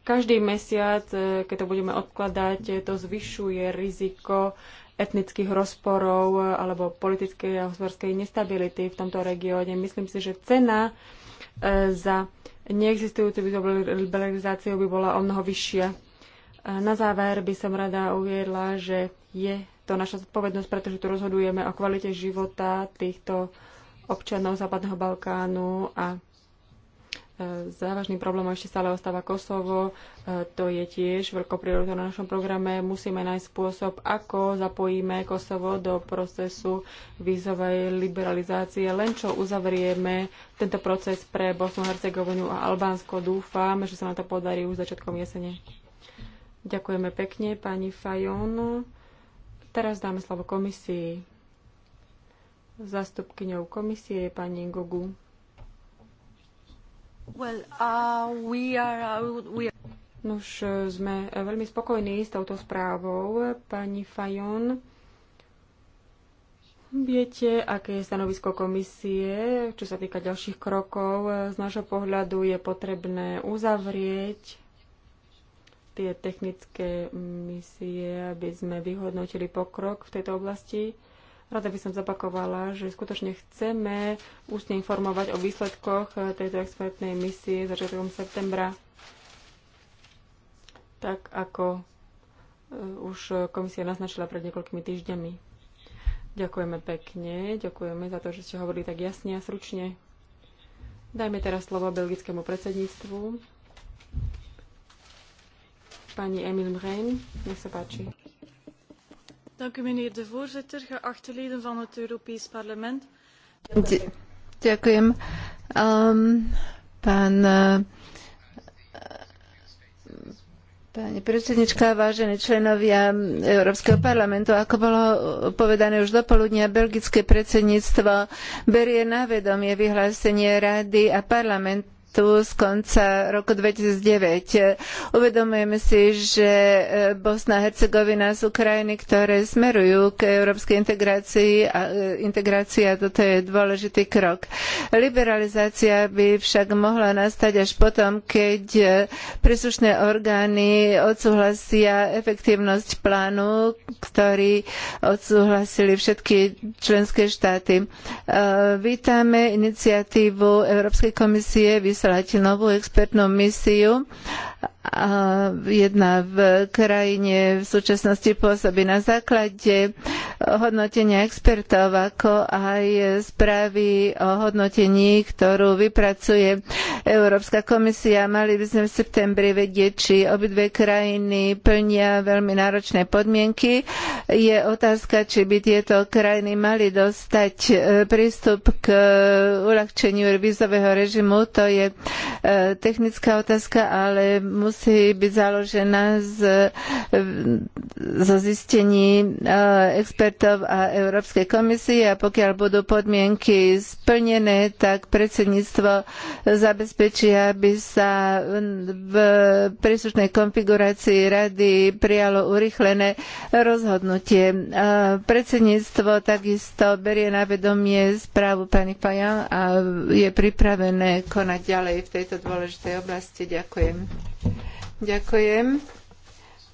každý mesiac, keď to budeme odkladať, to zvyšuje riziko etnických rozporov alebo politickej a hospodárskej nestability v tomto regióne. Myslím si, že cena za neexistujúcu liberalizáciu by bola o mnoho vyššia. Na záver by som rada uviedla, že je to naša zodpovednosť, pretože tu rozhodujeme o kvalite života týchto občanov Západného Balkánu a e, závažným problémom ešte stále ostáva Kosovo. E, to je tiež veľkou prioritou na našom programe. Musíme nájsť spôsob, ako zapojíme Kosovo do procesu vízovej liberalizácie. Len čo uzavrieme tento proces pre Bosnu, Hercegovinu a Albánsko, dúfam, že sa nám to podarí už začiatkom jesene. Ďakujeme pekne, pani Fajon. Teraz dáme slovo komisii. Zastupkyňou komisie je pani Gogu. Well, uh, we are, uh, we are... Nuž, uh, sme uh, veľmi spokojní s touto správou. Uh, pani Fajon, viete, aké je stanovisko komisie, čo sa týka ďalších krokov. Z nášho pohľadu je potrebné uzavrieť tie technické misie, aby sme vyhodnotili pokrok v tejto oblasti Rada by som zopakovala, že skutočne chceme ústne informovať o výsledkoch eh, tejto expertnej misie začiatkom septembra, tak ako eh, už komisia naznačila pred niekoľkými týždňami. Ďakujeme pekne, ďakujeme za to, že ste hovorili tak jasne a sručne. Dajme teraz slovo belgickému predsedníctvu. Pani Emil Mrein, nech sa páči. Dank u meneer de voorzitter, geachte leden van het Europees Parlement. Ďakujem. Um, pán eh, Pani predsednička, vážení členovia Európskeho parlamentu, ako bolo povedané už dopoludnia, belgické predsedníctvo berie na vedomie vyhlásenie Rady a parlamentu tu z konca roku 2009. Uvedomujeme si, že e, Bosna a Hercegovina sú krajiny, ktoré smerujú k európskej integrácii a e, integrácia toto je dôležitý krok. Liberalizácia by však mohla nastať až potom, keď e, príslušné orgány odsúhlasia efektívnosť plánu, ktorý odsúhlasili všetky členské štáty. Vítame iniciatívu Európskej komisie vyslať novú expertnú misiu a jedna v krajine v súčasnosti pôsobí na základe hodnotenia expertov, ako aj správy o hodnotení, ktorú vypracuje Európska komisia. Mali by sme v septembri vedieť, či obidve krajiny plnia veľmi náročné podmienky. Je otázka, či by tieto krajiny mali dostať e, prístup k uľahčeniu vízového režimu. To je e, technická otázka, ale musí byť založená z, zo zistení e, expertov a Európskej komisie a pokiaľ budú podmienky splnené, tak predsedníctvo zabezpečí, aby sa v príslušnej konfigurácii rady prijalo urychlené rozhodnutie. E, predsedníctvo takisto berie na vedomie správu pani Pajan a je pripravené konať ďalej v tejto dôležitej oblasti. Ďakujem. Ďakujem.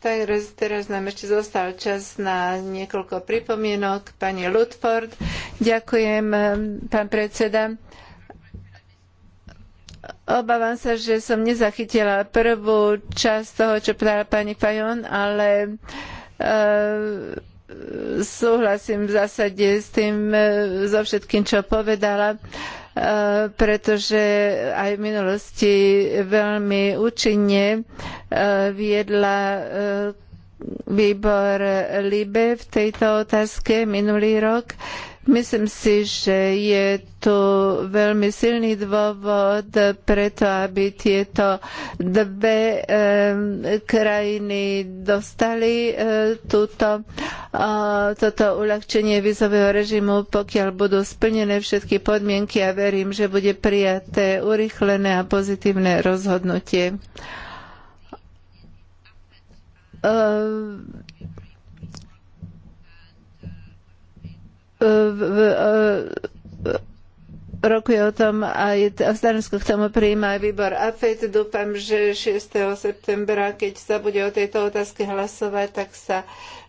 Teraz, teraz nám ešte zostal čas na niekoľko pripomienok. Pani Ludford, ďakujem, pán predseda. Obávam sa, že som nezachytila prvú časť toho, čo povedala pani Fajon, ale e, súhlasím v zásade s tým, e, so všetkým, čo povedala. E, Eh, pretože aj v minulosti veľmi účinne eh, viedla eh, výbor LIBE v tejto otázke minulý rok Myslím si, že je tu veľmi silný dôvod preto, aby tieto dve e, krajiny dostali e, túto, e, toto uľahčenie vizového režimu, pokiaľ budú splnené všetky podmienky a verím, že bude prijaté urychlené a pozitívne rozhodnutie. E, E, v e, rokuje o tom aj a k tomu prijíma aj výbor AFET. Dúfam, že 6. septembra, keď sa bude o tejto otázke hlasovať, tak sa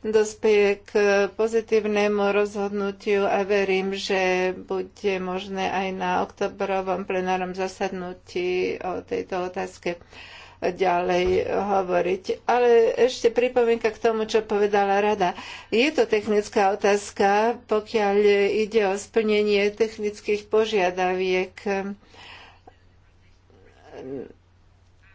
dospie k pozitívnemu rozhodnutiu a verím, že bude možné aj na oktobrovom plenárnom zasadnutí o tejto otázke ďalej hovoriť. Ale ešte pripomienka k tomu, čo povedala rada. Je to technická otázka, pokiaľ ide o splnenie technických požiadaviek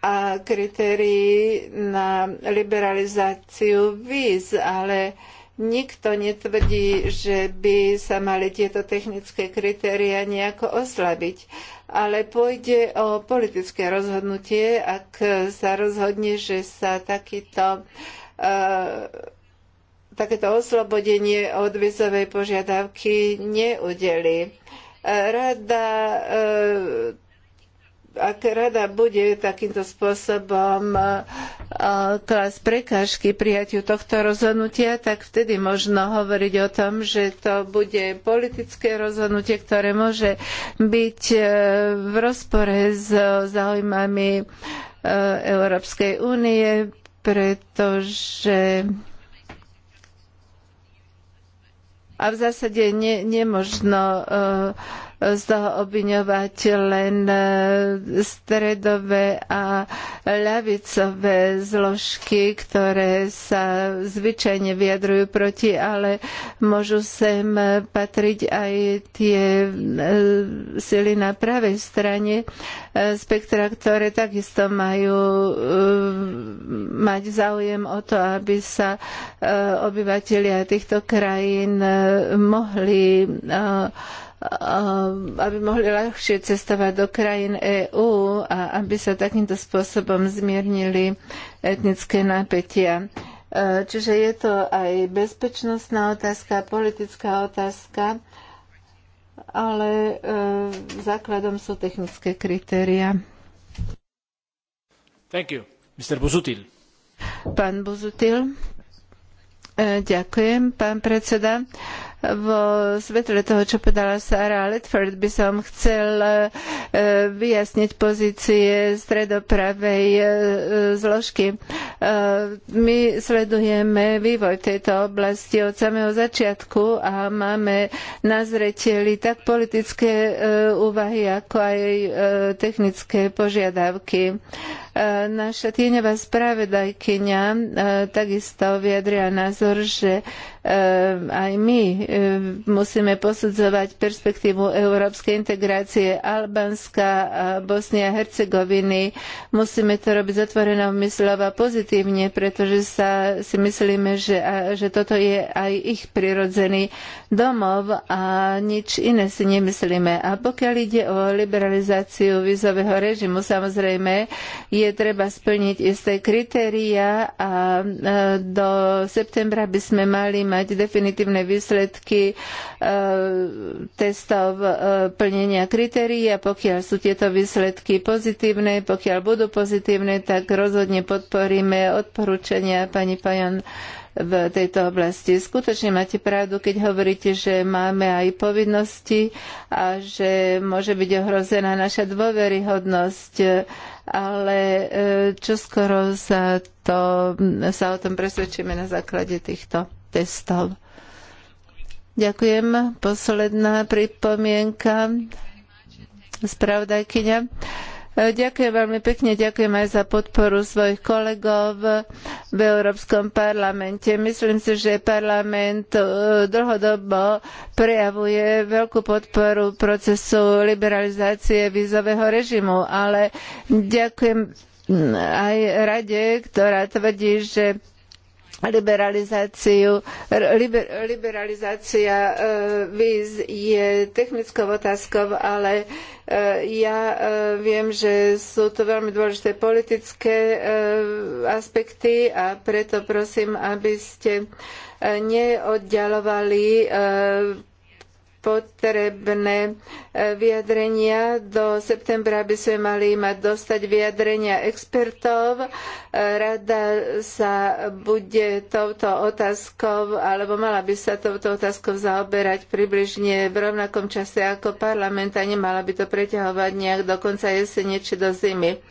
a kritérií na liberalizáciu víz, ale Nikto netvrdí, že by sa mali tieto technické kritéria nejako oslabiť, ale pôjde o politické rozhodnutie, ak sa rozhodne, že sa takýto uh, takéto oslobodenie od vizovej požiadavky neudeli. Rada eh, ak rada bude takýmto spôsobom e, e, klas prekážky prijatiu tohto rozhodnutia, tak vtedy možno hovoriť o tom, že to bude politické rozhodnutie, ktoré môže byť e, v rozpore s záujmami Európskej únie, pretože a v zásade ne, nemožno uh, z toho obviňovať len e, stredové a ľavicové zložky, ktoré sa zvyčajne vyjadrujú proti, ale môžu sem patriť aj tie e, sily na pravej strane e, spektra, ktoré takisto majú mať záujem o to, aby sa obyvatelia týchto krajín mohli aby mohli ľahšie cestovať do krajín EÚ a aby sa takýmto spôsobom zmiernili etnické napätia. E, čiže je to aj bezpečnostná otázka, politická otázka, ale e, základom sú technické kritéria. Thank you. Mr. Buzutil. Pán Buzutil. E, ďakujem, pán predseda. V svetle toho, čo povedala Sara Letford, by som chcel e, vyjasniť pozície stredopravej e, zložky. E, my sledujeme vývoj tejto oblasti od samého začiatku a máme na zreteli tak politické úvahy, ako aj technické požiadavky E, naša tieňová spravedajkyňa e, takisto vyjadrila názor, že e, aj my musíme posudzovať perspektívu európskej integrácie Albánska a Bosnia a Hercegoviny. Musíme to robiť zatvorenou mysľou a pozitívne, pretože sa si myslíme, že, že toto je aj ich prirodzený domov a nič iné si nemyslíme. A pokiaľ ide o liberalizáciu vízového režimu, samozrejme je je treba splniť isté kritéria a e, do septembra by sme mali mať definitívne výsledky e, testov e, plnenia kritérií a pokiaľ sú tieto výsledky pozitívne, pokiaľ budú pozitívne, tak rozhodne podporíme odporúčania pani Pajon v tejto oblasti. Skutočne máte pravdu, keď hovoríte, že máme aj povinnosti a že môže byť ohrozená naša dôveryhodnosť ale e, čoskoro sa, to, sa o tom presvedčíme na základe týchto testov. Ďakujem. Posledná pripomienka. Spravodajkyňa. Ďakujem veľmi pekne, ďakujem aj za podporu svojich kolegov v Európskom parlamente. Myslím si, že parlament e, dlhodobo prejavuje veľkú podporu procesu liberalizácie vízového režimu, ale ďakujem aj rade, ktorá tvrdí, že liberalizáciu, liber, liberalizácia e, víz je technickou otázkou, ale e, ja e, viem, že sú to veľmi dôležité politické aspekty a preto prosím, aby ste neoddialovali potrebné e, vyjadrenia. Do septembra by sme mali mať dostať vyjadrenia expertov. E, rada sa bude touto otázkou, alebo mala by sa touto otázkou zaoberať približne v rovnakom čase ako parlament a nemala by to preťahovať nejak do konca jesene či do zimy.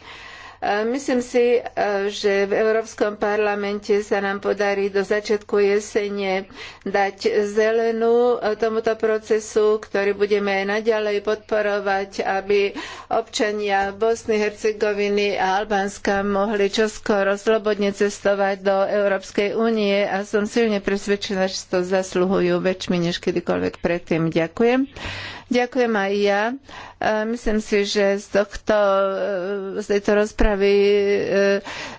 Eh, myslím si, eh, že v Európskom parlamente sa nám podarí do začiatku jesene dať zelenú eh, tomuto procesu, ktorý budeme aj naďalej podporovať, aby občania Bosny, Hercegoviny a Albánska mohli čoskoro slobodne cestovať do Európskej únie a som silne presvedčená, že to zasluhujú väčšmi než kedykoľvek predtým. Ďakujem. Ďakujem aj ja. Myslím si, že z, tohto, e, z tejto rozpravy e,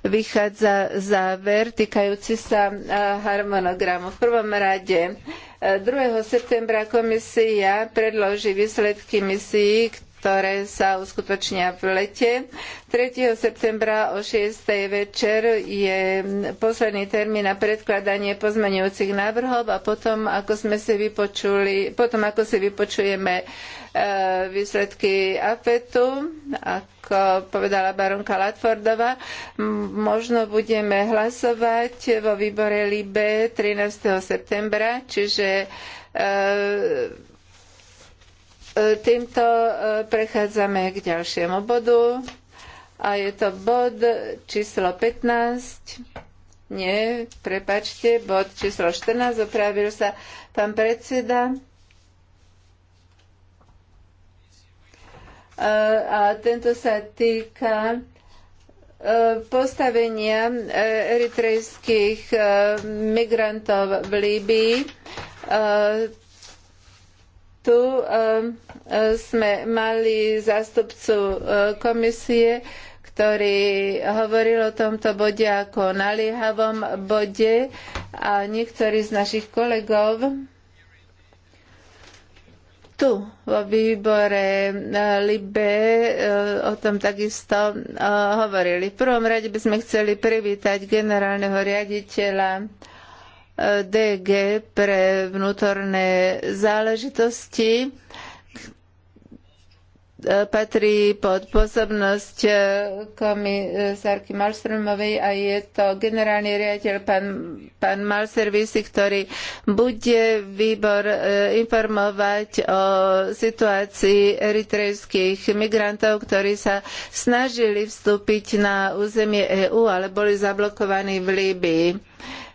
vychádza záver týkajúci sa e, harmonogramu. V prvom rade 2. septembra komisia predloží výsledky misií, ktoré sa uskutočnia v lete. 3. septembra o 6. večer je posledný termín na predkladanie pozmeňujúcich návrhov a potom, ako sme si vypočuli, potom ako si vypočujeme e, výsledky APETu, ako povedala baronka Latfordová. Možno budeme hlasovať vo výbore LIBE 13. septembra, čiže e, E, týmto e, prechádzame k ďalšiemu bodu a je to bod číslo 15. Nie, prepačte, bod číslo 14, opravil sa pán predseda. E, a tento sa týka postavenia eritrejských migrantov v Líbii tu ehm, eh, sme mali zástupcu eh, komisie, ktorý hovoril o tomto bode ako naliehavom bode a niektorí z našich kolegov tu vo výbore eh, Libe o tom takisto hovorili. V prvom rade by sme chceli privítať generálneho riaditeľa DG pre vnútorné záležitosti e, patrí pod pôsobnosť e, komisárky Malstromovej a je to generálny riaditeľ pán, pán Malservisi, ktorý bude výbor e, informovať o situácii eritrejských migrantov, ktorí sa snažili vstúpiť na územie EÚ, ale boli zablokovaní v Líbii.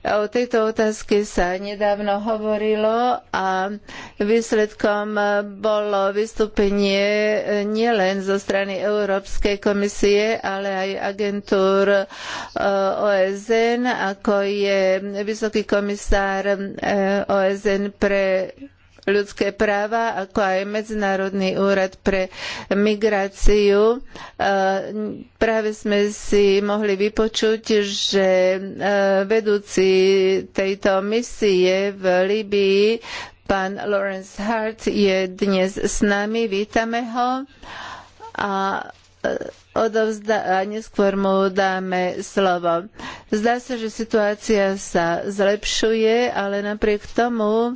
O tejto otázke sa nedávno hovorilo a výsledkom bolo vystúpenie nielen zo strany Európskej komisie, ale aj agentúr e, OSN, ako je vysoký komisár e, OSN pre ľudské práva, ako aj Medzinárodný úrad pre migráciu. E, práve sme si mohli vypočuť, že e, vedúci tejto misie v Líbii, pán Lawrence Hart, je dnes s nami. Vítame ho. A e, odovzda- a neskôr mu dáme slovo. Zdá sa, že situácia sa zlepšuje, ale napriek tomu uh,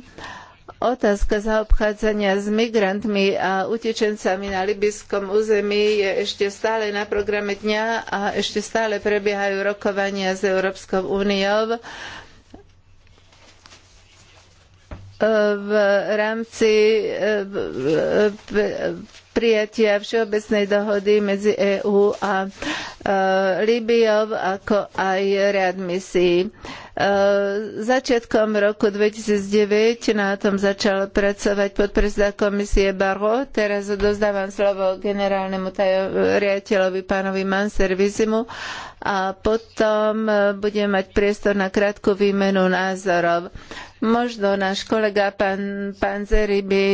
Otázka zaobchádzania s migrantmi a utečencami na libyskom území je ešte stále na programe dňa a ešte stále prebiehajú rokovania s Európskou úniou v rámci prijatia Všeobecnej dohody medzi EÚ a e, Líbiou, ako aj readmisií. E, začiatkom roku 2009 na tom začal pracovať podpredseda komisie Baro. Teraz dozdávam slovo generálnemu riaditeľovi pánovi Manservisimu a potom e, budem mať priestor na krátku výmenu názorov. Možno náš kolega pán Panzeri by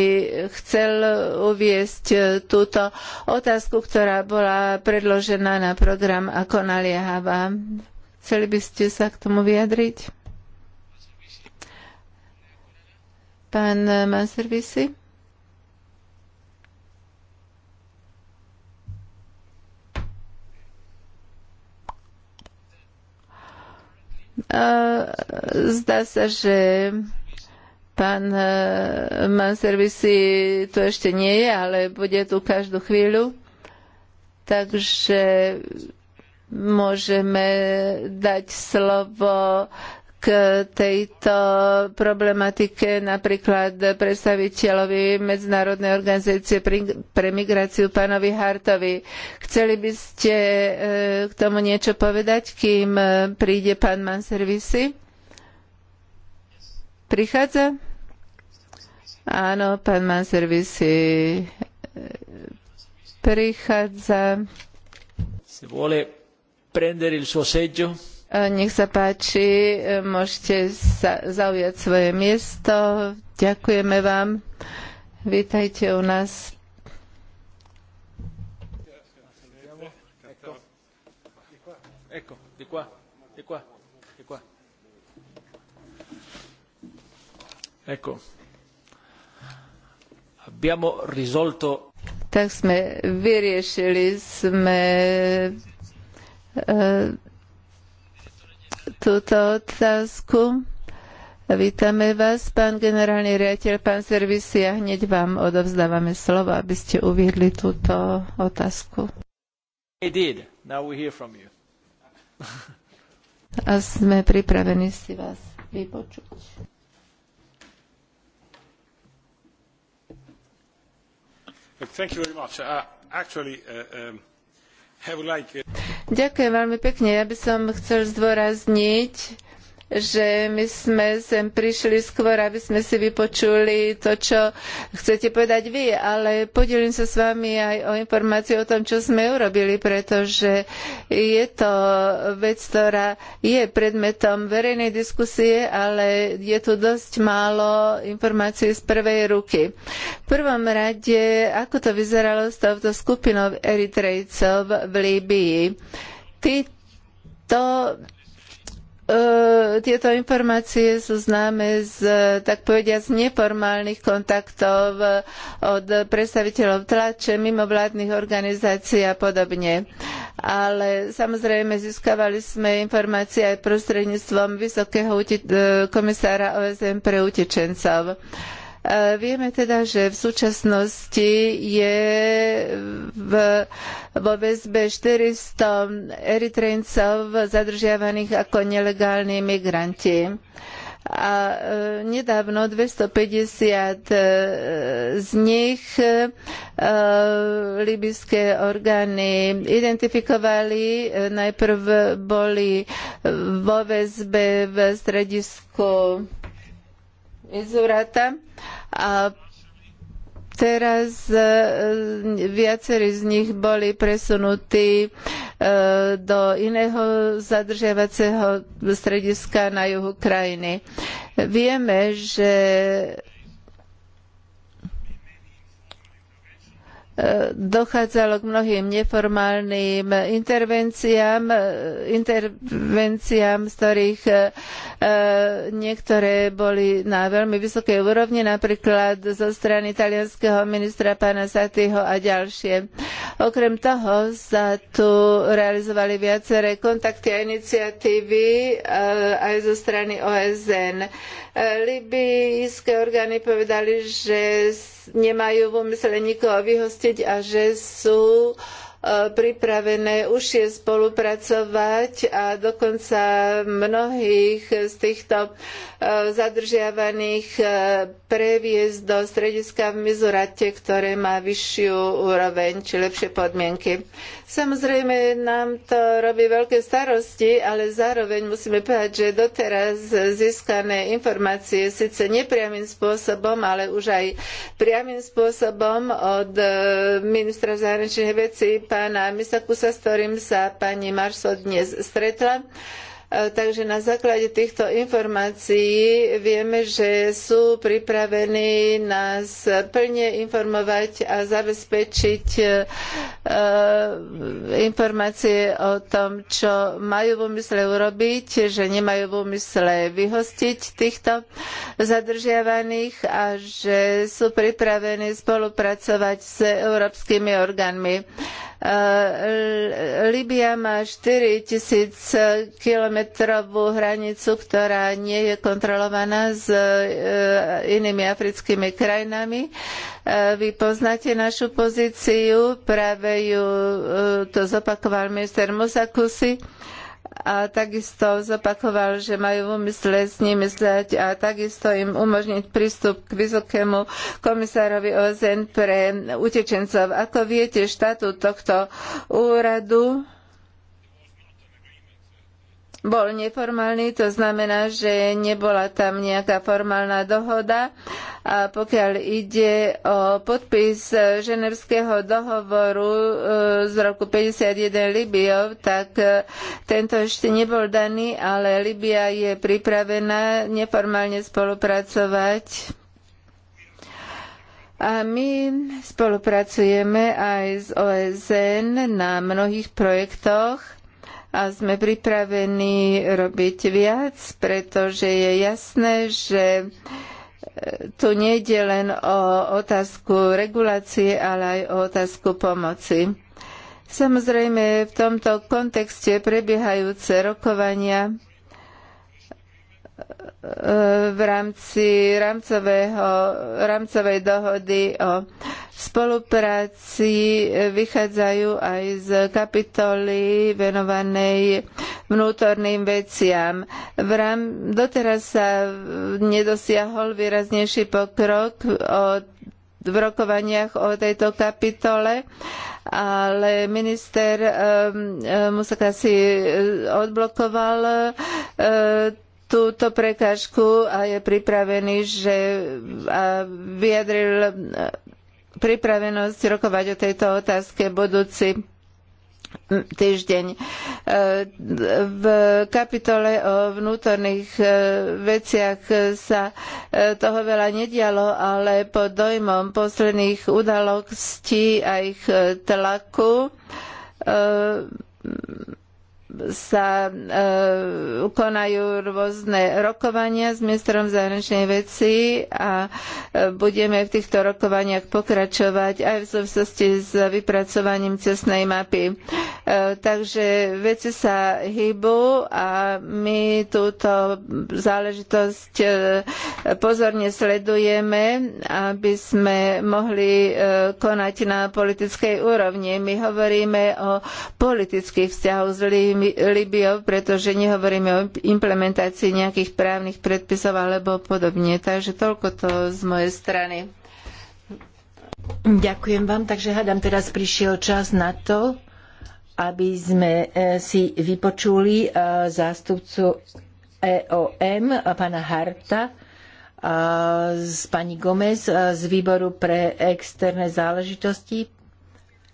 chcel uviesť e, túto otázku, ktorá bola predložená na program ako naliehavá. Chceli by ste sa k tomu vyjadriť? Pán Manservisi? Zdá sa, že pán e, Manservisi tu ešte nie je, ale bude tu každú chvíľu. Takže môžeme dať slovo tejto problematike napríklad predstaviteľovi Medzinárodnej organizácie pre migráciu pánovi Hartovi. Chceli by ste eh, k tomu niečo povedať, kým eh, príde pán Manservisi? Prichádza? Áno, pán Manservisi eh, prichádza. Se vuole prendere il suo seggio? E, nech sa páči, e, môžete sa zaujať svoje miesto. Ďakujeme vám. Vítajte u nás. Ecco, Abbiamo risolto tak sme vyriešili sme e, túto otázku. Vítame vás, pán generálny riaditeľ, pán servisi a hneď vám odovzdávame slovo, aby ste uviedli túto otázku. a sme pripravení si vás vypočuť. Thank you very much. Uh, actually, uh, um, I would like... Uh... Ďakujem veľmi pekne. Ja by som chcel zdôrazniť, že my sme sem prišli skôr, aby sme si vypočuli to, čo chcete povedať vy, ale podelím sa s vami aj o informáciu o tom, čo sme urobili, pretože je to vec, ktorá je predmetom verejnej diskusie, ale je tu dosť málo informácií z prvej ruky. V prvom rade, ako to vyzeralo s touto skupinou Eritrejcov v Líbii? Títo E, tieto informácie sú známe z, tak povediať, z neformálnych kontaktov e, od predstaviteľov tlače, mimovládnych organizácií a podobne. Ale samozrejme získavali sme informácie aj prostredníctvom Vysokého e, komisára OSN pre utečencov. E, vieme teda, že v súčasnosti je v, vo väzbe 400 Eritrencov zadržiavaných ako nelegálni migranti a e, nedávno 250 e, z nich libyské orgány identifikovali. Najprv boli vo väzbe v stredisku Izurata a teraz e, e, viacerí z nich boli presunutí e, do iného zadržiavacieho strediska na juhu krajiny. Vieme, že dochádzalo k mnohým neformálnym intervenciám, intervenciám, z ktorých e, niektoré boli na veľmi vysokej úrovni, napríklad zo strany italianského ministra pána Satyho a ďalšie. Okrem toho sa tu realizovali viaceré kontakty a iniciatívy e, aj zo strany OSN. E, libijské orgány povedali, že nemajú v úmysle nikoho vyhostiť a že sú E, pripravené užšie spolupracovať a dokonca mnohých z týchto e, zadržiavaných e, previesť do strediska v Mizurate, ktoré má vyššiu úroveň či lepšie podmienky. Samozrejme nám to robí veľké starosti, ale zároveň musíme povedať, že doteraz získané informácie síce nepriamým spôsobom, ale už aj priamým spôsobom od ministra zahraničných vecí pána Misakusa, s ktorým sa pani Marso dnes stretla. E, takže na základe týchto informácií vieme, že sú pripravení nás plne informovať a zabezpečiť e, e, informácie o tom, čo majú v úmysle urobiť, že nemajú v úmysle vyhostiť týchto zadržiavaných a že sú pripravení spolupracovať s európskymi orgánmi. Libia má 4000 kilometrovú hranicu, ktorá nie je kontrolovaná s e, inými africkými krajinami. E, vy poznáte našu pozíciu, práve ju e, to zopakoval minister Musakusi a takisto zopakoval, že majú v úmysle s nimi zdať a takisto im umožniť prístup k vysokému komisárovi OZN pre utečencov. Ako viete, štatút tohto úradu bol neformálny, to znamená, že nebola tam nejaká formálna dohoda. A pokiaľ ide o podpis ženevského dohovoru e, z roku 51 Libiov, tak e, tento ešte nebol daný, ale Libia je pripravená neformálne spolupracovať a my spolupracujeme aj s OSN na mnohých projektoch a sme pripravení robiť viac, pretože je jasné, že e, tu nie je len o otázku regulácie, ale aj o otázku pomoci. Samozrejme, v tomto kontexte prebiehajúce rokovania v rámci rámcového, rámcovej dohody o spolupráci vychádzajú aj z kapitoly venovanej vnútorným veciam. V rám, doteraz sa nedosiahol výraznejší pokrok v rokovaniach o tejto kapitole, ale minister um, ehm, ehm, Musakasi odblokoval uh, túto prekážku a je pripravený, že a vyjadril e, pripravenosť rokovať o tejto otázke budúci týždeň. E, v kapitole o vnútorných e, veciach sa toho veľa nedialo, ale pod dojmom posledných udalostí a ich tlaku sa e, konajú rôzne rokovania s ministrom zahraničnej veci a e, budeme v týchto rokovaniach pokračovať aj v súvislosti s vypracovaním cestnej mapy. E, takže veci sa hýbu a my túto záležitosť e, pozorne sledujeme, aby sme mohli e, konať na politickej úrovni. My hovoríme o politických vzťahoch s Lím Libiou, pretože nehovoríme o implementácii nejakých právnych predpisov alebo podobne. Takže toľko to z mojej strany. Ďakujem vám. Takže hádam, teraz prišiel čas na to, aby sme e, si vypočuli e, zástupcu EOM, pána Harta, s e, pani Gomez z výboru pre externé záležitosti.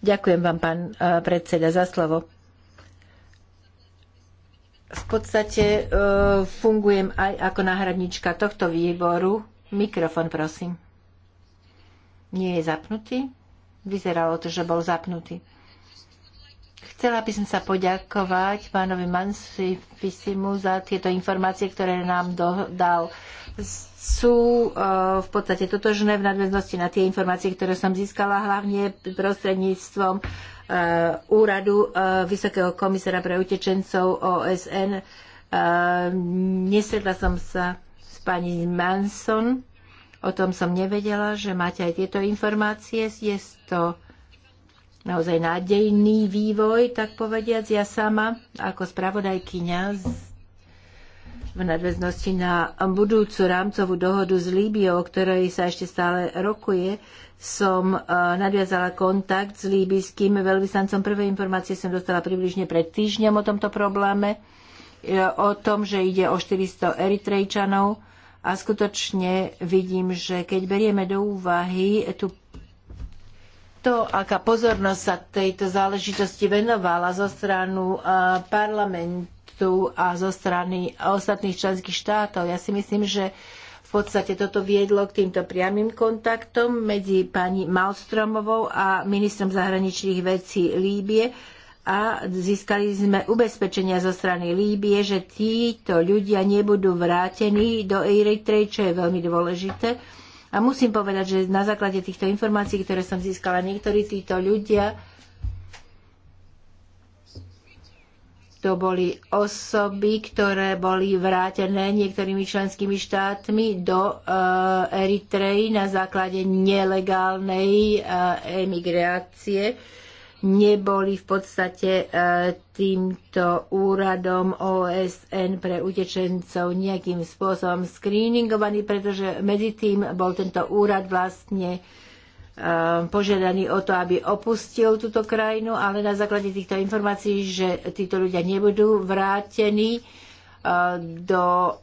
Ďakujem vám, pán predseda, za slovo v podstate e, fungujem aj ako náhradnička tohto výboru. Mikrofon, prosím. Nie je zapnutý? Vyzeralo to, že bol zapnutý. Chcela by som sa poďakovať pánovi Mansfisimu za tieto informácie, ktoré nám do, dal. Sú e, v podstate totožné v nadväznosti na tie informácie, ktoré som získala hlavne prostredníctvom Eh, úradu eh, Vysokého komisára pre utečencov OSN. Eh, nesedla som sa s pani Manson. O tom som nevedela, že máte aj tieto informácie. Je to naozaj nádejný vývoj, tak povediac. Ja sama ako spravodajkyňa v nadväznosti na budúcu rámcovú dohodu s Líbiou, o ktorej sa ešte stále rokuje, som e, nadviazala kontakt s líbyským veľvyslancom. Prvé informácie som dostala približne pred týždňom o tomto probléme, e, o tom, že ide o 400 Eritrejčanov. A skutočne vidím, že keď berieme do úvahy tú to, aká pozornosť sa tejto záležitosti venovala zo stranu e, parlamentu a zo strany ostatných členských štátov. Ja si myslím, že podstate toto viedlo k týmto priamým kontaktom medzi pani Malstromovou a ministrom zahraničných vecí Líbie a získali sme ubezpečenia zo strany Líbie, že títo ľudia nebudú vrátení do Eritrej, čo je veľmi dôležité. A musím povedať, že na základe týchto informácií, ktoré som získala, niektorí títo ľudia To boli osoby, ktoré boli vrátené niektorými členskými štátmi do eh, Eritreji na základe nelegálnej eh, emigrácie. Neboli v podstate eh, týmto úradom OSN pre utečencov nejakým spôsobom screeningovaní, pretože medzi tým bol tento úrad vlastne Ehm, požiadaní o to, aby opustil túto krajinu, ale na základe týchto informácií, že títo ľudia nebudú vrátení ehm, do ehm,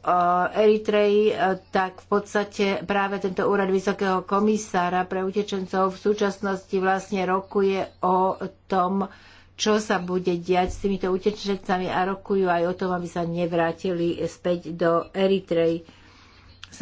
Eritreji, tak v podstate práve tento úrad Vysokého komisára pre utečencov v súčasnosti vlastne rokuje o tom, čo sa bude diať s týmito utečencami a rokujú aj o tom, aby sa nevrátili späť do Eritreji.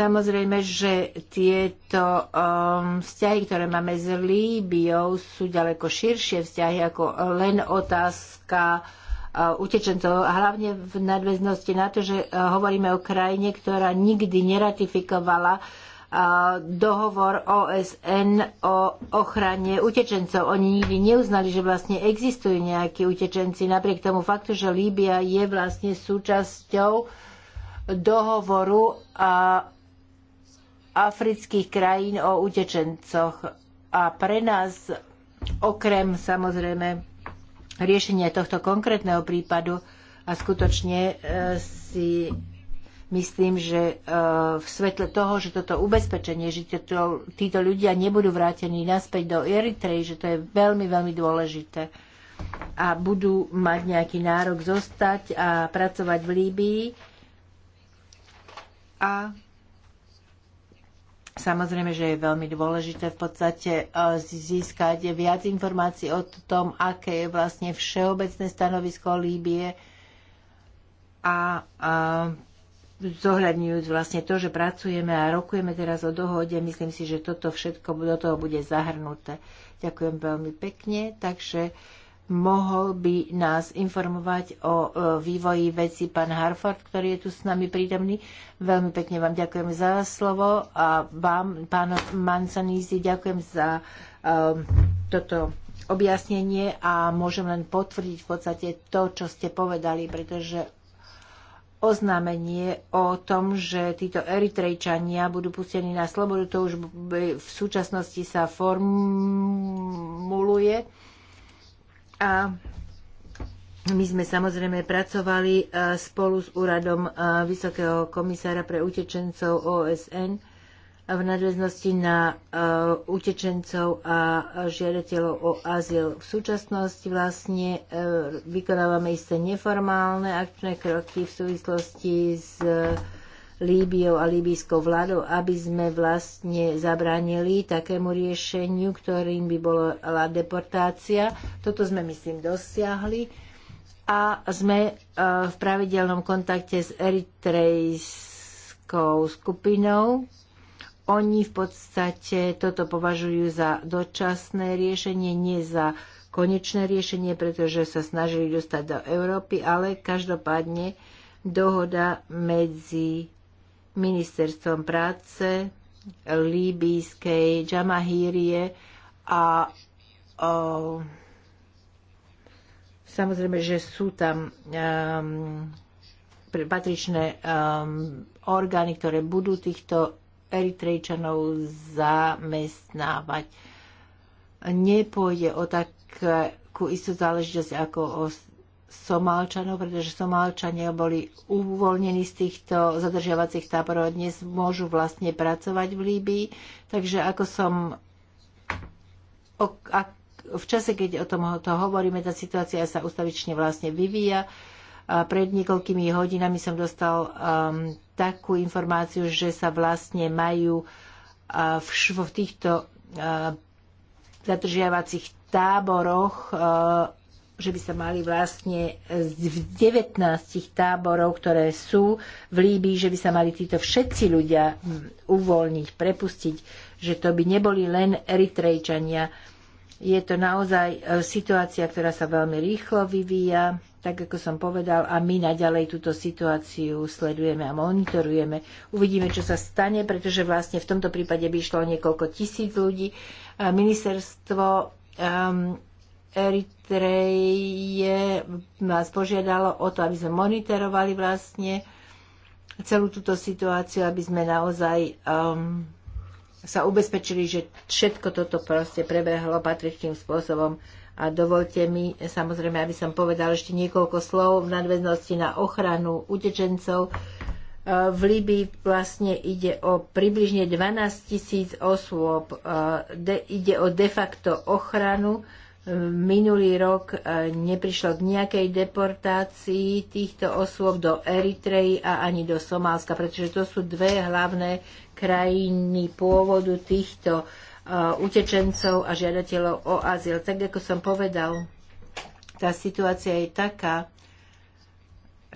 Samozrejme, že tieto um, vzťahy, ktoré máme s Líbiou, sú ďaleko širšie vzťahy ako len otázka uh, utečencov. Hlavne v nadväznosti na to, že uh, hovoríme o krajine, ktorá nikdy neratifikovala uh, dohovor OSN o ochrane utečencov. Oni nikdy neuznali, že vlastne existujú nejakí utečenci, napriek tomu faktu, že Líbia je vlastne súčasťou dohovoru a afrických krajín o utečencoch. A pre nás, okrem samozrejme riešenia tohto konkrétneho prípadu, a skutočne e, si myslím, že e, v svetle toho, že toto ubezpečenie, že títo, títo ľudia nebudú vrátení naspäť do Eritrej, že to je veľmi, veľmi dôležité a budú mať nejaký nárok zostať a pracovať v Líbii. A Samozrejme, že je veľmi dôležité v podstate e, získať viac informácií o tom, aké je vlastne všeobecné stanovisko Líbie a, a zohľadňujúc vlastne to, že pracujeme a rokujeme teraz o dohode, myslím si, že toto všetko do toho bude zahrnuté. Ďakujem veľmi pekne, takže mohol by nás informovať o e, vývoji veci pán Harford, ktorý je tu s nami prítomný. Veľmi pekne vám ďakujem za slovo a vám, pán Mansanízi, ďakujem za um, toto objasnenie a môžem len potvrdiť v podstate to, čo ste povedali, pretože oznámenie o tom, že títo Eritrejčania budú pustení na slobodu, to už v súčasnosti sa formuluje a my sme samozrejme pracovali e, spolu s úradom e, Vysokého komisára pre utečencov OSN v nadväznosti na e, utečencov a žiadateľov o azyl. V súčasnosti vlastne vykonávame isté neformálne akčné kroky v súvislosti s Líbiou a líbijskou vládou, aby sme vlastne zabránili takému riešeniu, ktorým by bola deportácia. Toto sme, myslím, dosiahli. A sme e, v pravidelnom kontakte s eritrejskou skupinou, oni v podstate toto považujú za dočasné riešenie, nie za konečné riešenie, pretože sa snažili dostať do Európy, ale každopádne dohoda medzi ministerstvom práce líbijskej Džamahírie a o, samozrejme, že sú tam um, patričné um, orgány, ktoré budú týchto Eritrejčanov zamestnávať. Nepôjde o takú istú záležitosť ako o Somálčanov, pretože Somálčania boli uvoľnení z týchto zadržiavacích táborov a dnes môžu vlastne pracovať v Líbii. Takže ako som v čase, keď o tom to hovoríme, tá situácia sa ustavične vlastne vyvíja. A pred niekoľkými hodinami som dostal um, takú informáciu, že sa vlastne majú uh, v, v týchto uh, zadržiavacích táboroch uh, že by sa mali vlastne z 19 táborov, ktoré sú v Líbii, že by sa mali títo všetci ľudia hm, uvoľniť, prepustiť, že to by neboli len Eritrejčania. Je to naozaj e, situácia, ktorá sa veľmi rýchlo vyvíja, tak ako som povedal, a my naďalej túto situáciu sledujeme a monitorujeme. Uvidíme, čo sa stane, pretože vlastne v tomto prípade by išlo niekoľko tisíc ľudí. Ministerstvo um, Eritreje nás požiadalo o to, aby sme monitorovali vlastne celú túto situáciu, aby sme naozaj um, sa ubezpečili, že všetko toto proste prebehlo patričným spôsobom. A dovolte mi, samozrejme, aby som povedal ešte niekoľko slov v nadväznosti na ochranu utečencov. Uh, v Líbii vlastne ide o približne 12 tisíc osôb. Uh, de, ide o de facto ochranu minulý rok e, neprišlo k nejakej deportácii týchto osôb do Eritreji a ani do Somálska, pretože to sú dve hlavné krajiny pôvodu týchto e, utečencov a žiadateľov o azyl. Tak ako som povedal, tá situácia je taká,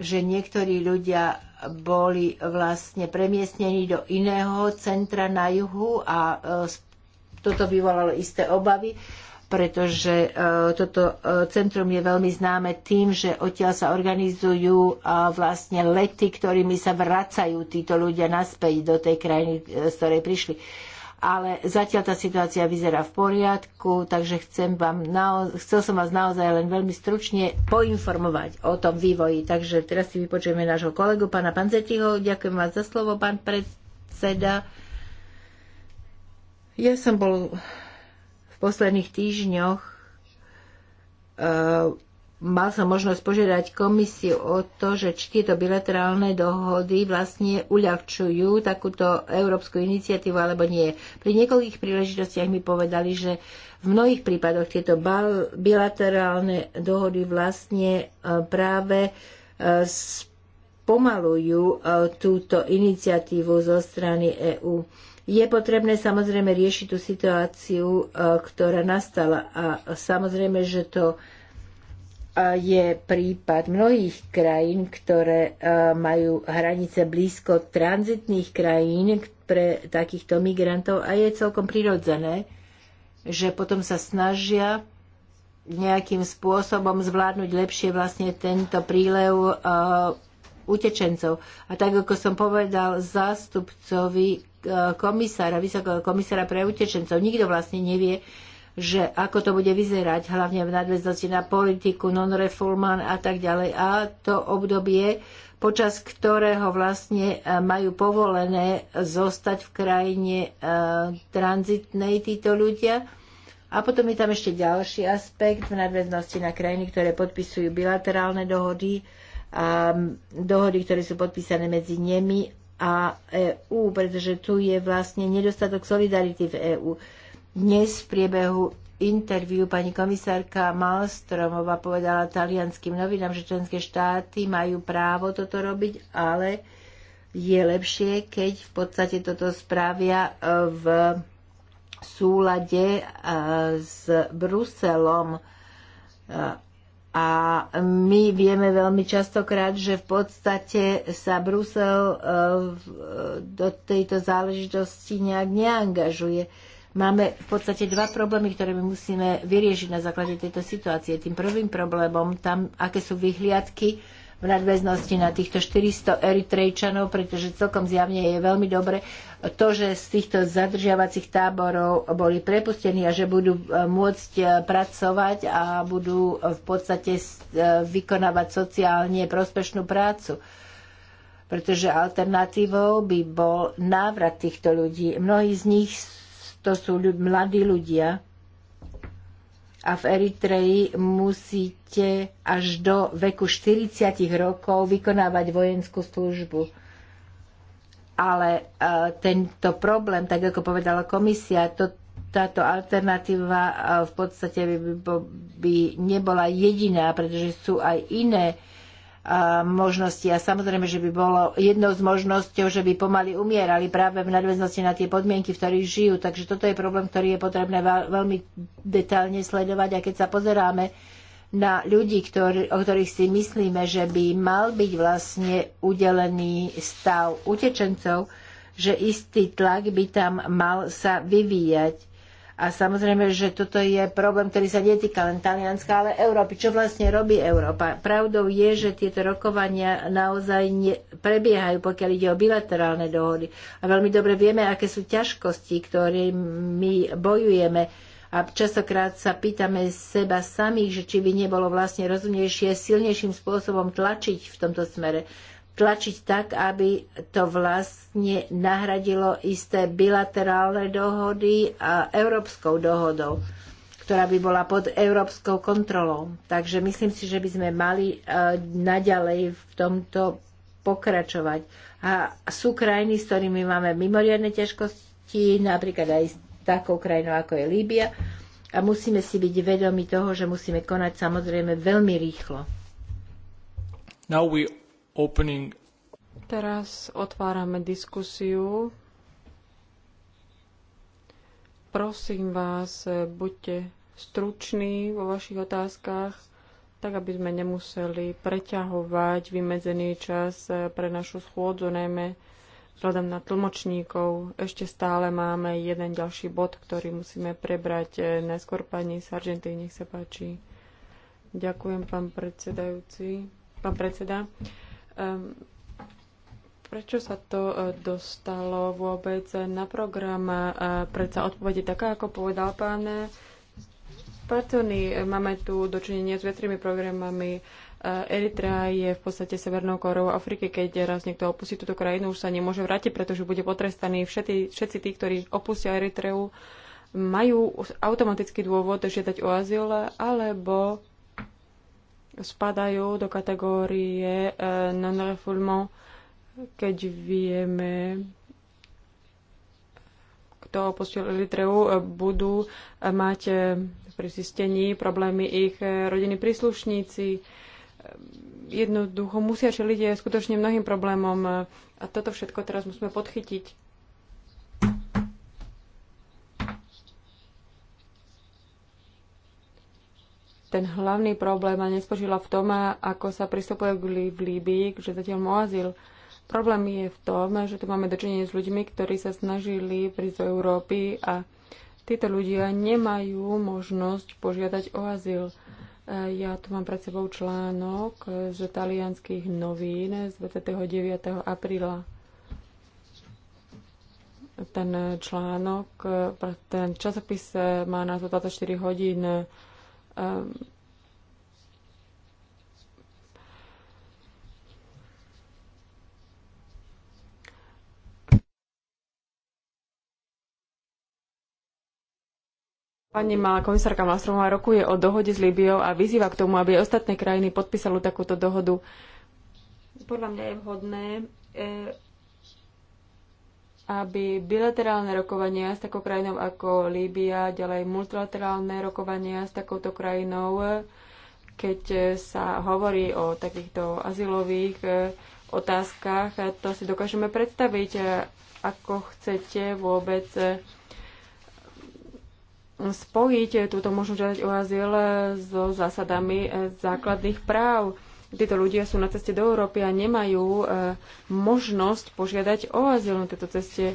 že niektorí ľudia boli vlastne premiestnení do iného centra na juhu a e, toto vyvolalo isté obavy pretože e, toto e, centrum je veľmi známe tým, že odtiaľ sa organizujú vlastne lety, ktorými sa vracajú títo ľudia naspäť do tej krajiny, e, z ktorej prišli ale zatiaľ tá situácia vyzerá v poriadku, takže chcem vám naoz- chcel som vás naozaj len veľmi stručne poinformovať o tom vývoji. Takže teraz si vypočujeme nášho kolegu, pána Panzetiho. Ďakujem vás za slovo, pán predseda. Ja som bol posledných týždňoch eh, mal som možnosť požiadať komisiu o to, že či tieto bilaterálne dohody vlastne uľahčujú takúto európsku iniciatívu alebo nie. Pri niekoľkých príležitostiach mi povedali, že v mnohých prípadoch tieto bilaterálne dohody vlastne eh, práve eh, spomalujú túto iniciatívu zo strany EÚ. Je potrebné samozrejme riešiť tú situáciu, e, ktorá nastala a samozrejme, že to e, je prípad mnohých krajín, ktoré e, majú hranice blízko tranzitných krajín pre takýchto migrantov a je celkom prirodzené, že potom sa snažia nejakým spôsobom zvládnuť lepšie vlastne tento prílev utečencov. A tak ako som povedal zástupcovi komisára, vysokého komisára pre utečencov. Nikto vlastne nevie, že ako to bude vyzerať, hlavne v nadväznosti na politiku, non-reforman a tak ďalej. A to obdobie, počas ktorého vlastne e, majú povolené zostať v krajine e, tranzitnej títo ľudia. A potom je tam ešte ďalší aspekt v nadväznosti na krajiny, ktoré podpisujú bilaterálne dohody a dohody, ktoré sú podpísané medzi nimi a EÚ, pretože tu je vlastne nedostatok solidarity v EÚ. Dnes v priebehu interviu pani komisárka Malstromová povedala talianským novinám, že členské štáty majú právo toto robiť, ale je lepšie, keď v podstate toto spravia e, v súlade e, s Bruselom e, a my vieme veľmi častokrát, že v podstate sa Brusel e, e, do tejto záležitosti nejak neangažuje. Máme v podstate dva problémy, ktoré my musíme vyriešiť na základe tejto situácie. Tým prvým problémom, tam aké sú vyhliadky v nadväznosti na týchto 400 Eritrejčanov, pretože celkom zjavne je veľmi dobre to, že z týchto zadržiavacích táborov boli prepustení a že budú e, môcť e, pracovať a budú e, v podstate vykonávať sociálne prospešnú prácu pretože alternatívou by bol návrat týchto ľudí. Mnohí z nich to sú mladí ľudia, a v Eritreji musíte až do veku 40 rokov vykonávať vojenskú službu. Ale uh, tento problém, tak ako povedala komisia, to, táto alternatíva uh, v podstate by, by, by nebola jediná, pretože sú aj iné možnosti. A samozrejme, že by bolo jednou z možnosťou, že by pomaly umierali práve v nadväznosti na tie podmienky, v ktorých žijú. Takže toto je problém, ktorý je potrebné veľmi detailne sledovať. A keď sa pozeráme na ľudí, ktorý, o ktorých si myslíme, že by mal byť vlastne udelený stav utečencov, že istý tlak by tam mal sa vyvíjať a samozrejme, že toto je problém, ktorý sa netýka len Talianska, ale Európy. Čo vlastne robí Európa? Pravdou je, že tieto rokovania naozaj ne, prebiehajú, pokiaľ ide o bilaterálne dohody. A veľmi dobre vieme, aké sú ťažkosti, ktorými my bojujeme. A častokrát sa pýtame seba samých, že či by nebolo vlastne rozumnejšie silnejším spôsobom tlačiť v tomto smere tlačiť tak, aby to vlastne nahradilo isté bilaterálne dohody a európskou dohodou, ktorá by bola pod európskou kontrolou. Takže myslím si, že by sme mali e, naďalej v tomto pokračovať. A sú krajiny, s ktorými máme mimoriadne ťažkosti, napríklad aj s takou krajinou, ako je Líbia. A musíme si byť vedomi toho, že musíme konať samozrejme veľmi rýchlo. Now we opening... Teraz otvárame diskusiu. Prosím vás, buďte struční vo vašich otázkach, tak aby sme nemuseli preťahovať vymedzený čas pre našu schôdzu, najmä vzhľadom na tlmočníkov. Ešte stále máme jeden ďalší bod, ktorý musíme prebrať. Najskôr pani Sargentín, nech sa páči. Ďakujem, pán predsedajúci. Pán predseda. Ehm, prečo sa to e, dostalo vôbec na program? E, predsa odpovede taká, ako povedal pán Patony. E, máme tu dočinenie s viacerými programami. Eritrea je v podstate severnou korou Afriky. Keď raz niekto opustí túto krajinu, už sa nemôže vrátiť, pretože bude potrestaný. Všetci, všetci tí, ktorí opustia Eritreu, majú automatický dôvod žiadať o azyl alebo spadajú do kategórie eh, non-refoulement, keď vieme, kto opustil Eritreu, eh, budú eh, mať pri zistení problémy ich rodiny príslušníci. Jednoducho musia čeliť skutočne mnohým problémom a toto všetko teraz musíme podchytiť. ten hlavný problém a nespočíva v tom, ako sa pristupuje v Líbii, že zatiaľ mu azyl. Problém je v tom, že tu máme dočinenie s ľuďmi, ktorí sa snažili prísť do Európy a títo ľudia nemajú možnosť požiadať o azyl. E, ja tu mám pred sebou článok z talianských novín z 29. apríla. Ten článok, e, ten časopis e, má názov 24 hodín Pani malá komisárka Malstromová rokuje o dohode s Libiou a vyzýva k tomu, aby ostatné krajiny podpísali takúto dohodu. Podľa mňa je vhodné e, aby bilaterálne rokovania s takou krajinou ako Líbia, ďalej multilaterálne rokovania s takouto krajinou, keď sa hovorí o takýchto azylových e, otázkach, to si dokážeme predstaviť, e, ako chcete vôbec e, spojiť túto možnosť žiadať o azyl so zásadami základných práv títo ľudia sú na ceste do Európy a nemajú e, možnosť požiadať o azyl na tejto ceste. E,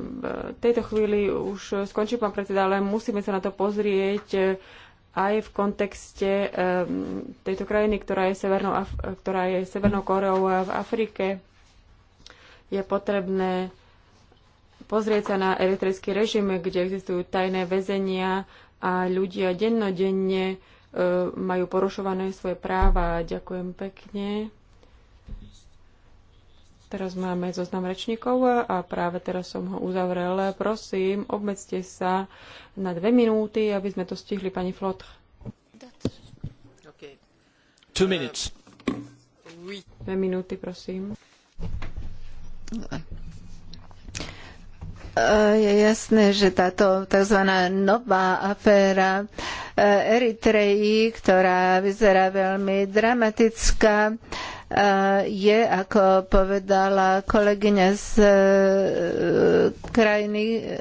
v tejto chvíli už skončil pán predseda, ale musíme sa na to pozrieť e, aj v kontexte tejto krajiny, ktorá je Severnou, Af- ktorá je Severnou Koreou v Afrike. Je potrebné pozrieť sa na eritrejský režim, kde existujú tajné väzenia a ľudia dennodenne E, majú porušované svoje práva. Ďakujem pekne. Teraz máme zoznam rečníkov a práve teraz som ho uzavrel. Prosím, obmedzte sa na dve minúty, aby sme to stihli, pani Flot. Two minutes. Dve minúty, prosím. Eh, je jasné, že táto tzv. nová aféra eh, Eritreji, ktorá vyzerá veľmi dramatická, eh, je, ako povedala kolegyňa z krajiny,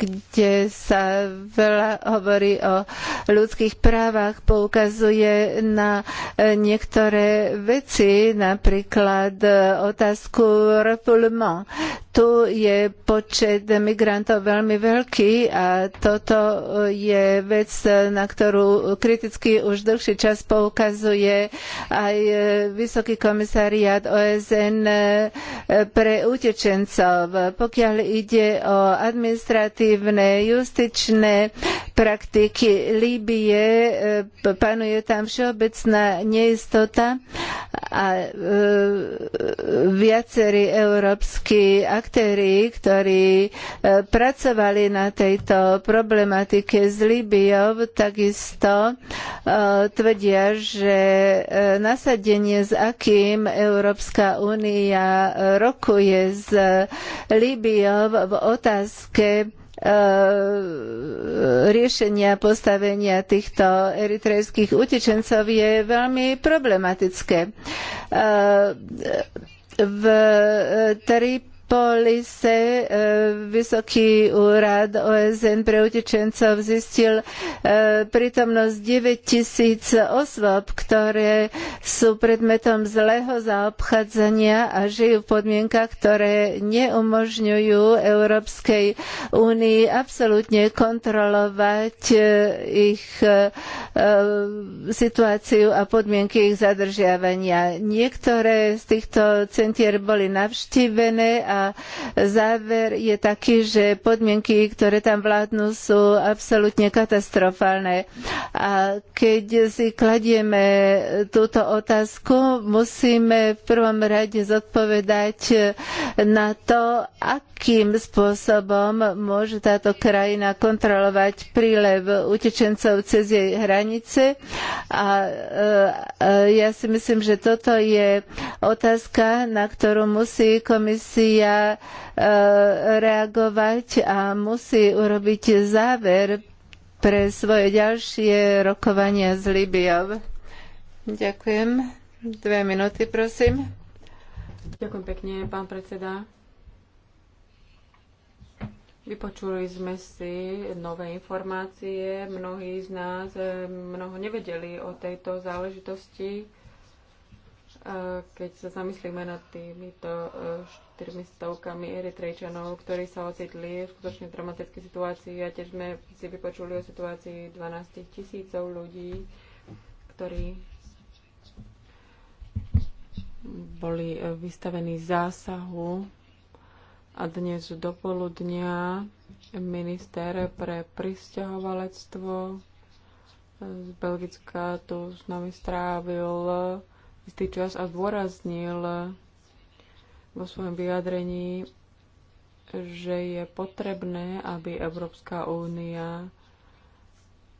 kde sa veľa hovorí o ľudských právach, poukazuje na niektoré veci, napríklad otázku refoulement tu je počet migrantov veľmi veľký a toto je vec, na ktorú kriticky už dlhší čas poukazuje aj Vysoký komisariát OSN pre utečencov. Pokiaľ ide o administratívne, justičné praktiky Líbie, panuje tam všeobecná neistota a e, viacerí európsky aktéri, ktorí e, pracovali na tejto problematike s Líbiou, takisto e, tvrdia, že e, nasadenie, s akým Európska únia rokuje s Líbiou v otázke riešenia postavenia týchto eritrejských utečencov je veľmi problematické. V Trip Polise e, Vysoký úrad OSN pre utečencov zistil e, prítomnosť 9 tisíc osôb, ktoré sú predmetom zlého zaobchádzania a žijú v podmienkach, ktoré neumožňujú Európskej únii absolútne kontrolovať e, ich situáciu a podmienky ich zadržiavania. Niektoré z týchto centier boli navštívené a a záver je taký, že podmienky, ktoré tam vládnu, sú absolútne katastrofálne. A keď si kladieme túto otázku, musíme v prvom rade zodpovedať na to, akým spôsobom môže táto krajina kontrolovať prílev utečencov cez jej hranice. A e, e, ja si myslím, že toto je otázka, na ktorú musí komisia E, reagovať a musí urobiť záver pre svoje ďalšie rokovania s Libiou. Ďakujem. Dve minúty, prosím. Ďakujem pekne, pán predseda. Vypočuli sme si nové informácie. Mnohí z nás e, mnoho nevedeli o tejto záležitosti. E, keď sa zamyslíme nad týmito štyrmi stovkami Eritrejčanov, ktorí sa ocitli v skutočne dramatickej situácii a tiež sme si vypočuli o situácii 12 tisícov ľudí, ktorí boli e, vystavení zásahu a dnes do poludnia minister pre pristahovalectvo z Belgická tu s nami strávil istý čas a zdôraznil vo svojom vyjadrení, že je potrebné, aby Európska únia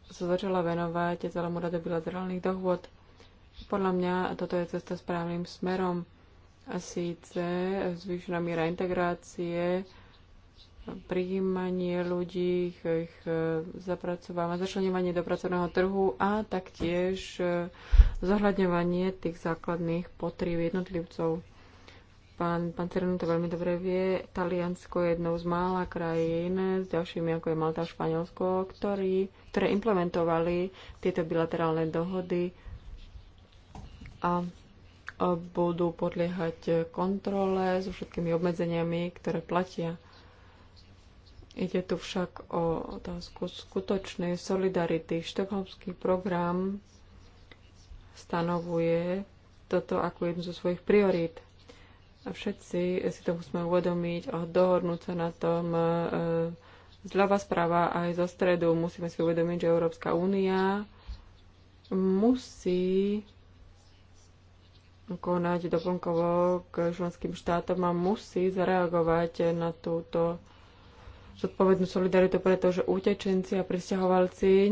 sa začala venovať celému rade bilaterálnych dohôd. Podľa mňa toto je cesta správnym smerom a síce zvýšená miera integrácie, prijímanie ľudí, ich, ich e, zapracovávanie, začlenovanie do pracovného trhu a taktiež e, zohľadňovanie tých základných potrieb jednotlivcov. Pán, pán Cernu to veľmi dobre vie. Taliansko je jednou z mála krajín s ďalšími, ako je Malta a Španielsko, ktorý, ktoré implementovali tieto bilaterálne dohody a budú podliehať kontrole so všetkými obmedzeniami, ktoré platia. Ide tu však o otázku skutočnej solidarity. Štokholmský program stanovuje toto ako jednu zo svojich priorít. Všetci si to musíme uvedomiť a dohodnúť sa na tom e, zľava, správa aj zo stredu. Musíme si uvedomiť, že Európska únia musí konať doplnkovo k členským štátom a musí zareagovať na túto zodpovednú solidaritu, pretože utečenci a pristahovalci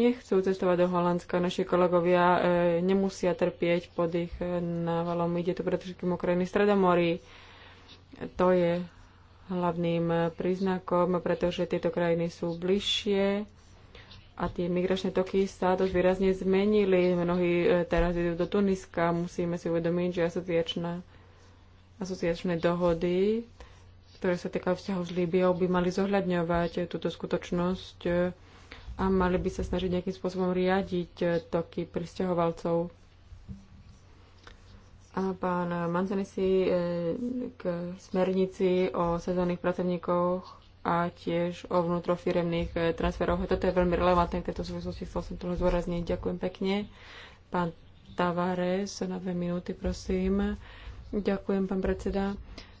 nechcú cestovať do Holandska. Naši kolegovia e, nemusia trpieť pod ich e, návalom. Ide tu predovšetkým o krajiny Stredomorí. To je hlavným e, príznakom, pretože tieto krajiny sú bližšie a tie migračné toky sa dosť výrazne zmenili. Mnohí teraz idú do Tuniska. Musíme si uvedomiť, že asociačná asociačné dohody, ktoré sa týkajú vzťahov s Líbiou, by mali zohľadňovať túto skutočnosť e, a mali by sa snažiť nejakým spôsobom riadiť e, toky pristahovalcov. A pán Manzani si e, k smernici o sezónnych pracovníkoch a tiež o vnútrofiremných transferoch. Toto je veľmi relevantné k tejto súvislosti, chcel som to zdôrazniť. Ďakujem pekne. Pán Tavares, na dve minúty, prosím. Ďakujem, pán predseda.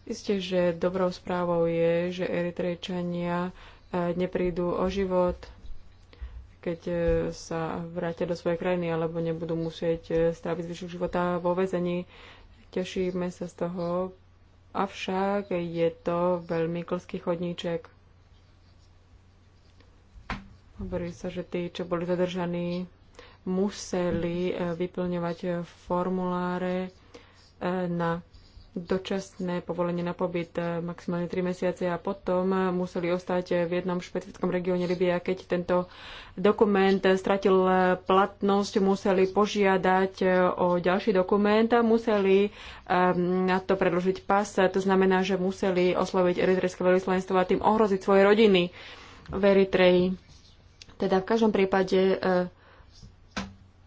Isté, že dobrou správou je, že Eritrejčania eh, neprídu o život, keď eh, sa vrátia do svojej krajiny alebo nebudú musieť eh, stráviť zvyšok života vo väzení. Tešíme sa z toho, avšak je to veľmi klský chodníček. Hovorí sa, že tí, čo boli zadržaní, museli vyplňovať formuláre na dočasné povolenie na pobyt e, maximálne 3 mesiace a potom e, museli ostať v jednom špecifickom regióne Libia. Keď tento dokument stratil e, platnosť, museli požiadať o ďalší dokument a museli na to predložiť pas. To znamená, že museli osloviť eritrejské veľvyslanectvo a tým ohroziť svoje rodiny v Eritreji. Teda v každom prípade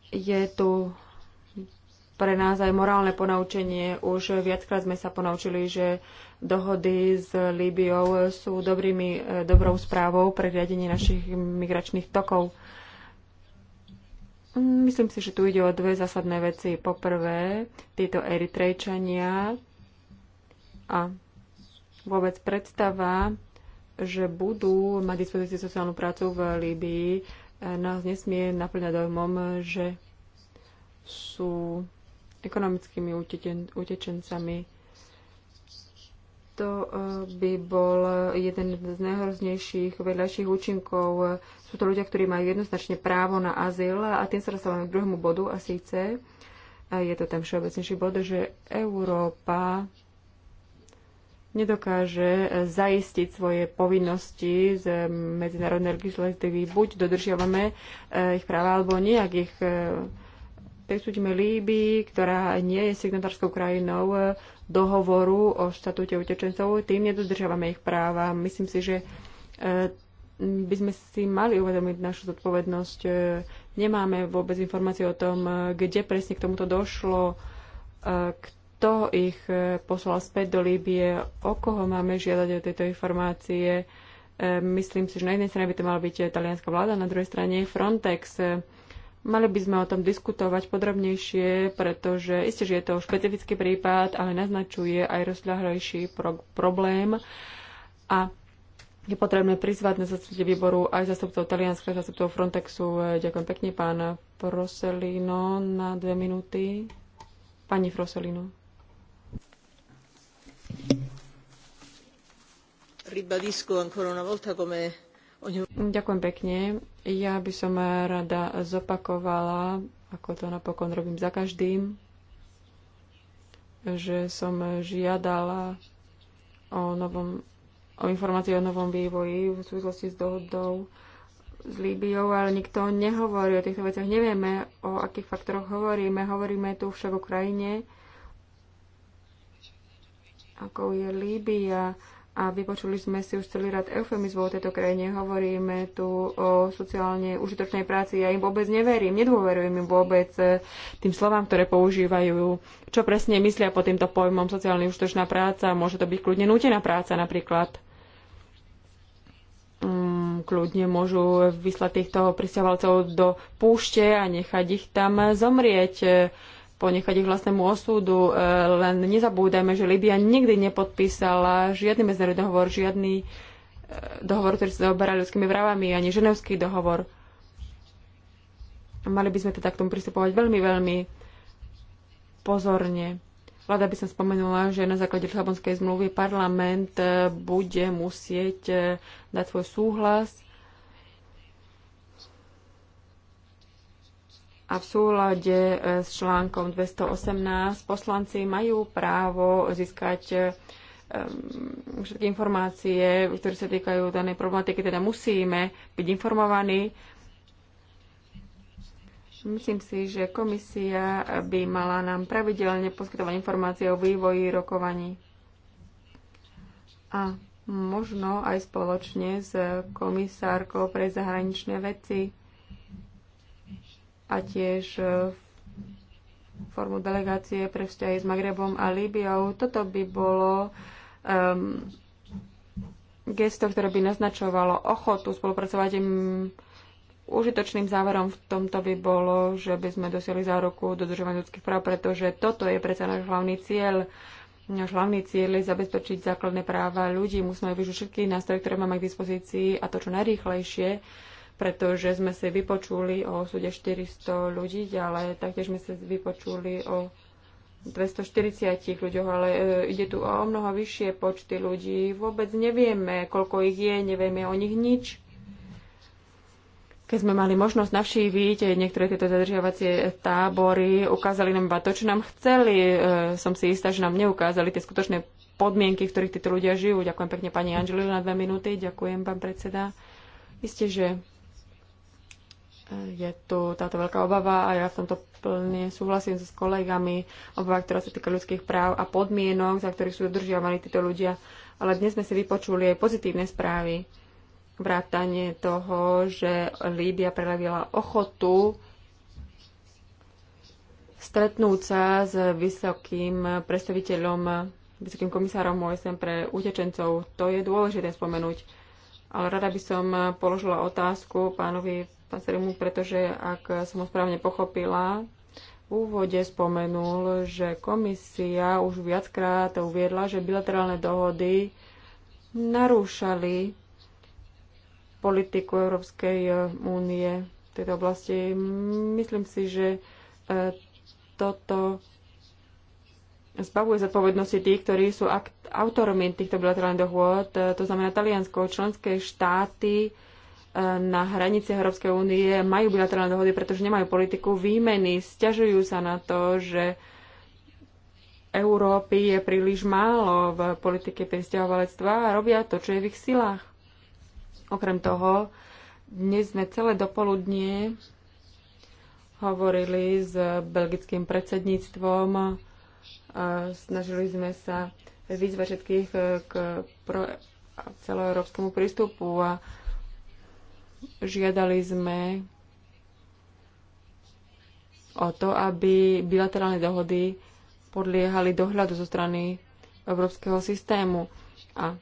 je tu pre nás aj morálne ponaučenie. Už viackrát sme sa ponaučili, že dohody s Líbiou sú dobrými, e, dobrou správou pre riadenie našich migračných tokov. Myslím si, že tu ide o dve zásadné veci. Poprvé, títo eritrejčania a vôbec predstava, že budú mať dispozíciu sociálnu prácu v Líbii, e, nás nesmie naplňať dojmom, že sú ekonomickými utečencami. To eh, by bol eh, jeden z najhroznejších vedľajších účinkov. Sú to ľudia, ktorí majú jednoznačne právo na azyl a tým sa dostávame k druhému bodu a síce eh, je to ten všeobecnejší bod, že Európa nedokáže zaistiť svoje povinnosti z medzinárodnej legislatívy. Buď dodržiavame ich práva, alebo nejak ich prisúdime Líbii, ktorá nie je signatárskou krajinou e, dohovoru o štatúte utečencov, tým nedodržiavame ich práva. Myslím si, že e, by sme si mali uvedomiť našu zodpovednosť. E, nemáme vôbec informácie o tom, kde presne k tomuto došlo, kto ich poslal späť do Líbie, o koho máme žiadať o tejto informácie. Myslím si, že na jednej strane by to mala byť talianská vláda, na druhej strane Frontex. Mali by sme o tom diskutovať podrobnejšie, pretože isté, že je to špecifický prípad, ale naznačuje aj rozľahlejší pro- problém a je potrebné prizvať na zasadnutie výboru aj zastupcov Talianska, zastupcov Frontexu. Ďakujem pekne, pán Froselino, na dve minúty. Pani Froselino. Ribadisco ancora una volta come Ďakujem pekne. Ja by som rada zopakovala, ako to napokon robím za každým, že som žiadala o, novom, o informácii o novom vývoji v súvislosti s dohodou s Líbiou, ale nikto nehovorí o týchto veciach. Nevieme, o akých faktoroch hovoríme. Hovoríme tu však o krajine, ako je Líbia a vypočuli sme si už celý rad eufemizmov o tejto krajine. Hovoríme tu o sociálne užitočnej práci. Ja im vôbec neverím, nedôverujem im vôbec eh, tým slovám, ktoré používajú. Čo presne myslia pod týmto pojmom sociálne užitočná práca? Môže to byť kľudne nútená práca napríklad. Mm, kľudne môžu vyslať týchto pristahovalcov do púšte a nechať ich tam zomrieť ponechať ich vlastnému osúdu. E, len nezabúdajme, že Libia nikdy nepodpísala žiadny medzinárodný dohovor, žiadny e, dohovor, ktorý sa zaoberá ľudskými právami, ani ženevský dohovor. Mali by sme teda k tomu pristupovať veľmi, veľmi pozorne. Vláda by som spomenula, že na základe Lisabonskej zmluvy parlament e, bude musieť dať svoj súhlas a v súlade e, s článkom 218 poslanci majú právo získať e, všetky informácie, ktoré sa týkajú danej problematiky, teda musíme byť informovaní. Myslím si, že komisia by mala nám pravidelne poskytovať informácie o vývoji rokovaní. A možno aj spoločne s komisárkou pre zahraničné veci a tiež e, formu delegácie pre vzťahy s Magrebom a Líbiou. Toto by bolo um, gesto, ktoré by naznačovalo ochotu spolupracovať Užitočným záverom v tomto by bolo, že by sme dosiahli záruku dodržovania ľudských práv, pretože toto je predsa náš hlavný cieľ. Náš hlavný cieľ je zabezpečiť základné práva ľudí. Musíme využiť všetky nástroje, ktoré máme k dispozícii a to čo najrýchlejšie pretože sme si vypočuli o súde 400 ľudí, ale taktiež sme si vypočuli o 240 ľuďoch, ale e, ide tu o mnoho vyššie počty ľudí. Vôbec nevieme, koľko ich je, nevieme o nich nič. Keď sme mali možnosť navštíviť niektoré tieto zadržiavacie tábory, ukázali nám iba to, čo nám chceli. E, som si istá, že nám neukázali tie skutočné podmienky, v ktorých títo ľudia žijú. Ďakujem pekne pani Angelina na dve minúty. Ďakujem, pán predseda. Isté, že je tu táto veľká obava a ja v tomto plne súhlasím so s kolegami, obava, ktorá sa týka ľudských práv a podmienok, za ktorých sú dodržiavaní títo ľudia. Ale dnes sme si vypočuli aj pozitívne správy. Vrátanie toho, že Líbia prelevila ochotu stretnúť sa s vysokým predstaviteľom, vysokým komisárom OSN pre utečencov. To je dôležité spomenúť. Ale rada by som položila otázku pánovi pán Serimu, pretože ak som ho správne pochopila, v úvode spomenul, že komisia už viackrát uviedla, že bilaterálne dohody narúšali politiku Európskej e, únie v tejto oblasti. Myslím si, že e, toto zbavuje zodpovednosti tých, ktorí sú autormi týchto bilaterálnych dohôd, e, to znamená Taliansko, členské štáty, na hranici Európskej únie majú bilaterálne dohody, pretože nemajú politiku výmeny. Sťažujú sa na to, že Európy je príliš málo v politike pristahovalectva a robia to, čo je v ich silách. Okrem toho, dnes sme celé dopoludnie hovorili s belgickým predsedníctvom, snažili sme sa vyzvať všetkých k pro celoeurópskemu prístupu a Žiadali sme o to, aby bilaterálne dohody podliehali dohľadu zo strany európskeho systému. A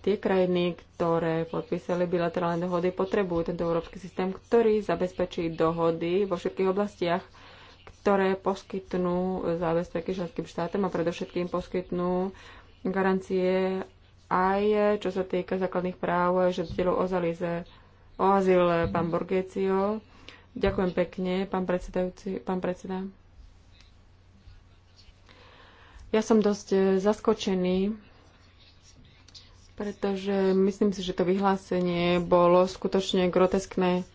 tie krajiny, ktoré podpísali bilaterálne dohody, potrebujú tento európsky systém, ktorý zabezpečí dohody vo všetkých oblastiach, ktoré poskytnú zábezpeky všetkým štátom a predovšetkým poskytnú garancie aj čo sa týka základných práv žiadateľov o zalize o azyl eh, pán Borgecio. Ďakujem pekne, pán predsedajúci, pán predseda. Ja som dosť eh, zaskočený, pretože myslím si, že to vyhlásenie bolo skutočne groteskné,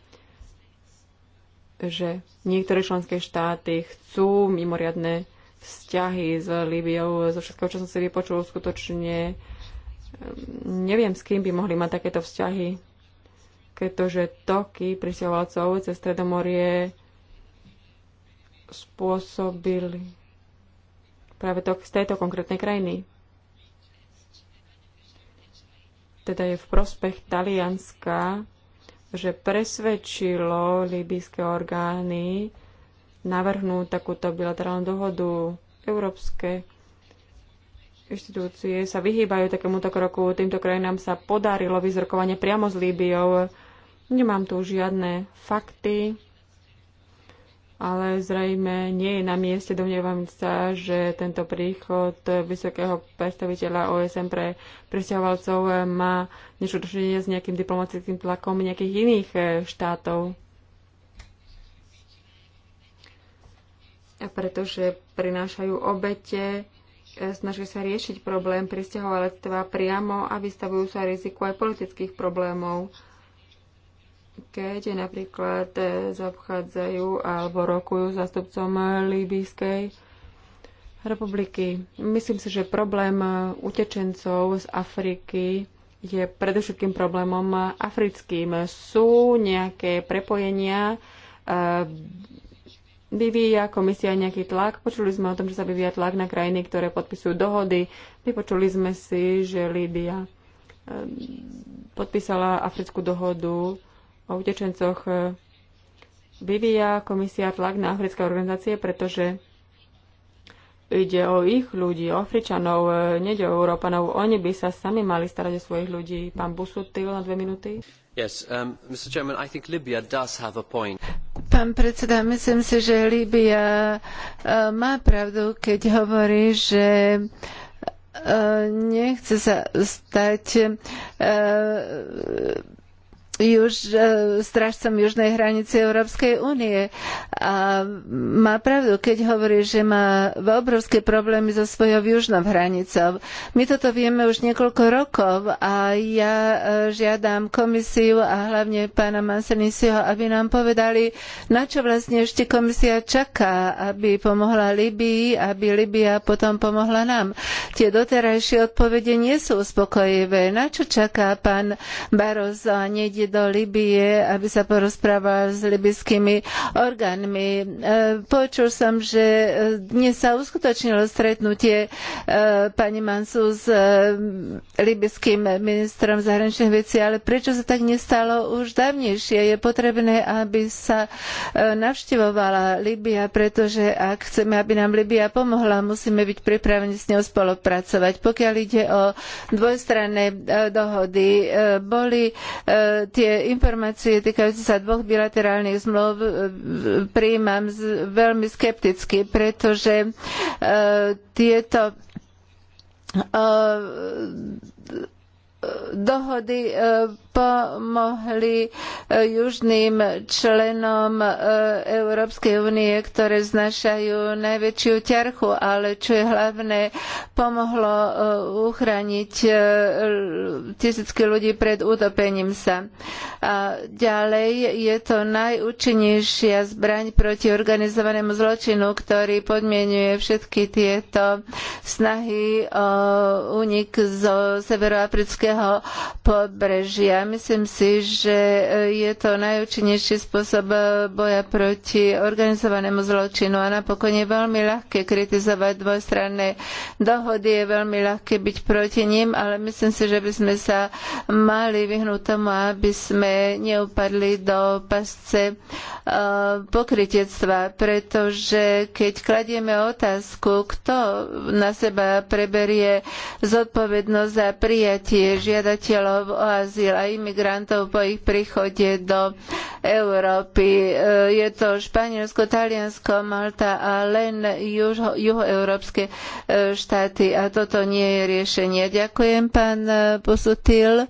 že niektoré členské štáty chcú mimoriadne vzťahy s Líbiou. Zo všetkého, čo som si vypočul, skutočne ehm, neviem, s kým by mohli mať takéto vzťahy pretože toky prisťahovalcov cez Stredomorie spôsobili práve tok z tejto konkrétnej krajiny. Teda je v prospech Talianska, že presvedčilo líbyjské orgány navrhnúť takúto bilaterálnu dohodu. Európske inštitúcie sa vyhýbajú takémuto kroku. Týmto krajinám sa podarilo vyzrokovanie priamo s Líbiou Nemám tu žiadne fakty, ale zrejme nie je na mieste domnievam sa, že tento príchod vysokého predstaviteľa OSM pre presťahovalcov má niečo dočinenie s nejakým diplomatickým tlakom nejakých iných eh, štátov. A pretože prinášajú obete, eh, snažia sa riešiť problém pristahovalectva priamo a vystavujú sa riziku aj politických problémov keď napríklad e, zaobchádzajú alebo rokujú zastupcom Líbyjskej republiky. Myslím si, že problém utečencov z Afriky je predovšetkým problémom africkým. Sú nejaké prepojenia? E, vyvíja komisia nejaký tlak? Počuli sme o tom, že sa vyvíja tlak na krajiny, ktoré podpisujú dohody. Vypočuli sme si, že Líbia e, podpísala africkú dohodu o utečencoch e, vyvíja komisia tlak na africké organizácie, pretože ide o ich ľudí, o Afričanov, e, nede o Európanov. Oni by sa sami mali starať o svojich ľudí. Pán Busutil na dve minúty. Yes, um, Mr. Chairman, I think Libya does have a point. Pán predseda, myslím si, že Líbia e, má pravdu, keď hovorí, že nechce sa stať juž, e, strážcom južnej hranice Európskej únie. A má pravdu, keď hovorí, že má obrovské problémy so svojou južnou hranicou. My toto vieme už niekoľko rokov a ja e, žiadam komisiu a hlavne pána Mansenisiho, aby nám povedali, na čo vlastne ešte komisia čaká, aby pomohla Libii, aby Libia potom pomohla nám. Tie doterajšie odpovede nie sú uspokojivé. Na čo čaká pán Barroso a nejde do Libie, aby sa porozprával s libyskými orgánmi. E, počul som, že e, dnes sa uskutočnilo stretnutie e, pani Mansu s libyským ministrom zahraničných vecí, ale prečo sa tak nestalo už dávnejšie? Je potrebné, aby sa navštevovala Libya, pretože ak chceme, aby nám Libya pomohla, musíme byť pripravení s ňou spolupracovať. Pokiaľ ide o dvojstranné dohody, boli tie informácie týkajúce sa dvoch bilaterálnych zmluv e, prijímam veľmi skepticky, pretože e, tieto e, dohody pomohli e, južným členom e, Európskej únie, ktoré znašajú najväčšiu ťarchu, ale čo je hlavné, pomohlo e, uchrániť tisícky ľudí pred utopením sa. A ďalej je to najúčinnejšia zbraň proti organizovanému zločinu, ktorý podmienuje všetky tieto snahy o únik zo severoafrického pobrežia myslím si, že e, je to najúčinnejší spôsob e, boja proti organizovanému zločinu a napokon je veľmi ľahké kritizovať dvojstranné dohody, je veľmi ľahké byť proti ním, ale myslím si, že by sme sa mali vyhnúť tomu, aby sme neupadli do pasce e, pokritectva, pretože keď kladieme otázku, kto na seba preberie zodpovednosť za prijatie žiadateľov o azyl aj imigrantov po ich príchode do Európy. E, je to Španielsko, Taliansko, Malta a len juho, juhoeurópske e, štáty a toto nie je riešenie. Ďakujem, pán e, Posutil.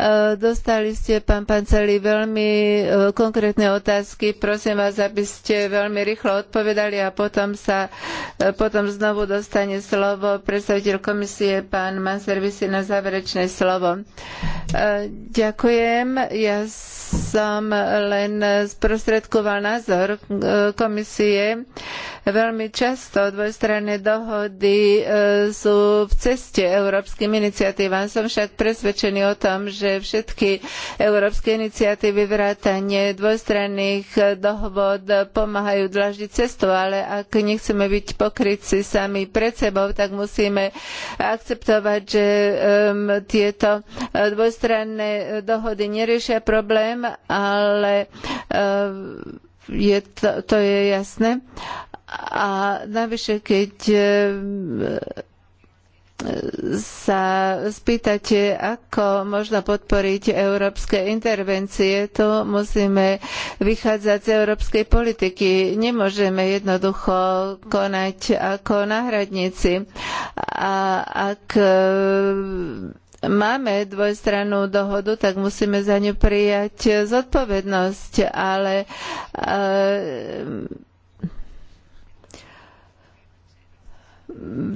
E, dostali ste, pán Panceli, veľmi e, konkrétne otázky. Prosím vás, aby ste veľmi rýchlo odpovedali a potom sa e, potom znovu dostane slovo predstaviteľ komisie, pán Manservisi, na záverečné slovo. Ďakujem. Ja som len sprostredkoval názor komisie. Veľmi často dvojstranné dohody sú v ceste európskym iniciatívam. Som však presvedčený o tom, že že všetky európske iniciatívy vrátane dvojstranných dohôd pomáhajú dlaždiť cestu, ale ak nechceme byť pokrytci sami pred sebou, tak musíme akceptovať, že tieto dvojstranné dohody neriešia problém, ale je to, to je jasné. A navyše, keď sa spýtate, ako možno podporiť európske intervencie, to musíme vychádzať z európskej politiky. Nemôžeme jednoducho konať ako náhradníci. A ak e, máme dvojstrannú dohodu, tak musíme za ňu prijať zodpovednosť, ale e,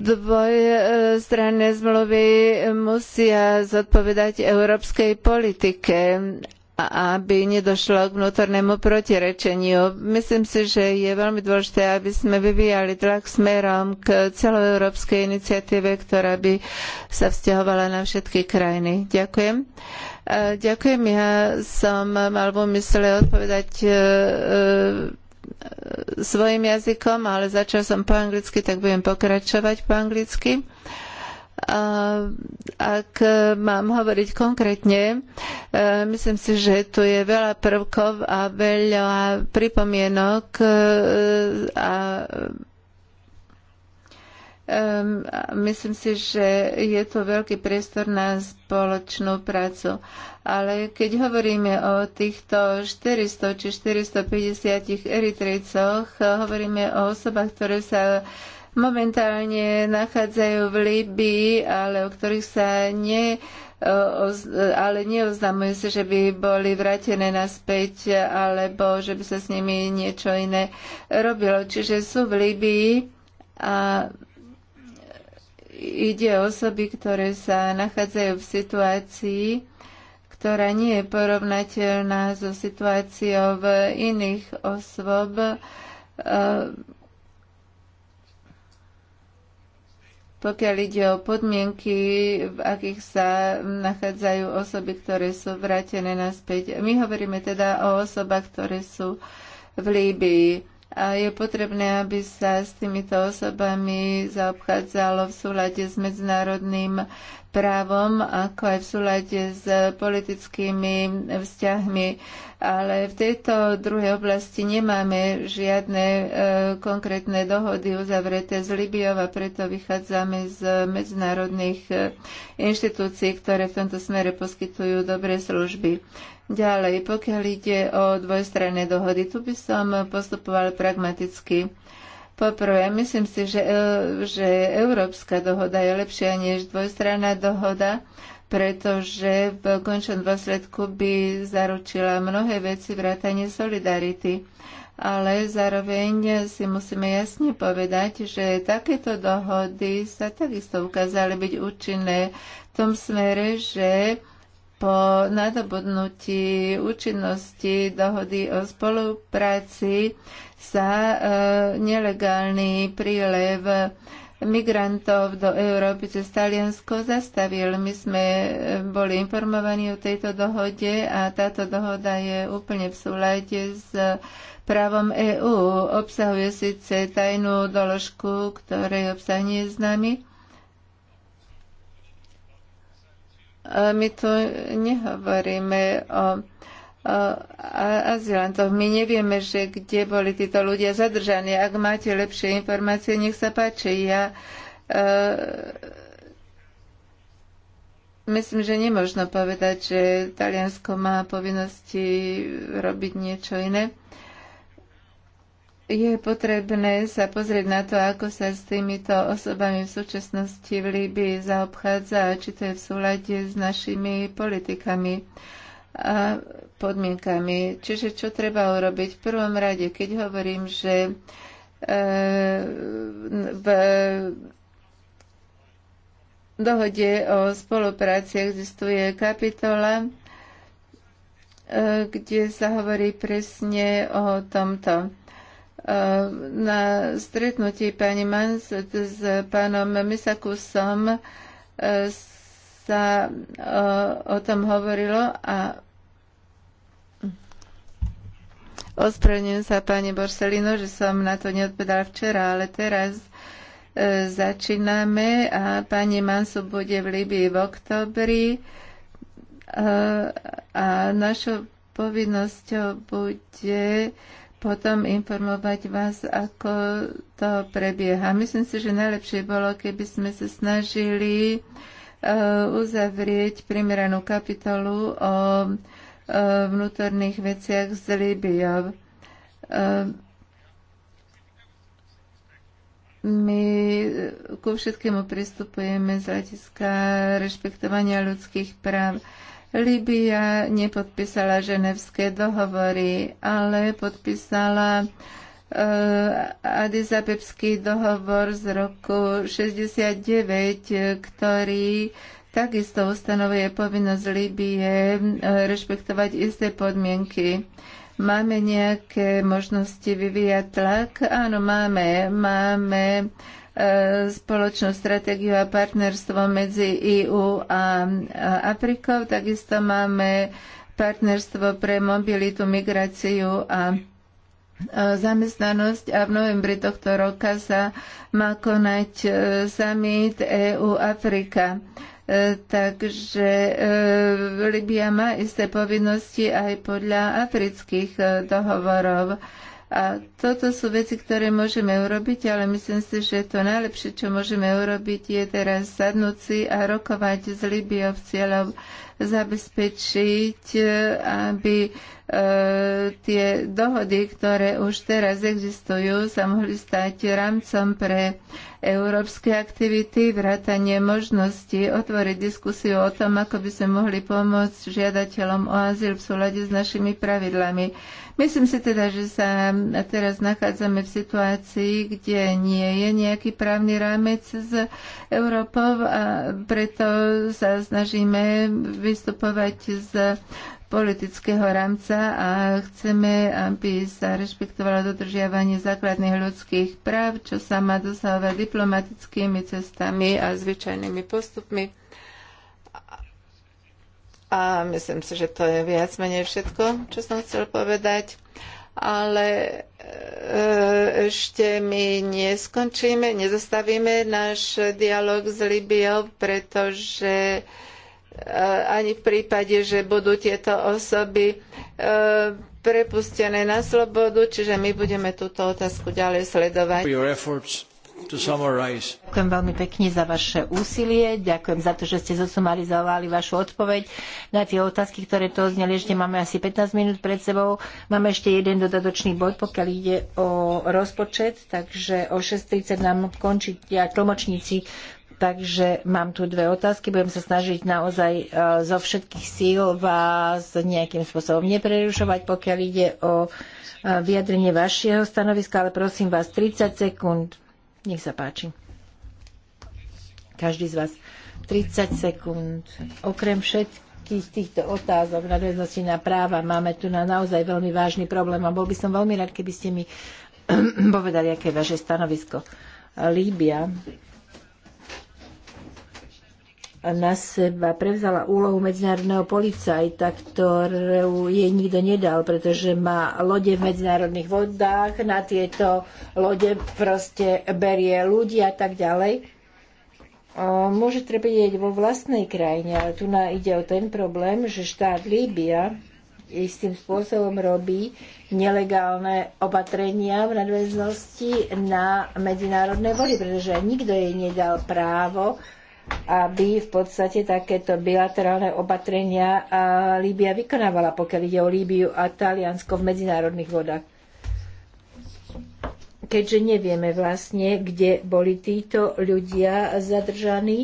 dvojstranné e, zmluvy musia zodpovedať európskej politike aby nedošlo k vnútornému protirečeniu. Myslím si, že je veľmi dôležité, aby sme vyvíjali tlak smerom k celoeurópskej iniciatíve, ktorá by sa vzťahovala na všetky krajiny. Ďakujem. E, ďakujem. Ja som mal v úmysle odpovedať e, svojim jazykom, ale začal som po anglicky, tak budem pokračovať po anglicky. ak mám hovoriť konkrétne, e, myslím si, že tu je veľa prvkov a veľa pripomienok e, a myslím si, že je to veľký priestor na spoločnú prácu. Ale keď hovoríme o týchto 400 či 450 eritrejcoch, hovoríme o osobách, ktoré sa momentálne nachádzajú v Líbii, ale o ktorých sa ne ale neoznamuje sa, že by boli vrátené naspäť alebo že by sa s nimi niečo iné robilo. Čiže sú v Líbii a ide o osoby, ktoré sa nachádzajú v situácii, ktorá nie je porovnateľná so situáciou v iných osôb. Eh, pokiaľ ide o podmienky, v akých sa nachádzajú osoby, ktoré sú vrátené naspäť. My hovoríme teda o osobách, ktoré sú v Líbii a je potrebné, aby sa s týmito osobami zaobchádzalo v súlade s medzinárodným právom, ako aj v súlade s politickými vzťahmi. Ale v tejto druhej oblasti nemáme žiadne e, konkrétne dohody uzavreté z Libiou a preto vychádzame z medzinárodných e, inštitúcií, ktoré v tomto smere poskytujú dobré služby. Ďalej, pokiaľ ide o dvojstranné dohody, tu by som postupoval pragmaticky Poprvé, myslím si, že, e, že európska dohoda je lepšia než dvojstranná dohoda, pretože v končnom dôsledku by zaručila mnohé veci vrátanie solidarity. Ale zároveň si musíme jasne povedať, že takéto dohody sa takisto ukázali byť účinné v tom smere, že po nadobudnutí účinnosti dohody o spolupráci sa e, nelegálny prílev migrantov do Európy cez Taliansko zastavil. My sme e, boli informovaní o tejto dohode a táto dohoda je úplne v súlade s právom EÚ. Obsahuje síce tajnú doložku, ktorej obsah nie je známy, E, my tu nehovoríme o azylantov. My nevieme, že kde boli títo ľudia zadržaní. Ak máte lepšie informácie, nech sa páči. Ja e, Myslím, že nemôžno povedať, že Taliansko má povinnosti robiť niečo iné je potrebné sa pozrieť na to, ako sa s týmito osobami v súčasnosti v Líbii zaobchádza a či to je v súlade s našimi politikami a podmienkami. Čiže čo treba urobiť? V prvom rade, keď hovorím, že e, v dohode o spolupráci existuje kapitola, e, kde sa hovorí presne o tomto na stretnutí pani Manset s pánom Misakusom e, sa e, o tom hovorilo a Ospravedlňujem sa, pani Borselino, že som na to neodpovedala včera, ale teraz e, začíname a pani Mansu bude v Libii v oktobri a našou povinnosťou bude potom informovať vás, ako to prebieha. Myslím si, že najlepšie bolo, keby sme sa snažili e, uzavrieť primeranú kapitolu o e, vnútorných veciach z Líbiou. E, my ku všetkému pristupujeme z hľadiska rešpektovania ľudských práv. Libia nepodpísala ženevské dohovory, ale podpísala uh, Abebský dohovor z roku 69, ktorý takisto ustanovuje povinnosť Líbie eh, rešpektovať isté podmienky. Máme nejaké možnosti vyvíjať tlak? Áno, máme. Máme E, spoločnú stratégiu a partnerstvo medzi EU a Afrikou. Takisto máme partnerstvo pre mobilitu, migráciu a e, zamestnanosť a v novembri tohto roka sa má konať e, summit EU-Afrika. Takže Libia má isté povinnosti aj podľa afrických dohovorov. A toto sú veci, ktoré môžeme urobiť, ale myslím si, že to najlepšie, čo môžeme urobiť, je teraz sadnúť si a rokovať s Libiou v cieľom zabezpečiť, e, aby e, tie dohody, ktoré už teraz existujú, sa mohli stať rámcom pre európske aktivity, vrátanie možnosti otvoriť diskusiu o tom, ako by sme mohli pomôcť žiadateľom o azyl v súlade s našimi pravidlami. Myslím si teda, že sa teraz nachádzame v situácii, kde nie je nejaký právny rámec s Európou a preto sa snažíme vystupovať z politického rámca a chceme, aby sa rešpektovalo dodržiavanie základných ľudských práv, čo sa má dosahovať diplomatickými cestami a zvyčajnými postupmi a myslím si, že to je viac menej všetko, čo som chcel povedať. Ale e, ešte my neskončíme, nezastavíme náš dialog s Libiou, pretože e, ani v prípade, že budú tieto osoby e, prepustené na slobodu, čiže my budeme túto otázku ďalej sledovať. Ďakujem veľmi pekne za vaše úsilie, ďakujem za to, že ste zosumarizovali vašu odpoveď na tie otázky, ktoré to zneli. Ešte máme asi 15 minút pred sebou. Máme ešte jeden dodatočný bod, pokiaľ ide o rozpočet, takže o 6.30 nám končí ja, tlmočníci Takže mám tu dve otázky. Budem sa snažiť naozaj e, zo všetkých síl vás nejakým spôsobom neprerušovať, pokiaľ ide o e, vyjadrenie vašeho stanoviska, ale prosím vás 30 sekúnd nech sa páči. Každý z vás 30 sekúnd. Okrem všetkých týchto otázok na nadväznosti na práva máme tu na naozaj veľmi vážny problém a bol by som veľmi rád, keby ste mi povedali, aké je vaše stanovisko. Líbia na seba prevzala úlohu medzinárodného policajta, ktorú jej nikto nedal, pretože má lode v medzinárodných vodách, na tieto lode proste berie ľudí a tak ďalej. Môže trpieť vo vlastnej krajine, ale tu ide o ten problém, že štát Líbia istým spôsobom robí nelegálne opatrenia v nadväznosti na medzinárodné vody, pretože nikto jej nedal právo aby v podstate takéto bilaterálne opatrenia Líbia vykonávala, pokiaľ ide o Líbiu a Taliansko v medzinárodných vodách. Keďže nevieme vlastne, kde boli títo ľudia zadržaní,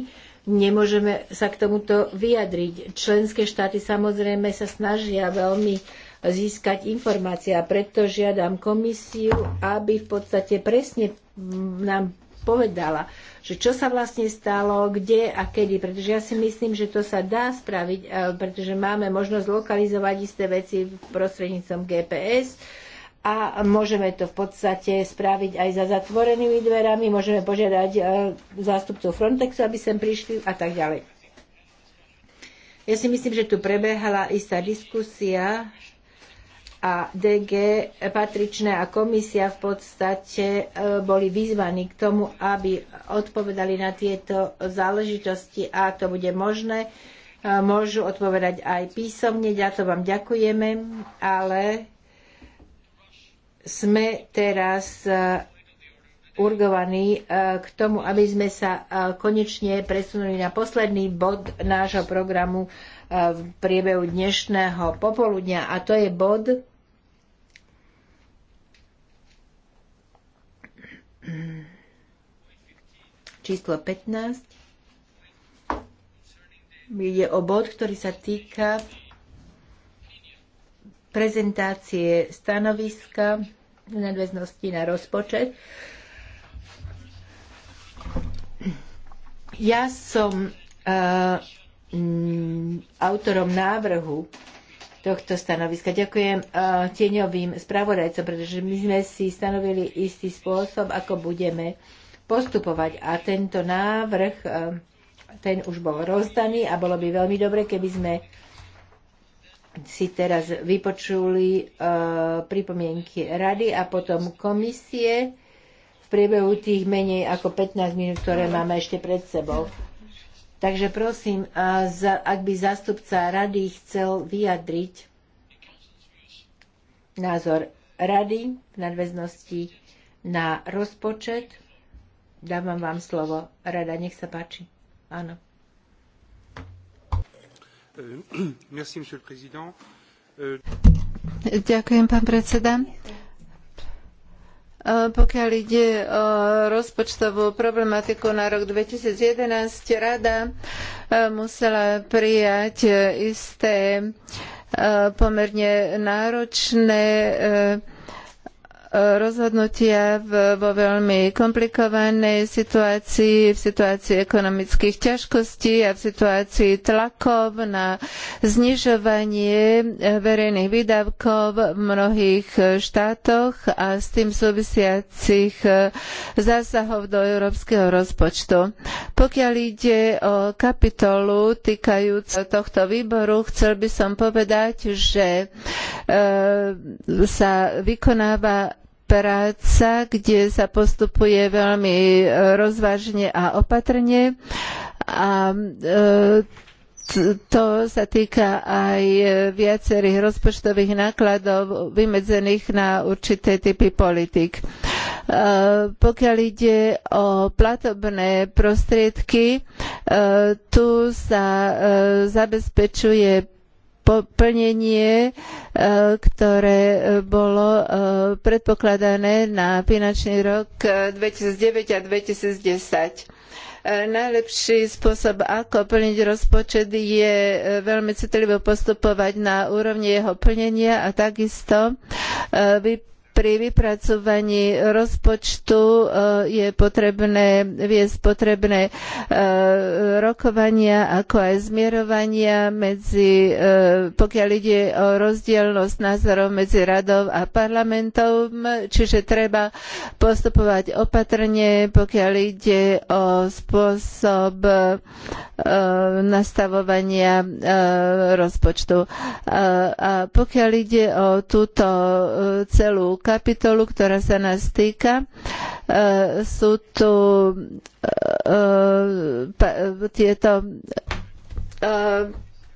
nemôžeme sa k tomuto vyjadriť. Členské štáty samozrejme sa snažia veľmi získať informácie a preto žiadam komisiu, aby v podstate presne nám povedala, že čo sa vlastne stalo, kde a kedy, pretože ja si myslím, že to sa dá spraviť, e, pretože máme možnosť lokalizovať isté veci prostrednícom GPS, a môžeme to v podstate spraviť aj za zatvorenými dverami, môžeme požiadať e, zástupcov Frontexu, aby sem prišli a tak ďalej. Ja si myslím, že tu prebehala istá diskusia a DG patričné a komisia v podstate e, boli vyzvaní k tomu, aby odpovedali na tieto záležitosti a ak to bude možné, e, môžu odpovedať aj písomne. Ja to vám ďakujeme, ale sme teraz e, urgovaní k tomu, aby sme sa konečne presunuli na posledný bod nášho programu v priebehu dnešného popoludňa a to je bod Číslo 15 je o bod, ktorý sa týka prezentácie stanoviska v nadväznosti na rozpočet. Ja som uh, autorom návrhu tohto stanoviska. Ďakujem eh, tieňovým spravodajcom, pretože my sme si stanovili istý spôsob, ako budeme postupovať. A tento návrh, eh, ten už bol rozdaný a bolo by veľmi dobre, keby sme si teraz vypočuli eh, pripomienky rady a potom komisie v priebehu tých menej ako 15 minút, ktoré máme ešte pred sebou. Takže prosím, ak by zástupca rady chcel vyjadriť názor rady v nadväznosti na rozpočet, dávam vám slovo. Rada, nech sa páči. Áno. Ďakujem, pán predseda. Pokiaľ ide o rozpočtovú problematiku na rok 2011, rada e, musela prijať e, isté e, pomerne náročné rozhodnutia vo veľmi komplikovanej situácii, v situácii ekonomických ťažkostí a v situácii tlakov na znižovanie eh, verejných výdavkov v mnohých eh, štátoch a s tým súvisiacich eh, zásahov do európskeho rozpočtu. Pokiaľ ide o kapitolu týkajúcu tohto výboru, chcel by som povedať, že sa vykonáva práca, kde sa postupuje veľmi e, rozvážne a opatrne. A e, to sa týka aj viacerých rozpočtových nákladov vymedzených na určité typy politik. E, pokiaľ ide o platobné prostriedky, tu sa zabezpečuje plnenie, e, ktoré e, bolo e, predpokladané na finančný rok 2009 a 2010 najlepší spôsob, ako plniť rozpočet, je veľmi citlivo postupovať na úrovni jeho plnenia a takisto pri vypracovaní rozpočtu eh, je potrebné viesť potrebné eh, rokovania, ako aj zmierovania medzi, eh, pokiaľ ide o rozdielnosť názorov medzi radou a parlamentom, čiže treba postupovať opatrne, pokiaľ ide o spôsob nastavovania rozpočtu. A pokiaľ ide o túto celú kapitolu, ktorá sa nás týka. E, sú tu e, e, tieto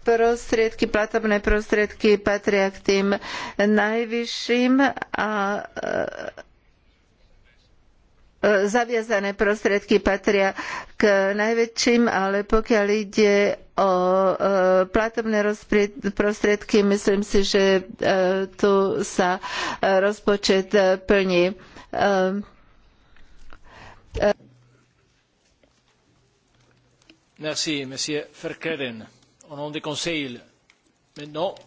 prostriedky, platobné prostriedky patria k tým najvyšším a zaviazané prostriedky patria k najväčším, ale pokiaľ ide o e, platobné prostriedky, myslím si, že e, tu sa e, rozpočet plní. Merci, monsieur Verkeren. Au nom du Conseil, maintenant,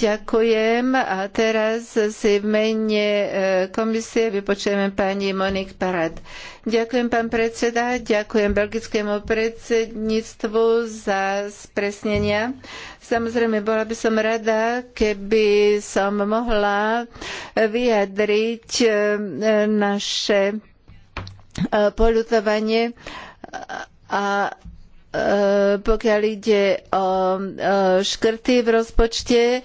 Ďakujem a teraz si v mene e, komisie vypočujeme pani Monik Parad. Ďakujem pán predseda, ďakujem belgickému predsedníctvu za spresnenia. Samozrejme, bola by som rada, keby som mohla vyjadriť e, naše e, poľutovanie a E, pokiaľ ide o e, škrty v rozpočte, e,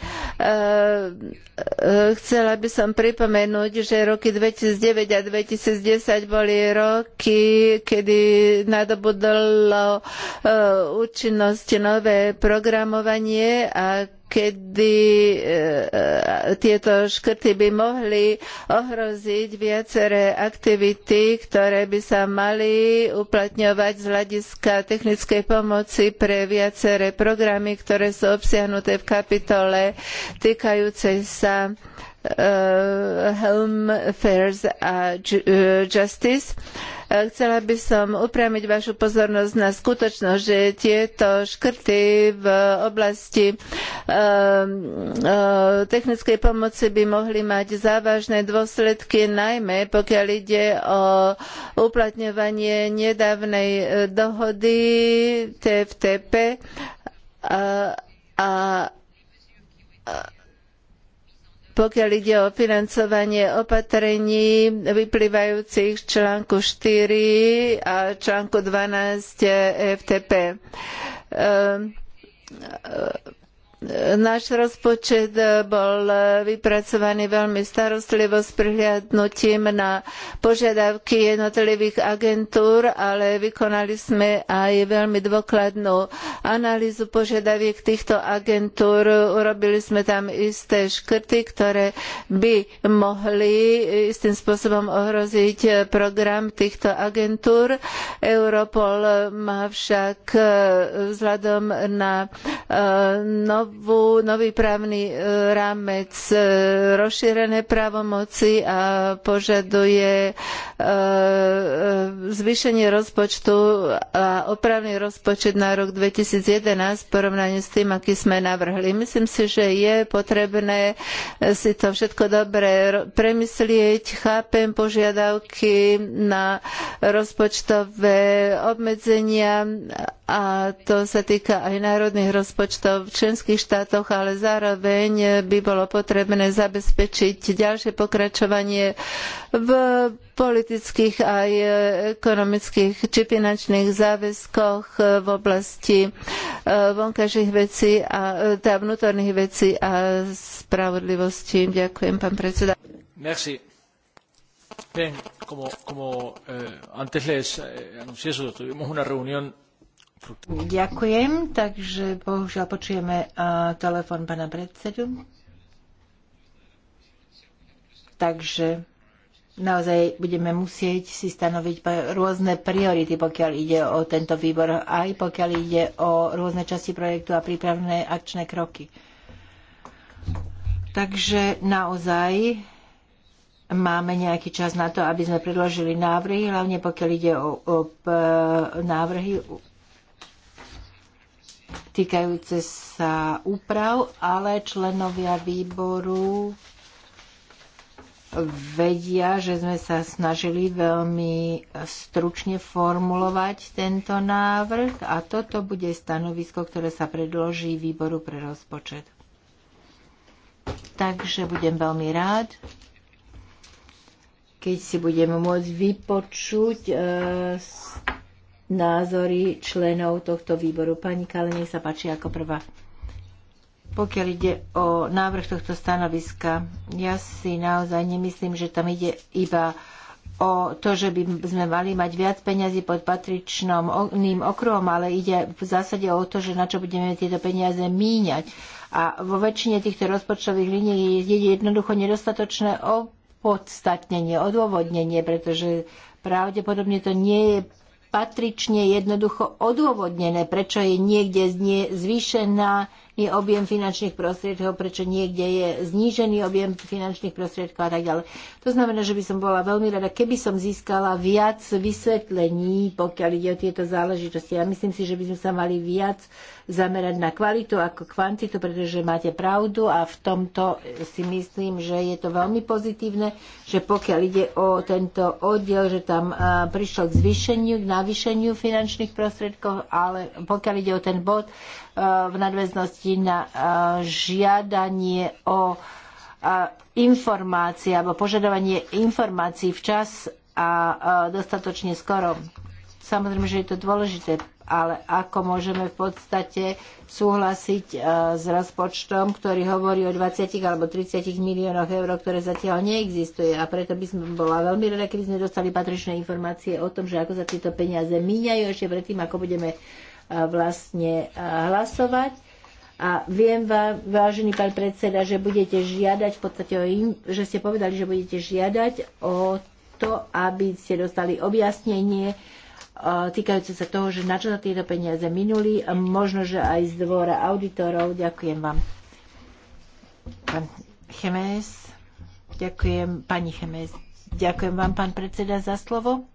chcela by som pripomenúť, že roky 2009 a 2010 boli roky, kedy nadobudlo účinnosť nové programovanie a kedy e, e, tieto škrty by mohli ohroziť viaceré aktivity, ktoré by sa mali uplatňovať z hľadiska technickej pomoci pre viaceré programy, ktoré sú obsiahnuté v kapitole týkajúcej sa Uh, Home Affairs a uh, Justice. Uh, chcela by som upriamiť vašu pozornosť na skutočnosť, že tieto škrty v oblasti um, technickej pomoci by mohli mať závažné dôsledky, najmä pokiaľ ide o uplatňovanie nedávnej dohody TFTP a, a, a pokiaľ ide o financovanie opatrení vyplývajúcich z článku 4 a článku 12 FTP. Um, Náš rozpočet e, bol e, vypracovaný veľmi starostlivo s prihliadnutím na požiadavky jednotlivých agentúr, ale vykonali sme aj veľmi dôkladnú analýzu požiadaviek týchto agentúr. Urobili sme tam isté škrty, ktoré by mohli istým spôsobom ohroziť program týchto agentúr. Europol má však e, vzhľadom na novú, nový právny e, rámec e, rozšírené právomoci a požaduje e, zvýšenie rozpočtu a opravný rozpočet na rok 2011 v porovnaní s tým, aký sme navrhli. Myslím si, že je potrebné si to všetko dobre premyslieť. Chápem požiadavky na rozpočtové obmedzenia a to sa týka aj národných rozpočtov v členských štátoch, ale zároveň by bolo potrebné zabezpečiť ďalšie pokračovanie v politických aj ekonomických či finančných záväzkoch v oblasti e, vonkajších vecí a teda vnútorných vecí a spravodlivosti. Ďakujem, pán predseda. Merci. Bien, como, como eh, antes les eh, anuncié, tuvimos una reunión Ďakujem, takže bohužiaľ počujeme telefon pána predsedu. Takže naozaj budeme musieť si stanoviť rôzne priority, pokiaľ ide o tento výbor, aj pokiaľ ide o rôzne časti projektu a prípravné akčné kroky. Takže naozaj máme nejaký čas na to, aby sme predložili návrhy, hlavne pokiaľ ide o, o návrhy týkajúce sa úprav, ale členovia výboru vedia, že sme sa snažili veľmi stručne formulovať tento návrh a toto bude stanovisko, ktoré sa predloží výboru pre rozpočet. Takže budem veľmi rád, keď si budeme môcť vypočuť e, názory členov tohto výboru. Pani Kale, nech sa páči ako prvá. Pokiaľ ide o návrh tohto stanoviska, ja si naozaj nemyslím, že tam ide iba o to, že by sme mali mať viac peniazy pod patričným okruhom, ale ide v zásade o to, že na čo budeme tieto peniaze míňať. A vo väčšine týchto rozpočtových linií je jednoducho nedostatočné opodstatnenie, odôvodnenie, pretože pravdepodobne to nie je patrične jednoducho odôvodnené, prečo je niekde zvýšená je objem finančných prostriedkov, prečo niekde je znížený objem finančných prostriedkov a tak ďalej. To znamená, že by som bola veľmi rada, keby som získala viac vysvetlení, pokiaľ ide o tieto záležitosti. Ja myslím si, že by sme sa mali viac zamerať na kvalitu ako kvantitu, pretože máte pravdu a v tomto si myslím, že je to veľmi pozitívne, že pokiaľ ide o tento oddiel, že tam prišlo k zvýšeniu, k navýšeniu finančných prostriedkov, ale pokiaľ ide o ten bod v nadväznosti na žiadanie o informácie alebo požadovanie informácií včas a dostatočne skoro. Samozrejme, že je to dôležité ale ako môžeme v podstate súhlasiť e, s rozpočtom, ktorý hovorí o 20 alebo 30 miliónoch eur, ktoré zatiaľ neexistuje. A preto by sme bola veľmi rada, keby sme dostali patričné informácie o tom, že ako sa tieto peniaze míňajú ešte predtým, ako budeme e, vlastne e, hlasovať. A viem vám, vážený pán predseda, že budete žiadať, v podstate o im, že ste povedali, že budete žiadať o to, aby ste dostali objasnenie týkajúce sa toho, že na čo sa tieto peniaze minuli, možno, že aj z dvora auditorov. Ďakujem vám. Pán Chemes, ďakujem, pani Chemes, ďakujem vám, pán predseda, za slovo.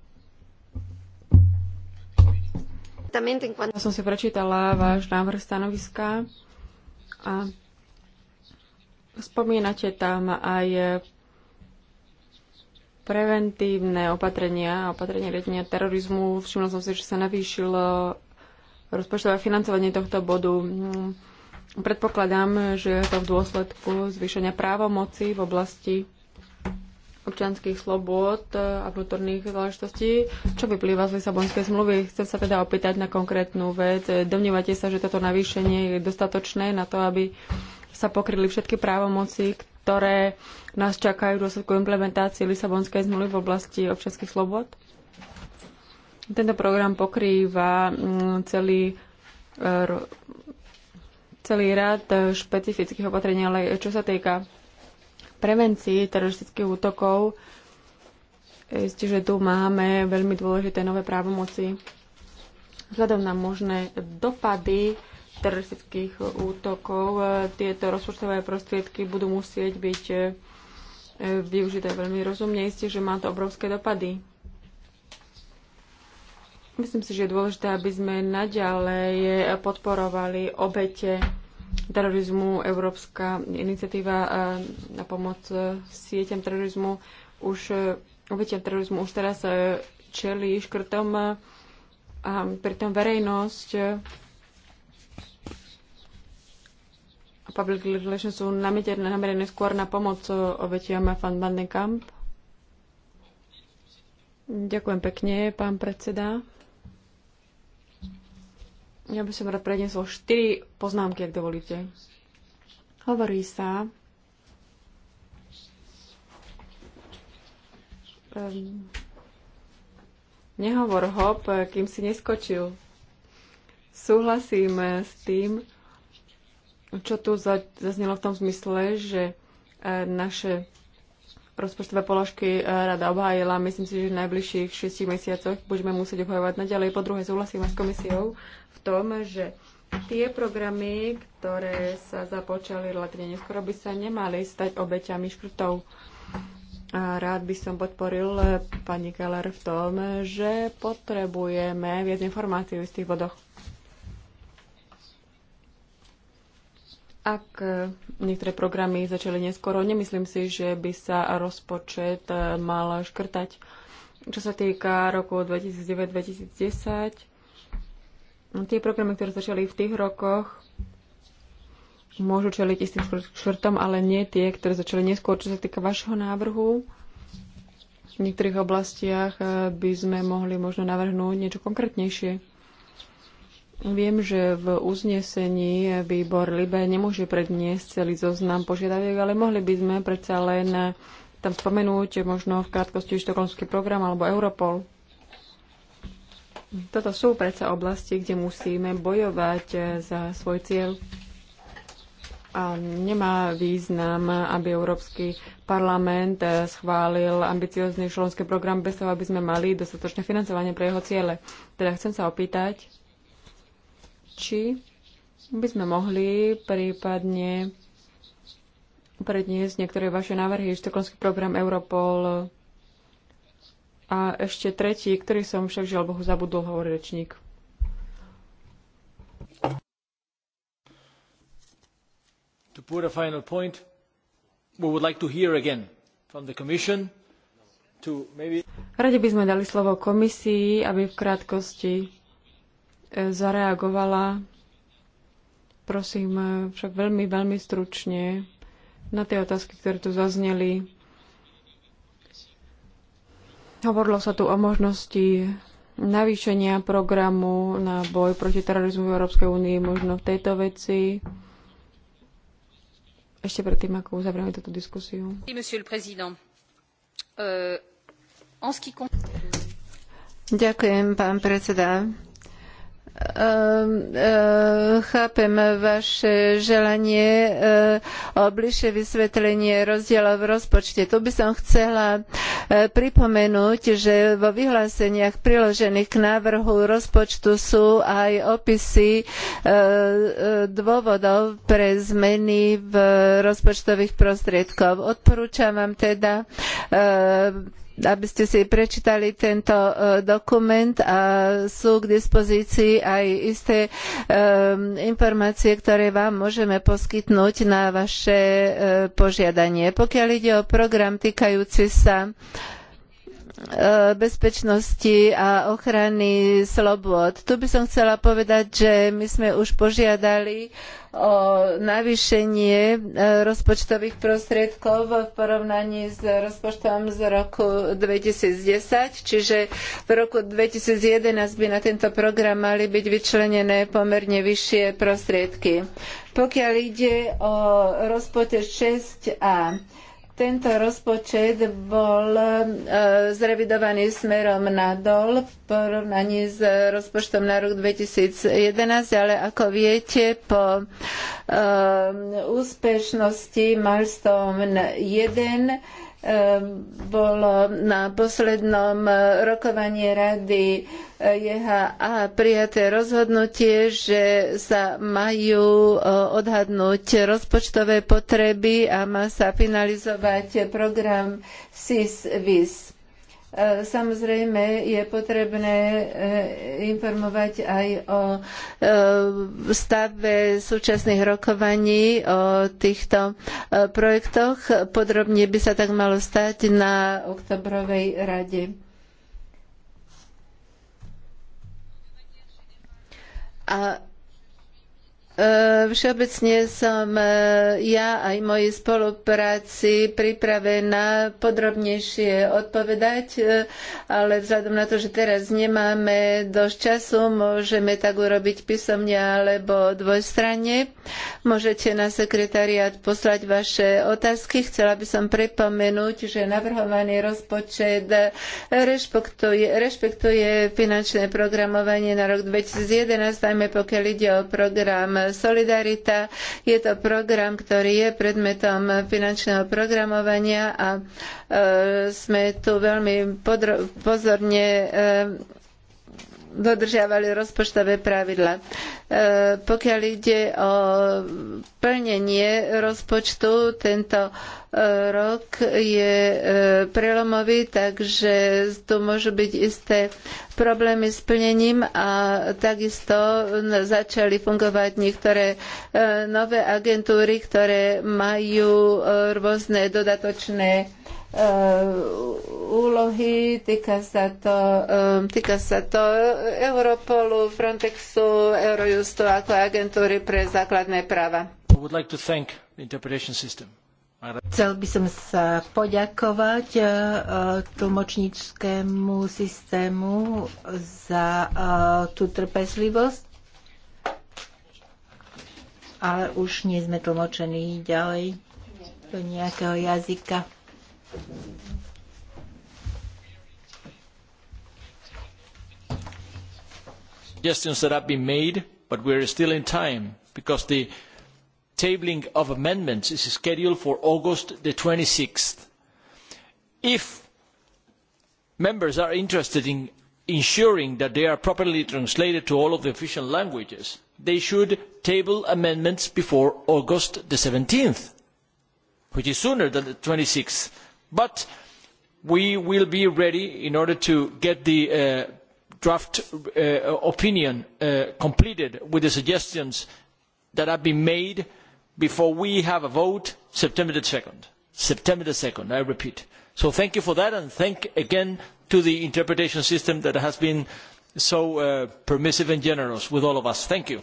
Ja som si prečítala váš návrh stanoviska a spomínate tam aj preventívne opatrenia, opatrenia riadenia terorizmu. Všimla som si, že sa navýšilo rozpočtové financovanie tohto bodu. Predpokladám, že je to v dôsledku zvýšenia právomoci v oblasti občianských slobôd a vnútorných záležitostí, čo vyplýva z Lisabonskej zmluvy. Chcem sa teda opýtať na konkrétnu vec. Domnívate sa, že toto navýšenie je dostatočné na to, aby sa pokryli všetky právomoci, ktoré nás čakajú v dôsledku implementácie Lisabonskej zmluvy v oblasti občanských slobod. Tento program pokrýva mm, celý e, celý rad e, špecifických opatrení, ale čo sa týka prevencii teroristických útokov, isté, že tu máme veľmi dôležité nové právomoci vzhľadom na možné dopady teroristických útokov. E, tieto rozpočtové prostriedky budú musieť byť e, využité veľmi rozumne. Isté, že má to obrovské dopady. Myslím si, že je dôležité, aby sme naďalej podporovali obete terorizmu. Európska iniciatíva e, na pomoc sieťam terorizmu už obetiam terorizmu už teraz čelí škrtom a pritom verejnosť public relations sú namerené skôr na pomoc e, obetiam Van Bandenkamp. Ďakujem pekne, pán predseda. Ja by som rád predniesol štyri poznámky, ak dovolíte. Hovorí sa, um, nehovor hop, kým si neskočil. Súhlasím eh, s tým, čo tu zaznelo v tom zmysle, že e, naše rozpočtové položky e, rada obhájila. Myslím si, že v najbližších šestich mesiacoch budeme musieť obhajovať naďalej. Po druhé, súhlasíme s komisiou v tom, že tie programy, ktoré sa započali relatívne neskoro, by sa nemali stať obeťami škrtov. A rád by som podporil e, pani Keller v tom, že potrebujeme viac informácií o istých vodoch. Ak e, niektoré programy začali neskoro, nemyslím si, že by sa rozpočet e, mal škrtať. Čo sa týka roku 2009-2010, tie programy, ktoré začali v tých rokoch, môžu čeliť istým škrtom, ale nie tie, ktoré začali neskôr. Čo sa týka vašho návrhu, v niektorých oblastiach e, by sme mohli možno navrhnúť niečo konkrétnejšie. Viem, že v uznesení výbor Libe nemôže predniesť celý zoznam požiadaviek, ale mohli by sme predsa len tam spomenúť možno v krátkosti štokholmský program alebo Europol. Toto sú predsa oblasti, kde musíme bojovať za svoj cieľ. A nemá význam, aby Európsky parlament schválil ambiciózny členský program bez toho, aby sme mali dostatočné financovanie pre jeho ciele. Teda chcem sa opýtať, či by sme mohli prípadne predniesť niektoré vaše návrhy, štokholmský program Europol a ešte tretí, ktorý som však žiaľ Bohu zabudol, hovorí rečník. To put a final point, we would like to hear again from the Commission to maybe... Radi by sme dali slovo komisii, aby v krátkosti zareagovala, prosím, však veľmi, veľmi stručne na tie otázky, ktoré tu zazneli. Hovorilo sa tu o možnosti navýšenia programu na boj proti terorizmu v Európskej únii možno v tejto veci. Ešte predtým, ako uzavrieme túto diskusiu. Euh, Ďakujem, pán predseda. Ehm, ehm, chápem vaše želanie ehm, o bližšie vysvetlenie rozdielov v rozpočte. Tu by som chcela pripomenúť, že vo vyhláseniach priložených k návrhu rozpočtu sú aj opisy dôvodov pre zmeny v rozpočtových prostriedkov. Odporúčam vám teda aby ste si prečítali tento e, dokument a sú k dispozícii aj isté e, informácie, ktoré vám môžeme poskytnúť na vaše e, požiadanie. Pokiaľ ide o program týkajúci sa E, bezpečnosti a ochrany slobôd. Tu by som chcela povedať, že my sme už požiadali o navýšenie e, rozpočtových prostriedkov v porovnaní s rozpočtom z roku 2010, čiže v roku 2011 by na tento program mali byť vyčlenené pomerne vyššie prostriedky. Pokiaľ ide o rozpočet 6a, tento rozpočet bol e, zrevidovaný smerom nadol v porovnaní s rozpočtom na rok 2011, ale ako viete, po e, úspešnosti Milestone 1 Ehm, bolo na poslednom eh, rokovaní rady eh, JHA prijaté rozhodnutie, že sa majú eh, odhadnúť rozpočtové potreby a má sa finalizovať program SIS-VIS E, samozrejme je potrebné e, informovať aj o e, stave súčasných rokovaní o týchto projektoch. Podrobne by sa tak malo stať na oktobrovej rade. A E, všeobecne som e, ja aj moji spolupráci pripravená podrobnejšie odpovedať, e, ale vzhľadom na to, že teraz nemáme dosť času, môžeme tak urobiť písomne alebo dvojstranne. Môžete na sekretariat poslať vaše otázky. Chcela by som pripomenúť, že navrhovaný rozpočet rešpektuje, rešpektuje finančné programovanie na rok 2011, najmä pokiaľ ide o program Solidarita. Je to program, ktorý je predmetom finančného programovania a e, sme tu veľmi pozorne e, dodržiavali rozpočtové pravidla. E, pokiaľ ide o plnenie rozpočtu, tento rok je e, prelomový, takže tu môžu byť isté problémy s plnením a takisto začali fungovať niektoré e, nové agentúry, ktoré majú e, rôzne dodatočné úlohy, týka sa to, týka sa to Europolu, Frontexu, Eurojustu ako agentúry pre základné práva. I would like to thank the interpretation system. Chcel by som sa poďakovať e, tlmočníckému systému za e, tú trpezlivosť. Ale už nie sme tlmočení ďalej do nejakého jazyka. Suggestions that have been made, but we're still in time because the tabling of amendments is scheduled for August twenty sixth. If members are interested in ensuring that they are properly translated to all of the official languages, they should table amendments before August seventeenth, which is sooner than the twenty sixth. But we will be ready in order to get the uh, draft uh, opinion uh, completed with the suggestions that have been made before we have a vote September two September two I repeat. So thank you for that and thank again to the interpretation system that has been so uh, permissive and generous with all of us. Thank you.